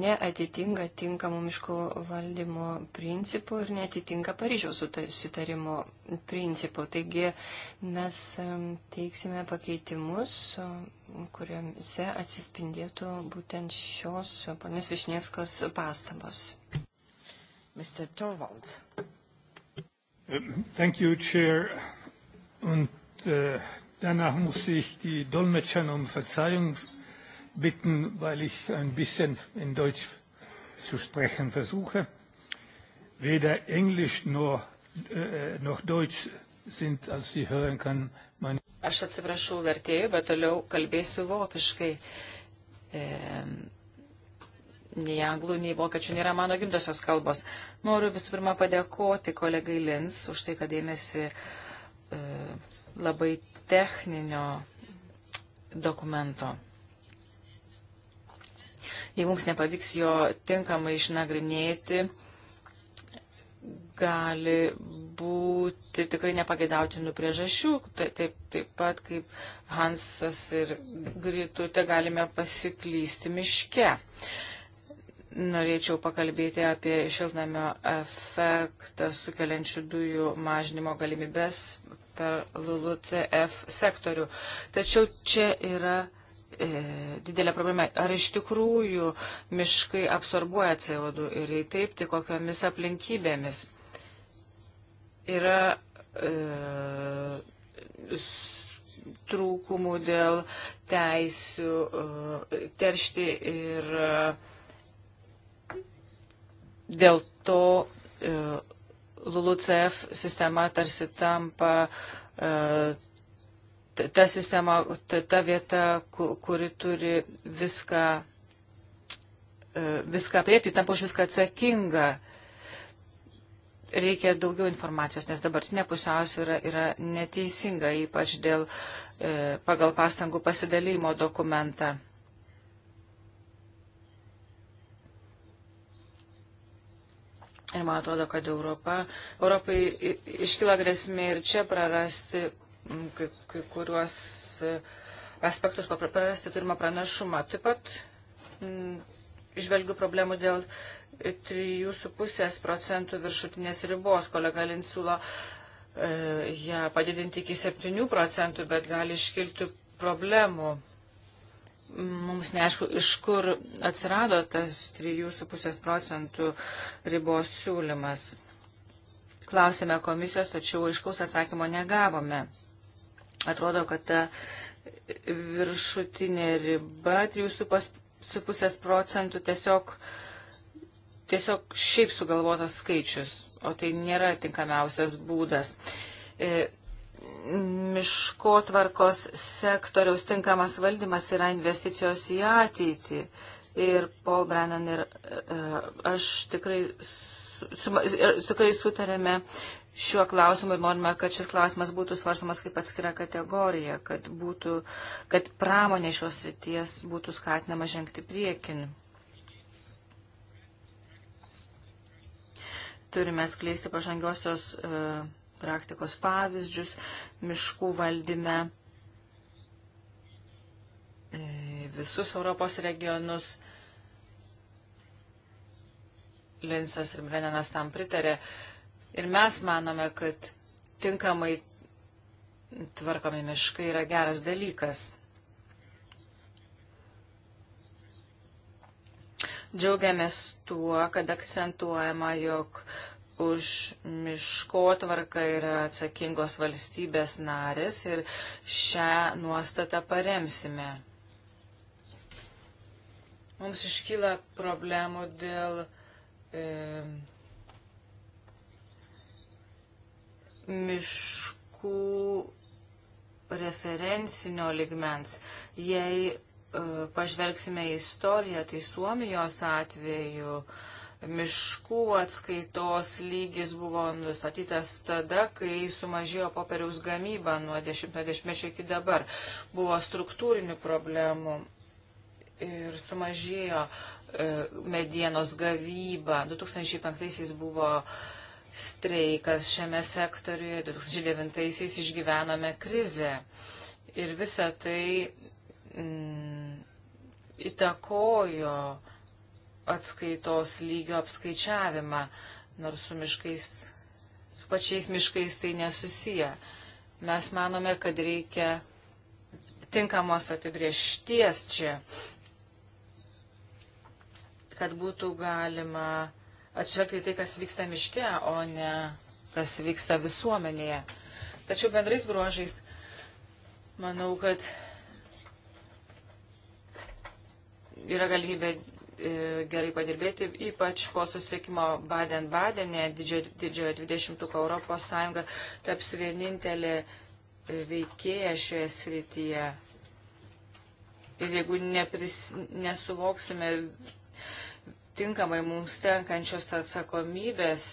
neatitinka tinkamų miškų valdymo principų ir neatitinka Paryžiaus sutarimo principų. Taigi mes teiksime pakeitimus, kuriuose atsispindėtų būtent šios panės Višnieskos pastabos. Mr. Torvalds. Uh, thank you, Chair. Und uh, Danach musste ich die Dolmetscher um Verzeihung bitten, weil ich ein bisschen in Deutsch zu sprechen versuche. Weder Englisch noch, äh, noch Deutsch sind, als Sie hören können, meine. Aš atsiprašau vertėjų, bet toliau kalbėsiu vokiškai. E, nei anglų, nei vokiečių nėra mano gimtosios kalbos. Noriu visų pirma padėkoti kolegai Lins už tai, kad dėmesį e, labai techninio dokumento. Jei mums nepavyks jo tinkamai išnagrinėti, gali būti tikrai nepagėdautinų priežasčių, taip, taip, taip pat kaip Hansas ir Gritutė galime pasiklysti miške. Norėčiau pakalbėti apie šiltnamio efektą sukeliančių dujų mažinimo galimybės, per LULUCF sektorių. Tačiau čia yra e, didelė problema. Ar iš tikrųjų miškai absorbuoja CO2 ir jei taip, tai kokiomis aplinkybėmis? Yra e, trūkumų dėl teisių e, teršti ir e, dėl to e, LULUCF sistema tarsi tampa e, ta sistema, ta, ta vieta, kuri turi viską, e, viską apriepti, tampa už viską atsakinga. Reikia daugiau informacijos, nes dabartinė pusiausvyrą yra, yra neteisinga, ypač dėl e, pagal pastangų pasidalymo dokumentą. Ir man atrodo, kad Europa, Europai iškyla grėsmė ir čia prarasti kai, kai kuriuos e, aspektus, prarasti turimą pranašumą. Taip pat m, išvelgiu problemų dėl 3,5 procentų viršutinės ribos. Kolega Linsulo e, ją e, ja, padidinti iki 7 procentų, bet gali iškilti problemų mums neaišku, iš kur atsirado tas 3,5 procentų ribos siūlymas. Klausėme komisijos, tačiau aiškaus atsakymo negavome. Atrodo, kad ta viršutinė riba 3,5 procentų tiesiog, tiesiog šiaip sugalvotas skaičius, o tai nėra tinkamiausias būdas. E, miškotvarkos sektoriaus tinkamas valdymas yra investicijos į ateitį. Ir Paul Brennan ir e, aš tikrai tikrai sutarėme šiuo klausimu ir norime, kad šis klausimas būtų svarstamas kaip atskira kategorija, kad, būtų, kad pramonė šios ryties būtų skatinama žengti priekin. Turime skleisti pažangiosios uh, praktikos pavyzdžius miškų valdyme visus Europos regionus. Linsas ir Brennenas tam pritarė. Ir mes manome, kad tinkamai tvarkomi miškai yra geras dalykas. Džiaugiamės tuo, kad akcentuojama, jog už miškotvarką yra atsakingos valstybės narės ir šią nuostatą paremsime. Mums iškyla problemų dėl e, miškų referencinio ligmens. Jei e, pažvelgsime į istoriją, tai Suomijos atveju e, miškų atskaitos lygis buvo nustatytas tada, kai sumažėjo popieriaus gamyba nuo 10-mečio iki dabar. Buvo struktūrinių problemų ir sumažėjo e, medienos gavyba. 2005-aisiais buvo streikas šiame sektoriuje, 2009-aisiais išgyvenome krizę. Ir visa tai mm, įtakojo uh, atskaitos lygio apskaičiavimą, nors su miškais, su pačiais miškais tai nesusiję. Mes manome, kad reikia tinkamos apibriešties čia, kad būtų galima atšvelgti tai, kas vyksta miške, o ne kas vyksta visuomenėje. Tačiau bendrais bruožais manau, kad yra galimybė E, gerai padirbėti, ypač po susitikimo Baden-Badenė, didžiojo, didžiojo 20-ko Europos Sąjunga taps vienintelė veikėja šioje srityje. Ir jeigu nepris, nesuvoksime tinkamai mums tenkančios atsakomybės,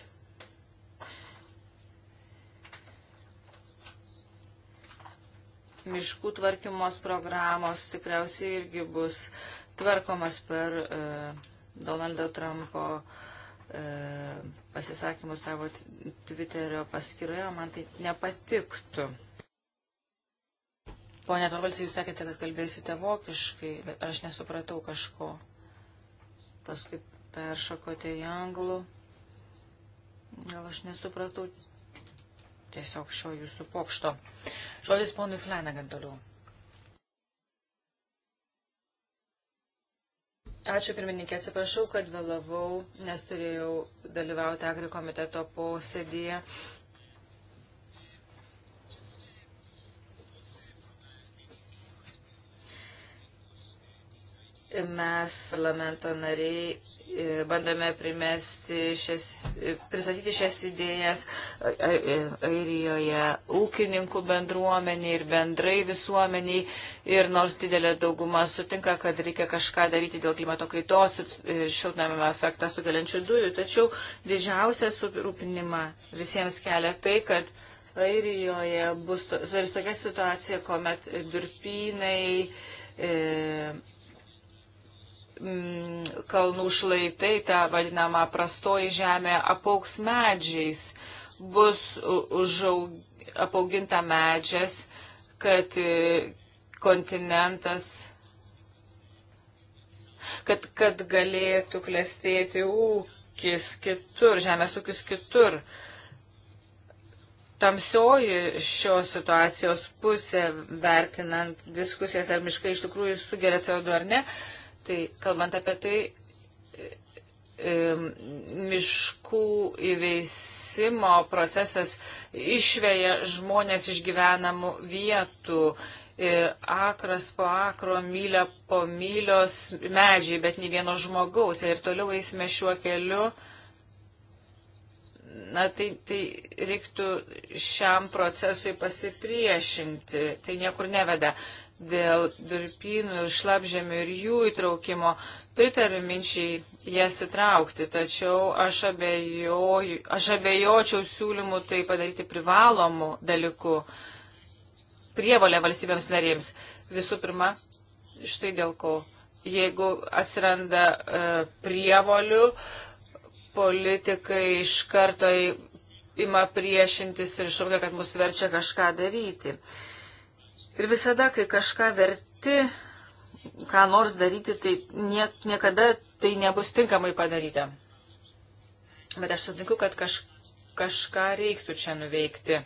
miškų tvarkymos programos tikriausiai irgi bus tvarkomas per e, Donaldo Trumpo e, pasisakymus savo Twitterio paskyroje, man tai nepatiktų. Pone Torvalsai, jūs sakėte, kad kalbėsite vokiškai, bet aš nesupratau kažko. Paskui peršakote į anglų. Gal aš nesupratau tiesiog šio jūsų pokšto. Žodis ponui Flanagan toliau. Ačiū pirmininkė, atsiprašau, kad vėlavau, nes turėjau dalyvauti agri komiteto posėdėje mes, parlamento nariai, e, bandome primesti šias, e, pristatyti šias idėjas e, Airijoje ūkininkų bendruomeniai ir bendrai visuomeniai. Ir nors didelė dauguma sutinka, kad reikia kažką daryti dėl klimato kaitos ir šiltnamio efektą sukeliančių dujų, tačiau didžiausia surūpinima visiems kelia tai, kad Airijoje bus to, tokia situacija, kuomet durpynai. E, Mm, kalnų šlaitai, ta vadinama prastoji žemė, apauks medžiais, bus užaug, apauginta medžias, kad e, kontinentas, kad, kad galėtų klestėti ūkis kitur, žemės ūkis kitur. Tamsioji šios situacijos pusė, vertinant diskusijas, ar miškai iš tikrųjų sugeria CO2 ar ne, uh, Tai kalbant apie tai, e, miškų įveisimo procesas išveja žmonės iš gyvenamų vietų. E, akras po akro, mylė po mylios medžiai, bet nei vieno žmogaus. Ir toliau eisime šiuo keliu. Na, tai, tai reiktų šiam procesui pasipriešinti. Tai niekur neveda dėl durpynų ir šlapžemių ir jų įtraukimo. Pritariu minčiai jas įtraukti, tačiau aš, abejoju, aš abejočiau siūlymų tai padaryti privalomų dalykų prievalę valstybėms narėms. Visų pirma, štai dėl ko. Jeigu atsiranda e, prievolių, politikai iš karto ima priešintis ir šaukia, kad mus verčia kažką daryti. E, Ir visada, kai kažką verti, ką nors daryti, tai nie, niekada tai nebus tinkamai padaryta. Bet aš sutinku, kad kaž, kažką reiktų čia nuveikti.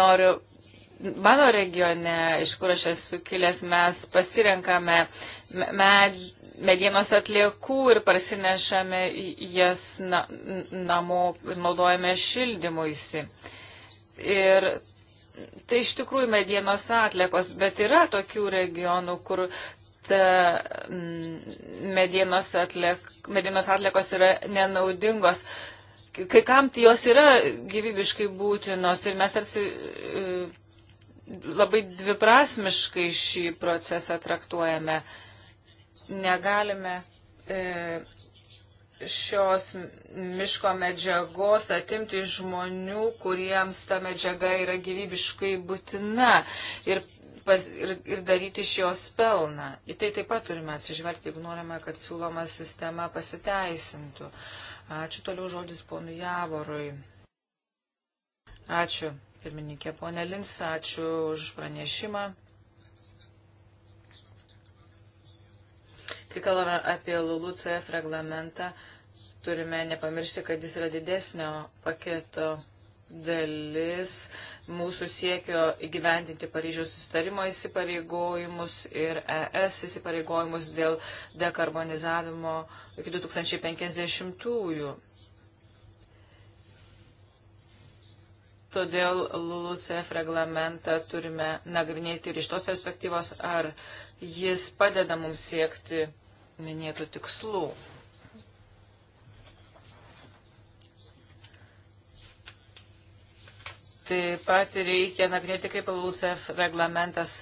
Noriu Mano regione, iš kur aš esu kilęs, mes pasirenkame med, medienos atliekų ir parsinešame jas na, namo ir naudojame šildymuisi. Ir tai iš tikrųjų medienos atliekos, bet yra tokių regionų, kur ta medienos, atliek, medienos atliekos yra nenaudingos. Kai kam jos yra gyvybiškai būtinos ir mes tarsi labai dviprasmiškai šį procesą traktuojame. Negalime e, šios miško medžiagos atimti žmonių, kuriems ta medžiaga yra gyvybiškai būtina ir, pas, ir, ir daryti iš jos pelną. Į tai taip pat turime atsižvelgti, jeigu norime, kad siūloma sistema pasiteisintų. Ačiū toliau žodis ponui Javorui. Ačiū pirmininkė. Pone Lins, ačiū už pranešimą. Kai kalbame apie LULUCF reglamentą, turime nepamiršti, kad jis yra didesnio paketo dalis mūsų siekio įgyvendinti Paryžiaus sustarimo įsipareigojimus ir ES įsipareigojimus dėl dekarbonizavimo iki 2050-ųjų. Todėl LULUCF reglamentą turime nagrinėti ir iš tos perspektyvos, ar jis padeda mums siekti minėtų tikslų. Taip pat reikia nagrinėti, kaip LULUCF reglamentas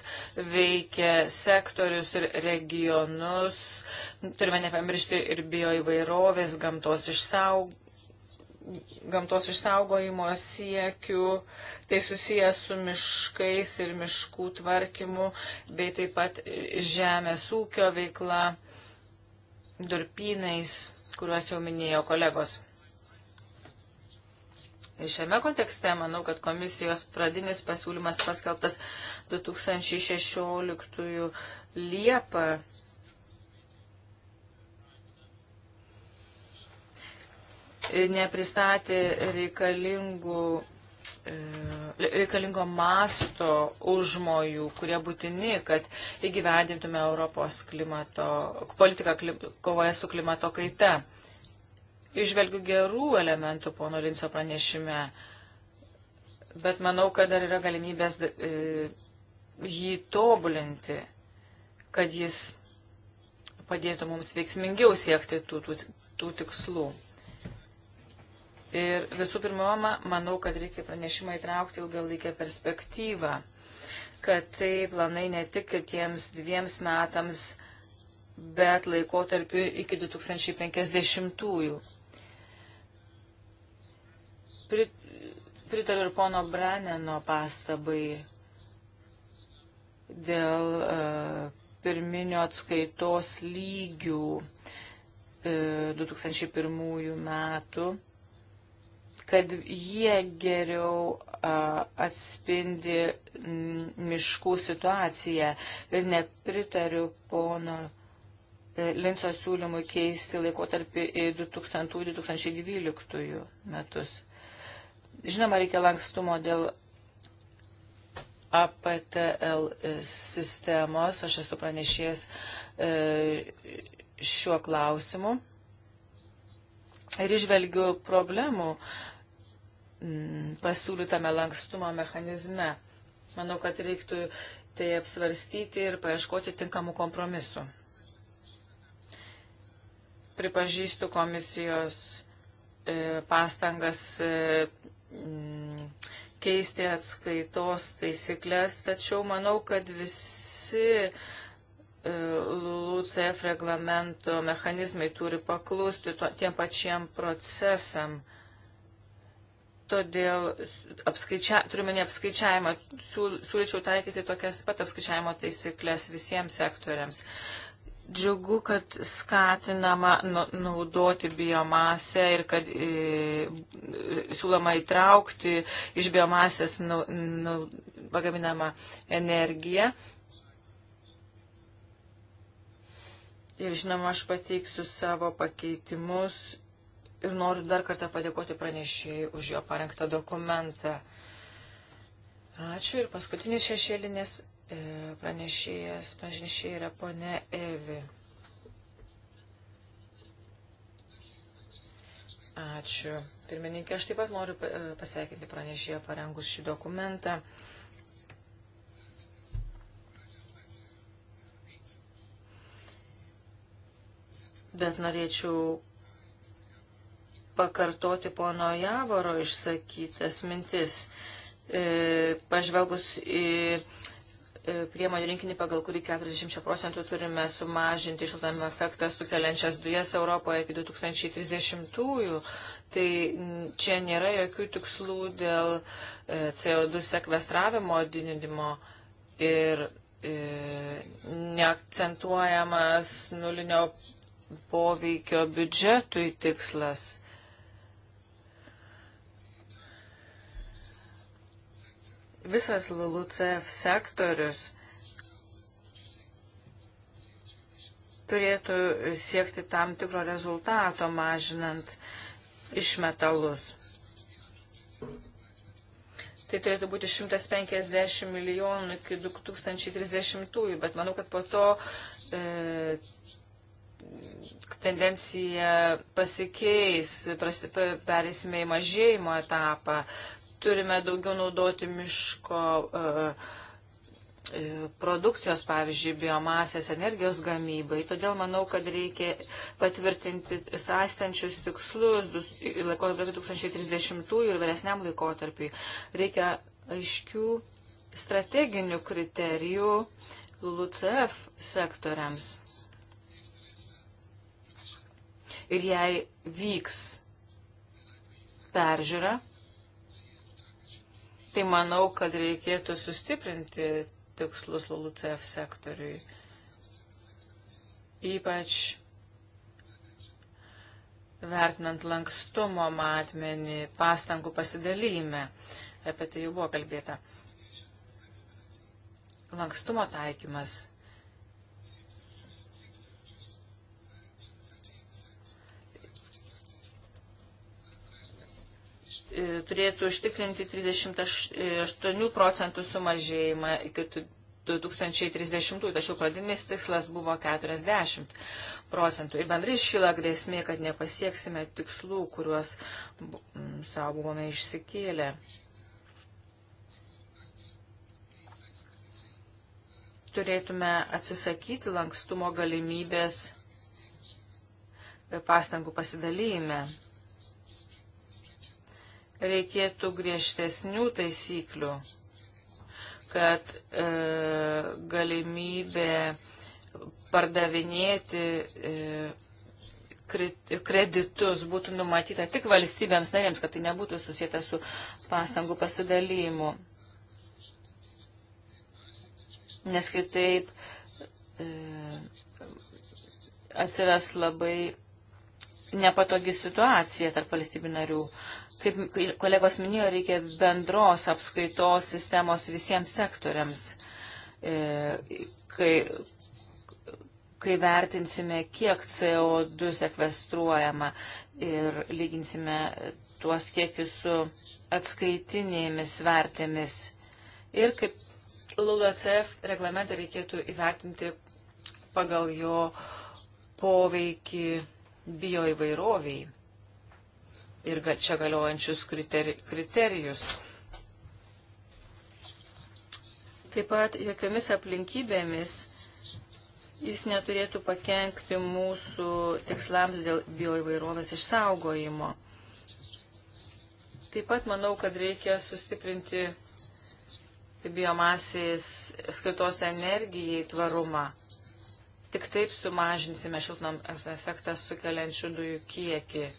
veikia sektorius ir regionus. Turime nepamiršti ir bioįvairovės, gamtos išsaugojimo gamtos išsaugojimo siekių, tai susijęs su miškais ir miškų tvarkymu, bei taip pat žemės ūkio veikla, durpynais, kuriuos jau minėjo kolegos. Ir šiame kontekste manau, kad komisijos pradinis pasiūlymas paskelbtas 2016 Liepą nepristatė reikalingų e, reikalingo masto užmojų, kurie būtini, kad įgyvendintume Europos klimato, politiką klim, kovoje su klimato kaita. Išvelgiu gerų elementų pono Linco pranešime, bet manau, kad dar yra galimybės e, jį tobulinti, kad jis padėtų mums veiksmingiau siekti tų, tų, tų tikslų. Ir visų pirma, manau, kad reikia pranešimą įtraukti ilgalaikę perspektyvą, kad tai planai ne tik kitiems dviems metams, bet laikotarpiu iki 2050-ųjų. Pritariu ir pono Braneno pastabai dėl uh, pirminio atskaitos lygių e, uh, 2001 metų kad jie geriau a, atspindi miškų situaciją ir nepritariu pono e, Linco siūlymui keisti laikotarpį į 2000-2012 metus. Žinoma, reikia lankstumo dėl APTL sistemos. Aš esu pranešėjęs e, šiuo klausimu ir išvelgiu problemų Mm, pasiūlytame lankstumo mechanizme. Manau, kad reiktų tai apsvarstyti ir paieškoti tinkamų kompromisų. Pripažįstu komisijos e, pastangas e, mm, keisti atskaitos taisyklės, tačiau manau, kad visi e, LUCF reglamento mechanizmai turi paklusti tiem pačiem procesam. Todėl apskaičia, turime neapskaičiavimą, siūlyčiau taikyti tokias pat apskaičiavimo taisyklės visiems sektoriams. Džiugu, kad skatinama nu, naudoti biomasę ir kad e, siūloma įtraukti iš biomasės nu, nu, pagaminamą energiją. Ir žinoma, aš pateiksiu savo pakeitimus ir noriu dar kartą padėkoti pranešėjai už jo parengtą dokumentą. Ačiū ir paskutinis šešėlinės e, pranešėjas, pranešėjai yra ponė Evi. Ačiū. Pirmininkė, aš taip pat noriu e, pasveikinti pranešėją parengus šį dokumentą. Bet norėčiau pakartoti pono Javoro išsakytas mintis. E, pažvelgus į e, priemonių rinkinį, pagal kurį 40 procentų turime sumažinti šiltnamio efektą sukeliančias dujas Europoje iki 2030-ųjų, tai čia nėra jokių tikslų dėl e, CO2 sekvestravimo didinimo ir neakcentuojamas nulinio poveikio biudžetui tikslas. visas LULUCF sektorius turėtų siekti tam tikro rezultato, mažinant išmetalus. Tai turėtų būti 150 milijonų iki 2030, bet manau, kad po to e, tendencija pasikeis, perėsime į mažėjimo etapą, turime daugiau naudoti miško e, e, produkcijos, pavyzdžiui, biomasės energijos gamybai. Todėl manau, kad reikia patvirtinti sąstančius tikslus laikotarpį 2030 ir vėlesniam laikotarpiui. Reikia aiškių strateginių kriterijų LUCF sektoriams ir jei vyks peržiūra, tai manau, kad reikėtų sustiprinti tikslus LULUCF sektoriui. Ypač vertinant lankstumo matmenį, pastangų pasidalyme. Apie tai jau buvo kalbėta. Lankstumo taikymas E, turėtų užtikrinti 38 procentų sumažėjimą iki 2030, tačiau pradinis tikslas buvo 40 procentų. Ir bendrai iškyla grėsmė, kad nepasieksime tikslų, kuriuos savo buvome išsikėlę. Turėtume atsisakyti lankstumo galimybės e, pastangų pasidalyme reikėtų griežtesnių taisyklių, kad e, galimybė pardavinėti e, kreditus būtų numatyta tik valstybėms narėms, kad tai nebūtų susijęta su pastangų pasidalymu. Nes kitaip e, atsiras labai nepatogi situacija tarp valstybių narių. E, Kaip kolegos minėjo, reikia bendros apskaitos sistemos visiems sektoriams, e, kai, kai vertinsime, kiek CO2 sekvestruojama ir lyginsime tuos kiekius su atskaitinėmis vertėmis. Ir kaip LULACF reglamentą reikėtų įvertinti pagal jo poveikį bioįvairoviai ir čia galiojančius kriteri kriterijus. Taip pat jokiomis aplinkybėmis jis neturėtų pakengti mūsų tikslams dėl bioįvairovės išsaugojimo. Taip pat manau, kad reikia sustiprinti biomasės skirtos energijai tvarumą. Tik taip sumažinsime šiltnam efektą sukeliančių dujų kiekį.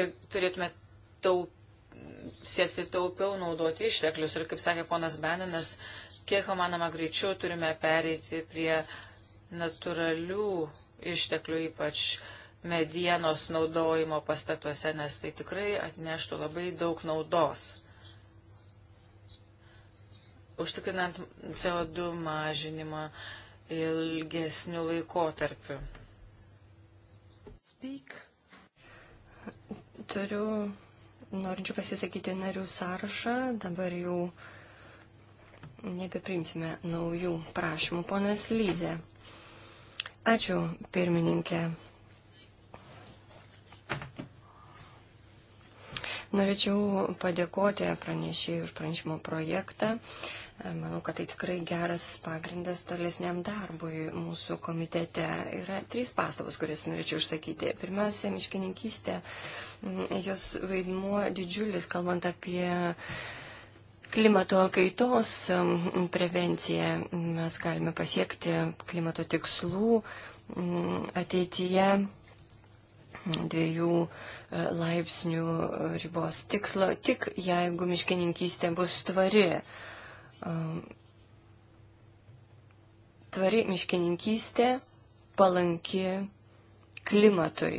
Ir turėtume taup, siekti taupiau naudoti išteklius. Ir kaip sakė ponas Beninas, kiek manoma greičiau turime pereiti prie natūralių išteklių, ypač medienos naudojimo pastatuose, nes tai tikrai atneštų labai daug naudos. Užtikrinant CO2 mažinimą ilgesnių laikotarpių. Turiu norinčių pasisakyti narių sąrašą. Dabar jau nebeprimsime naujų prašymų. Ponas Lyze. Ačiū, pirmininkė. Norėčiau padėkoti pranešėjai už pranešimo projektą. Manau, kad tai tikrai geras pagrindas tolesniam darbui mūsų komitete. Yra trys pastabos, kurias norėčiau užsakyti. Pirmiausia, miškininkystė, mm, jos vaidmuo didžiulis, kalbant apie klimato kaitos mm, prevenciją. Mes galime pasiekti klimato tikslų mm, ateityje dviejų e, laipsnių ribos tikslo, tik jeigu miškininkystė bus tvari tvari miškininkystė palanki klimatui.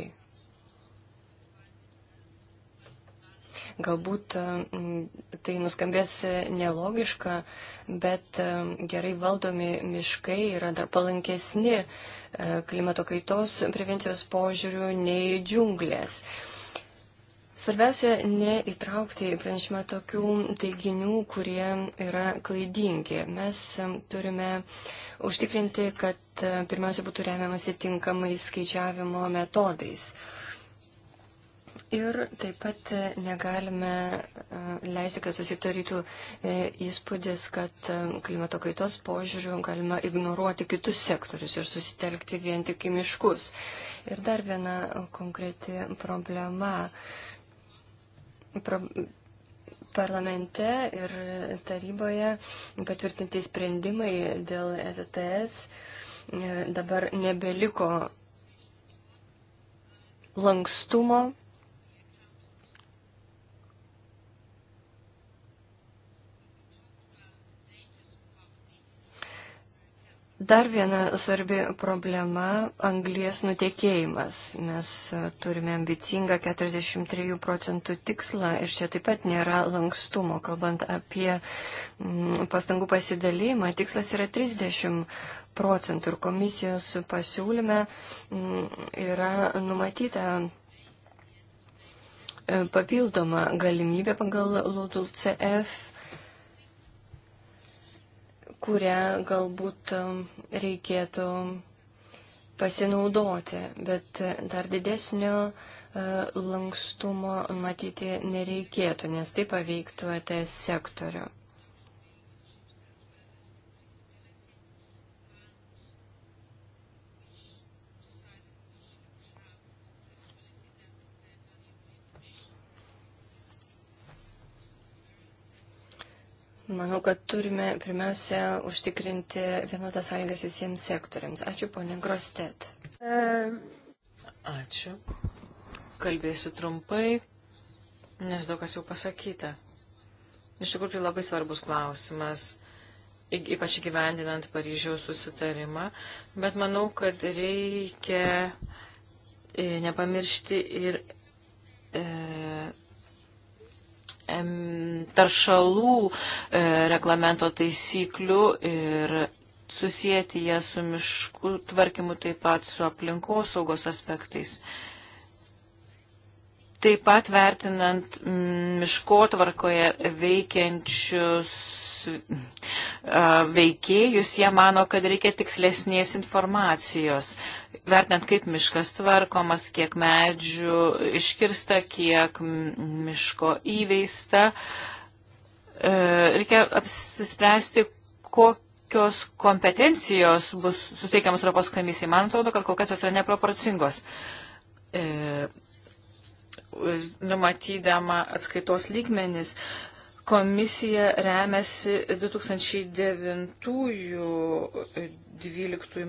Galbūt tai nuskambės nelogiška, bet gerai valdomi miškai yra dar palankesni e, klimato kaitos prevencijos požiūrių nei džiunglės. Uh, Svarbiausia neįtraukti į pranešimą tokių teiginių, kurie yra klaidingi. Mes turime užtikrinti, kad e, pirmiausia būtų remiamasi tinkamais skaičiavimo metodais. Ir taip pat e, negalime e, leisti, kad susitarytų įspūdis, kad klimato kaitos požiūrių galima ignoruoti kitus sektorius ir susitelkti vien tik į miškus. Ir dar viena konkreti problema parlamente ir taryboje patvirtinti sprendimai dėl ETS e, dabar nebeliko lankstumo Dar viena svarbi problema - anglies nutekėjimas. Mes e, turime ambicingą 43 procentų tikslą ir čia taip pat nėra lankstumo. Kalbant apie mm, pastangų pasidalymą, tikslas yra 30 procentų ir komisijos pasiūlyme mm, yra numatyta e, papildoma galimybė pagal LUDUCF kurią galbūt um, reikėtų pasinaudoti, bet dar didesnio uh, lankstumo matyti nereikėtų, nes tai paveiktų ETS sektorių. Manau, kad turime pirmiausia užtikrinti vienodas sąlygas visiems sektoriams. Ačiū, ponė Grostet. Ačiū. Kalbėsiu trumpai, nes daug kas jau pasakyta. Iš tikrųjų, tai labai svarbus klausimas, ypač gyvendinant Paryžiaus susitarimą, bet manau, kad reikia e, nepamiršti ir e, taršalų e, reglamento taisyklių ir susijęti ją su miškų tvarkymu taip pat su aplinkosaugos aspektais. Taip pat vertinant miškotvarkoje veikiančius veikėjus, jie mano, kad reikia tikslesnės informacijos, vertinant, kaip miškas tvarkomas, kiek medžių iškirsta, kiek miško įveista. E, reikia apsispręsti, kokie kokios kompetencijos bus suteikiamas Europos komisijai. Man atrodo, kad kol kas jos yra neproporcingos. E, numatydama atskaitos lygmenis, Komisija remiasi 2009-2012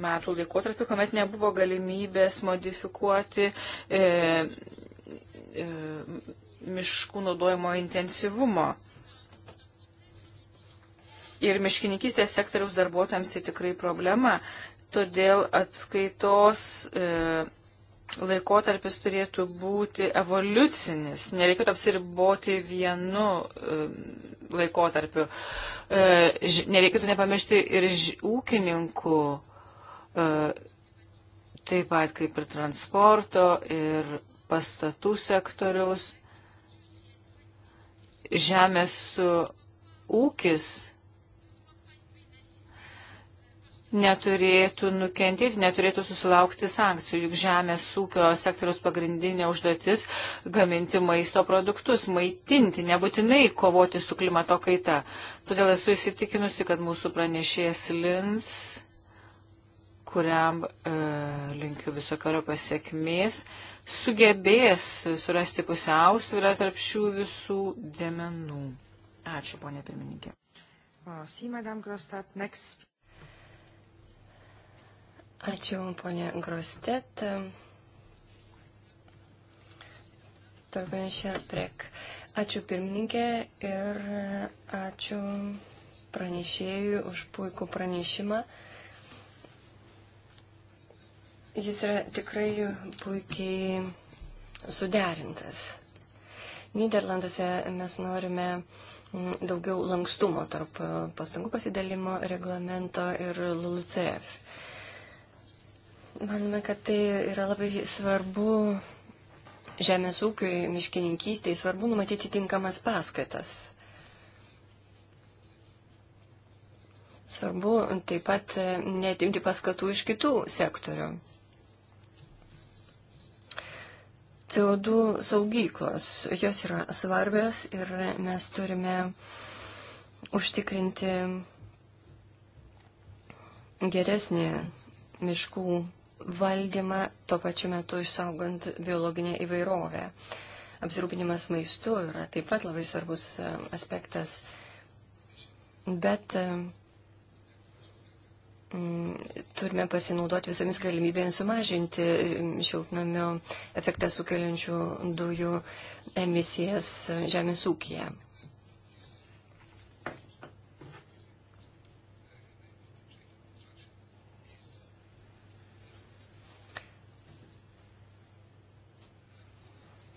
metų laikotarpį, kuomet nebuvo galimybės modifikuoti e, e, miškų naudojimo intensyvumo. Ir miškininkystės sektoriaus darbuotojams tai tikrai problema. Todėl atskaitos e, laikotarpis turėtų būti evoliucinis, nereikėtų apsiriboti vienu um, laikotarpiu. E, nereikėtų nepamiršti ir ūkininkų, e, taip pat kaip ir transporto, ir pastatų sektoriaus, žemės ūkis neturėtų nukentėti, neturėtų susilaukti sankcijų, juk žemės ūkio sektoriaus pagrindinė užduotis - gaminti maisto produktus, maitinti, nebūtinai kovoti su klimato kaita. Todėl esu įsitikinusi, kad mūsų pranešėjas Lins, kuriam e, linkiu visokio pasiekmės, sugebės surasti pusiausvyrą tarp šių visų dėmenų. Ačiū, ponė pirmininkė. O, si, Madame Grostat, next. Ačiū, ponė Grostet. Torbenė Šerprek. Ačiū pirmininkė ir ačiū pranešėjui už puikų pranešimą. Jis yra tikrai puikiai suderintas. Niderlanduose mes norime mm, daugiau lankstumo tarp pastangų pasidalimo reglamento ir LULCF. Manome, kad tai yra labai svarbu žemės ūkiui, miškininkystiai, svarbu numatyti tinkamas paskatas. Svarbu taip pat netimti paskatų iš kitų sektorių. CO2 saugyklos, jos yra svarbios ir mes turime užtikrinti geresnį miškų valdymą, tuo pačiu metu išsaugant biologinę įvairovę. Apsirūpinimas maistu yra taip pat labai svarbus e, aspektas, bet e, mm, turime pasinaudoti visomis galimybėmis sumažinti e, šiltnamio efektą sukeliančių dujų emisijas žemės ūkija.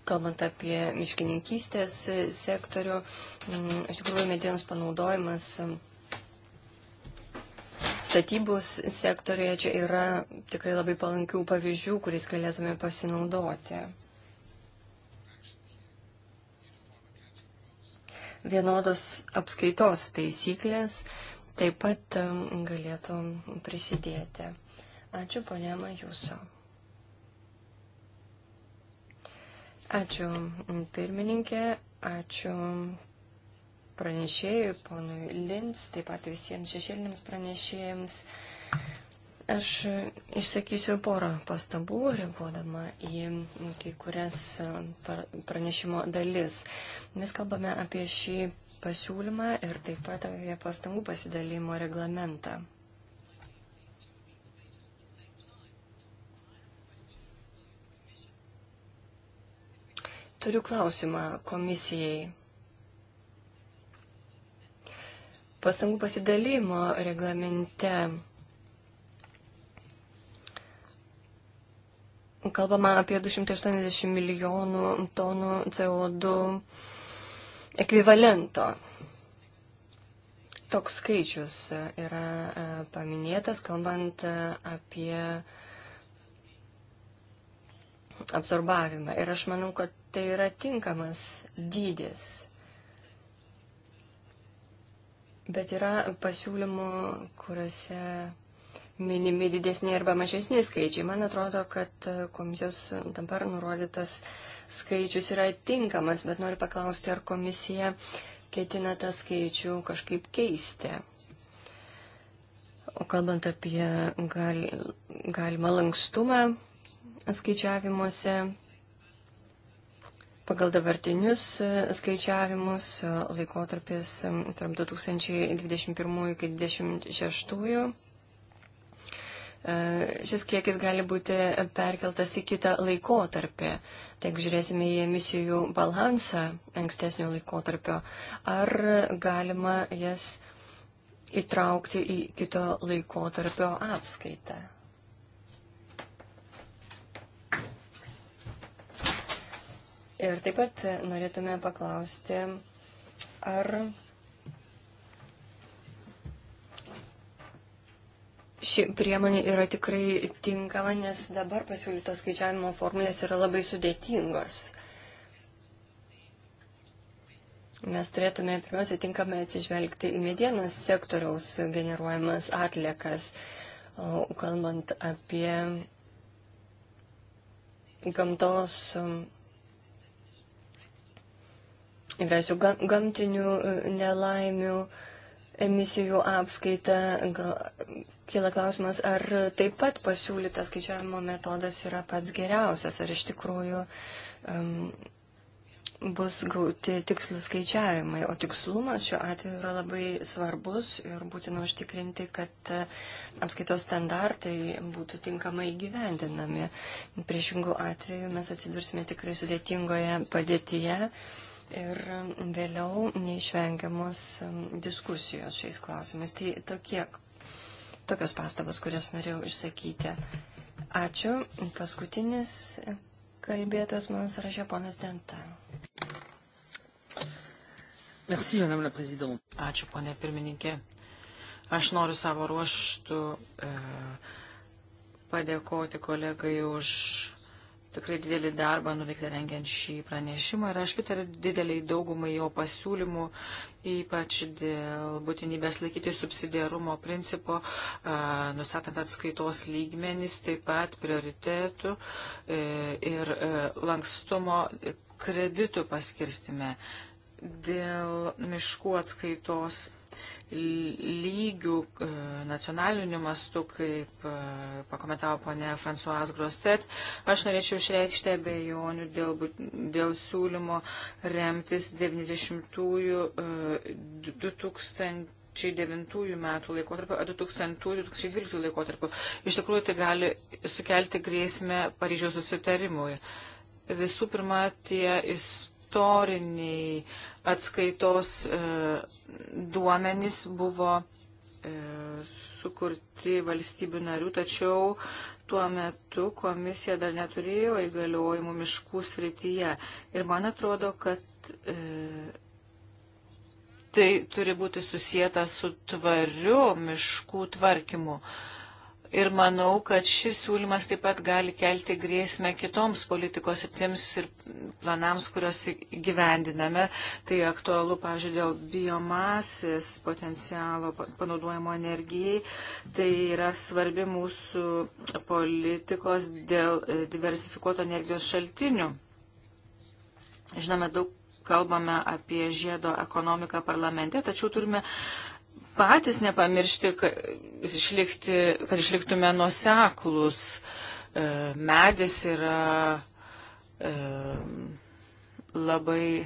Kalbant apie miškininkystės sektorių, mm, iš tikrųjų medienos panaudojimas mm, statybos sektorėje čia yra tikrai labai palankių pavyzdžių, kuriais galėtume pasinaudoti. Vienodos apskaitos taisyklės taip pat mm, galėtų prisidėti. Ačiū, ponė Majuso. Ačiū pirmininkė, ačiū pranešėjui, ponui Lins, taip pat visiems šešėliniams pranešėjams. Aš išsakysiu porą pastabų, reaguodama į kai kurias pranešimo dalis. Mes kalbame apie šį pasiūlymą ir taip pat apie pastangų pasidalimo reglamentą. Turiu klausimą komisijai. Pasangų pasidalimo reglamente kalbama apie 280 milijonų tonų CO2 ekvivalento. Toks skaičius yra e, paminėtas, kalbant e, apie absorbavimą. Ir aš manau, kad tai yra tinkamas dydis. Bet yra pasiūlymų, kuriuose minimi didesni arba mažesni skaičiai. Man atrodo, kad komisijos dabar nurodytas skaičius yra tinkamas, bet noriu paklausti, ar komisija ketina tą skaičių kažkaip keisti. O kalbant apie gal, galimą lankstumą skaičiavimuose, Pagal dabartinius e, skaičiavimus e, laikotarpis e, tarp 2021 iki 2026 šis kiekis gali būti perkeltas į kitą laikotarpį. Tai jeigu žiūrėsime į emisijų balansą ankstesnio laikotarpio, ar galima jas įtraukti į kito laikotarpio apskaitą? Ir taip pat norėtume paklausti, ar ši priemonė yra tikrai tinkama, nes dabar pasiūlytos skaičiavimo formulės yra labai sudėtingos. Mes turėtume pirmiausia tinkamai atsižvelgti į medienos sektoriaus generuojamas atliekas, kalbant apie gamtos įvairiausių gamtinių e, nelaimių, emisijų apskaita. Gal, kyla klausimas, ar taip pat pasiūlytas skaičiavimo metodas yra pats geriausias, ar iš tikrųjų um, bus gauti tikslų skaičiavimai. O tikslumas šiuo atveju yra labai svarbus ir būtina užtikrinti, kad e, apskaitos standartai būtų tinkamai gyvendinami. Priešingų atveju mes atsidursime tikrai sudėtingoje padėtyje. Um, ir vėliau neišvengiamos um, diskusijos šiais klausimais. Tai tokie, tokios pastabos, kurias norėjau išsakyti. Ačiū. Paskutinis kalbėtojas man sąrašė ponas Denta. Merci, Ačiū, ponė pirmininkė. Aš noriu savo ruoštų e, padėkoti kolegai už tikrai didelį darbą nuveikti rengiant šį pranešimą ir aš pritariu dideliai daugumai jo pasiūlymų, ypač dėl būtinybės laikyti subsidiarumo principo, nustatant atskaitos lygmenis, taip pat prioritetų e, ir e, lankstumo kreditų paskirstime. Dėl miškų atskaitos lygių e, nacionaliniu mastu, kaip e, pakomentavo ponė Fransuas Grostet, aš norėčiau išreikšti abejonių dėl, dėl siūlymo remtis 90-ųjų 2000. 2009 metų laikotarpio, 2000-2012 laikotarpio. Iš tikrųjų, tai gali sukelti grėsmę Paryžiaus susitarimui. Visų pirma, tie istorikai istoriniai atskaitos e, duomenys buvo e, sukurti valstybių narių, tačiau tuo metu komisija dar neturėjo įgaliojimų miškų srityje. Ir man atrodo, kad e, tai turi būti susijęta su tvariu miškų tvarkymu. E, Ir manau, kad šis siūlymas taip pat gali kelti grėsmę kitoms politikos septims ir planams, kuriuos gyvendiname. Tai aktualu, pažiūrėjau, dėl biomasės potencialo panaudojimo energijai. Tai yra svarbi mūsų politikos dėl e, diversifikuoto energijos šaltinių. Žinome, daug kalbame apie žiedo ekonomiką parlamente, tačiau turime patys nepamiršti, kad, išlikti, kad išliktume nuoseklus. E, medis yra e, labai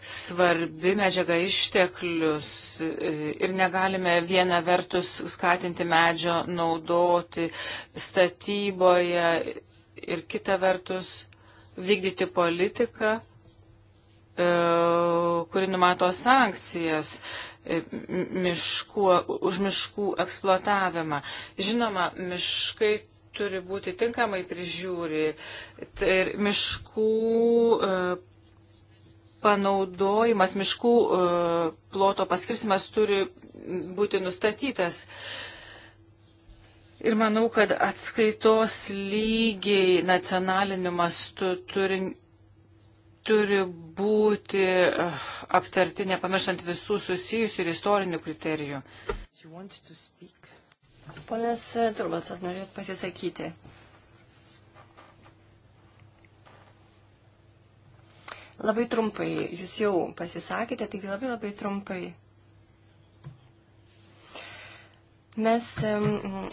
svarbi medžiaga išteklius e, ir negalime viena vertus skatinti medžio naudoti statyboje ir kita vertus vykdyti politiką, kuri numato sankcijas miškų, už miškų eksploatavimą. Žinoma, miškai turi būti tinkamai prižiūri tai ir miškų e, panaudojimas, miškų e, ploto paskirsimas turi būti nustatytas. Ir manau, kad atskaitos lygiai nacionaliniu mastu turi turi būti eh, aptarti, nepamiršant visų susijusių ir istorinių kriterijų. Ponas eh, Turbacas, norėjot pasisakyti. Labai trumpai, jūs jau pasisakėte, tik labai labai trumpai. Mes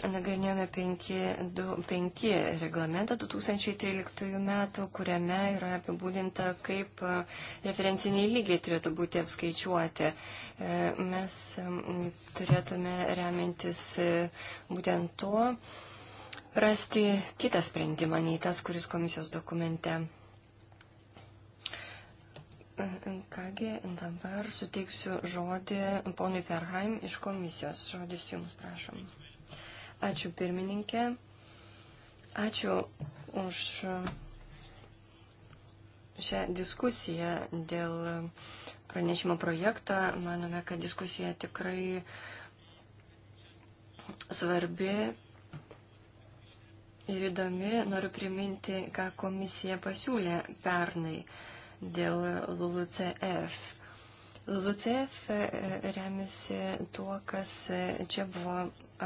nagrinėjome 5 reglamentą 2013 metų, kuriame yra apibūdinta, kaip e, referenciniai lygiai turėtų būti apskaičiuoti. E, mes turėtume remintis e, būtent tuo, rasti kitą sprendimą nei tas, kuris komisijos dokumente Kągi, dabar suteiksiu žodį ponui Ferhaim iš komisijos. Žodis jums, prašom. Ačiū pirmininkė. Ačiū už šią diskusiją dėl pranešimo projekto. Manome, kad diskusija tikrai svarbi ir įdomi. Noriu priminti, ką komisija pasiūlė pernai dėl LULUCF. LULUCF e, e, remiasi tuo, kas e, čia buvo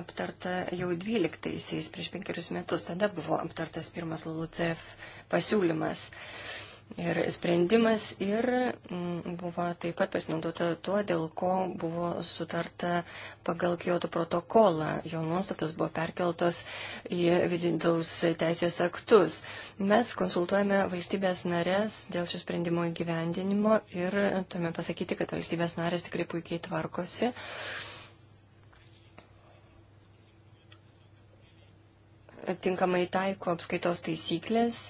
aptarta jau 12-aisiais, prieš penkerius metus. Tada buvo aptartas pirmas LULUCF pasiūlymas. Uh, ir sprendimas ir mm, buvo taip pat pasinaudota tuo, dėl ko buvo sutarta pagal Kyoto protokolą. Jo nuostatos buvo perkeltos į vidintaus teisės aktus. Mes konsultuojame valstybės narės dėl šio sprendimo įgyvendinimo ir turime pasakyti, kad valstybės narės tikrai puikiai tvarkosi. Tinkamai taiko apskaitos taisyklės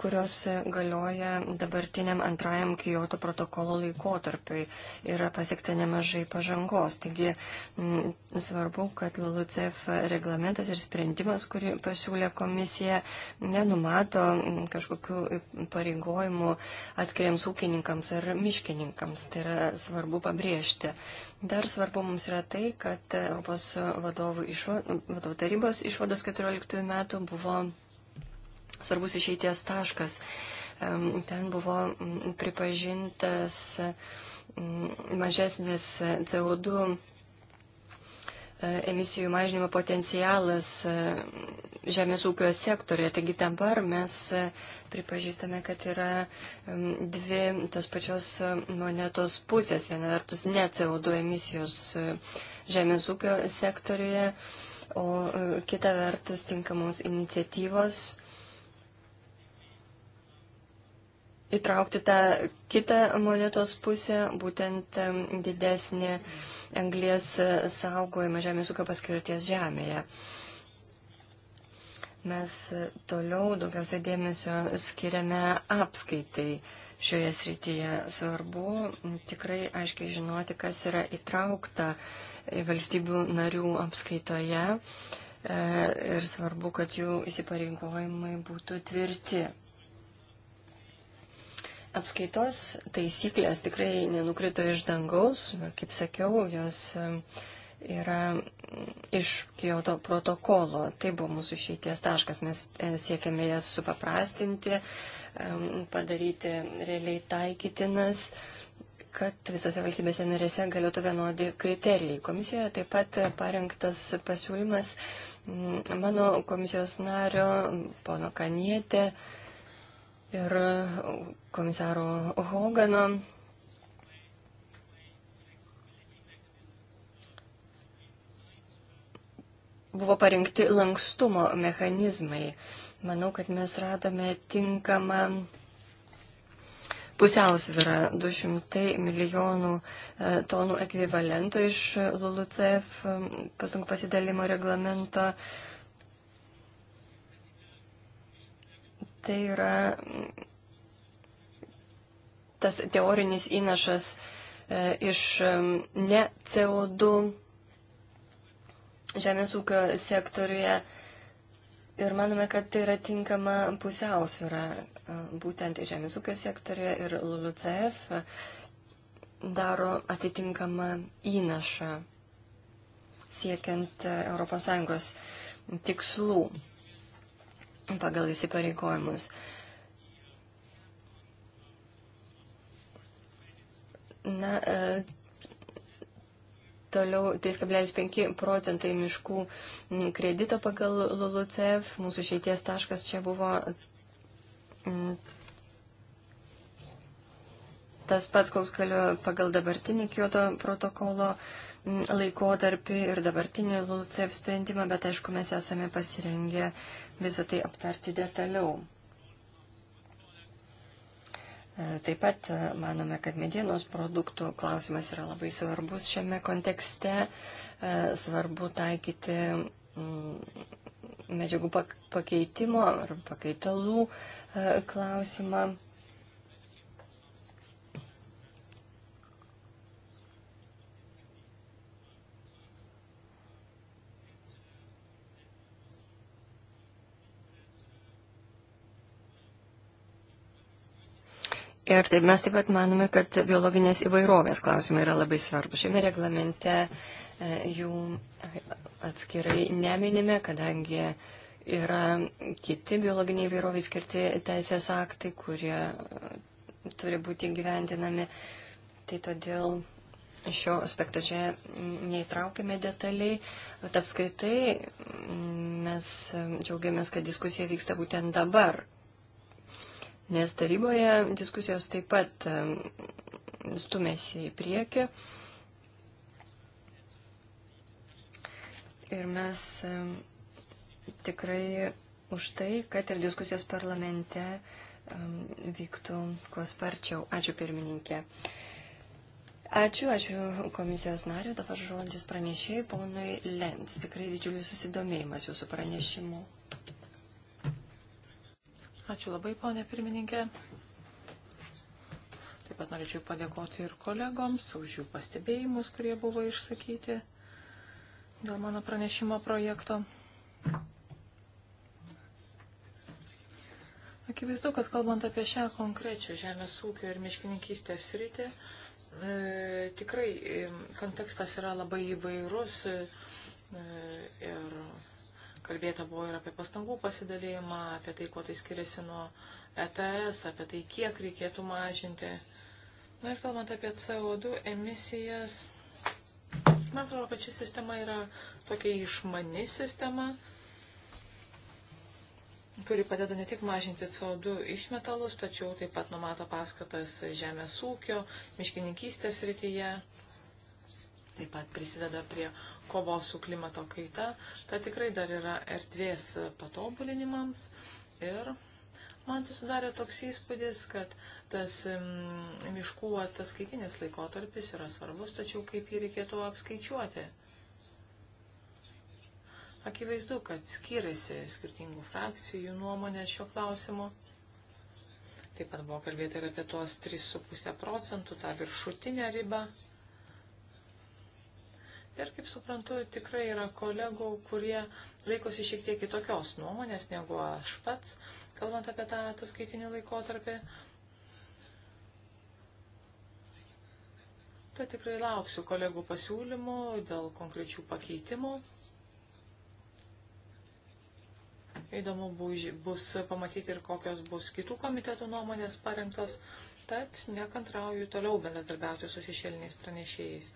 kurios galioja dabartiniam antrajam Kyoto protokolo laikotarpiui, yra pasiekta nemažai pažangos. Taigi m, mm, svarbu, kad LULUCF reglamentas ir sprendimas, kurį pasiūlė komisija, nenumato mm, kažkokių pareigojimų atskiriams ūkininkams ar miškininkams. Tai yra svarbu pabrėžti. Dar svarbu mums yra tai, kad Europos vadovų, išva, vadovų tarybos išvados 14 metų buvo svarbus išeities taškas. Ten buvo pripažintas mažesnis CO2 e, emisijų mažinimo potencialas e, žemės ūkio sektorėje. Taigi dabar mes e, pripažįstame, kad yra dvi tos pačios monetos pusės. Viena vertus ne CO2 emisijos žemės ūkio sektorėje, o kita vertus tinkamos iniciatyvos įtraukti tą kitą monetos pusę, būtent didesnį anglės e, saugojimą žemės ūkio paskirties žemėje. Mes e, toliau daugiausiai dėmesio skiriame apskaitai šioje srityje. Svarbu tikrai aiškiai žinoti, kas yra įtraukta valstybių narių apskaitoje e, ir svarbu, kad jų įsipareigojimai būtų tvirti. Apskaitos taisyklės tikrai nenukrito iš dangaus, kaip sakiau, jos e, yra iš Kyoto protokolo. Tai buvo mūsų išeities taškas. Mes e, siekiame jas supaprastinti, e, padaryti realiai taikytinas kad visose valstybėse narėse galėtų vienodi kriterijai. Komisijoje taip pat parengtas pasiūlymas mano komisijos nario, pono Kanietė ir komisaro Hogano. Buvo parinkti lankstumo mechanizmai. Manau, kad mes radome tinkamą pusiausvyrą 200 milijonų e, tonų ekvivalento iš LULUCF pasangų pasidalimo reglamento. Tai yra tas teorinis įnašas e, iš ne CO2 žemės ūkio sektoriuje. Ir manome, kad tai yra tinkama pusiausvyrą e, būtent žemės ūkio sektoriuje ir LULUCF e, daro atitinkamą įnašą siekiant ES tikslų pagal įsipareigojimus. Na, e, toliau 3,5 procentai miškų kredito pagal LULUCEF. Mūsų šeities taškas čia buvo mm, tas pats, koks galiu pagal dabartinį Kyoto protokolo mm, laikotarpį ir dabartinį LULUCEF sprendimą, bet aišku, mes esame pasirengę visą tai aptarti detaliau. E, taip pat e, manome, kad medienos produktų klausimas yra labai svarbus šiame kontekste. E, svarbu taikyti mm, medžiagų pakeitimo ar pakaitalų klausimą. Ir taip mes taip pat manome, kad biologinės įvairovės klausimai yra labai svarbu. Šiame reglamente e, jų atskirai neminime, kadangi yra kiti biologiniai įvairoviai skirti teisės aktai, kurie e, turi būti gyventinami. Tai todėl šio aspekto čia neįtraukime detaliai. Bet apskritai mes e, džiaugiamės, kad diskusija vyksta būtent dabar, nes taryboje diskusijos taip pat stumėsi į priekį. Ir mes tikrai už tai, kad ir diskusijos parlamente vyktų kuo sparčiau. Ačiū pirmininkė. Ačiū, ačiū komisijos nariu. Dabar žodis pranešėjai ponui Lenz. Tikrai didžiulis susidomėjimas jūsų pranešimu. Ačiū labai, ponė pirmininkė. Taip pat norėčiau padėkoti ir kolegoms už jų pastebėjimus, kurie buvo išsakyti dėl mano pranešimo projekto. Akivaizdu, kad kalbant apie šią konkrečią žemės ūkio ir miškininkystės sritį, e, tikrai e, kontekstas yra labai įvairus e, ir Kalbėta buvo ir apie pastangų pasidalėjimą, apie tai, kuo tai skiriasi nuo ETS, apie tai, kiek reikėtų mažinti. Na ir kalbant apie CO2 emisijas, man atrodo, kad ši sistema yra tokia išmani sistema, kuri padeda ne tik mažinti CO2 išmetalus, tačiau taip pat numato paskatas žemės ūkio, miškininkystės rytyje taip pat prisideda prie kovos su klimato kaita, tai tikrai dar yra erdvės patobulinimams. Ir man susidarė toks įspūdis, kad tas mm, miškų ataskaitinis laikotarpis yra svarbus, tačiau kaip jį reikėtų apskaičiuoti. Akivaizdu, kad skiriasi skirtingų frakcijų nuomonė šio klausimu. Taip pat buvo kalbėta ir apie tuos 3,5 procentų, tą viršutinę ribą. Ir kaip suprantu, tikrai yra kolegų, kurie laikosi šiek tiek kitokios nuomonės negu aš pats, kalbant apie tą ataskaitinį laikotarpį. Tai tikrai lauksiu kolegų pasiūlymų dėl konkrečių pakeitimų. Įdomu bus pamatyti ir kokios bus kitų komitetų nuomonės parengtos, tad nekantrauju toliau bendradarbiauti su šešėliniais pranešėjais.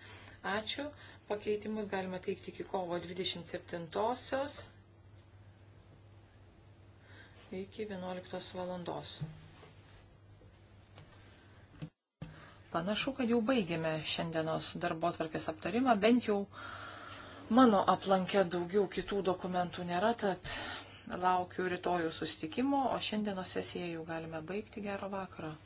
Ačiū. Pakeitimus galima teikti iki kovo 27-osios iki 11 valandos. Panašu, kad jau baigėme šiandienos darbo tvarkės aptarimą, bent jau mano aplankė daugiau kitų dokumentų nėra, tad laukiu rytojų sustikimo, o šiandienos sesiją jau galime baigti. Gerą vakarą.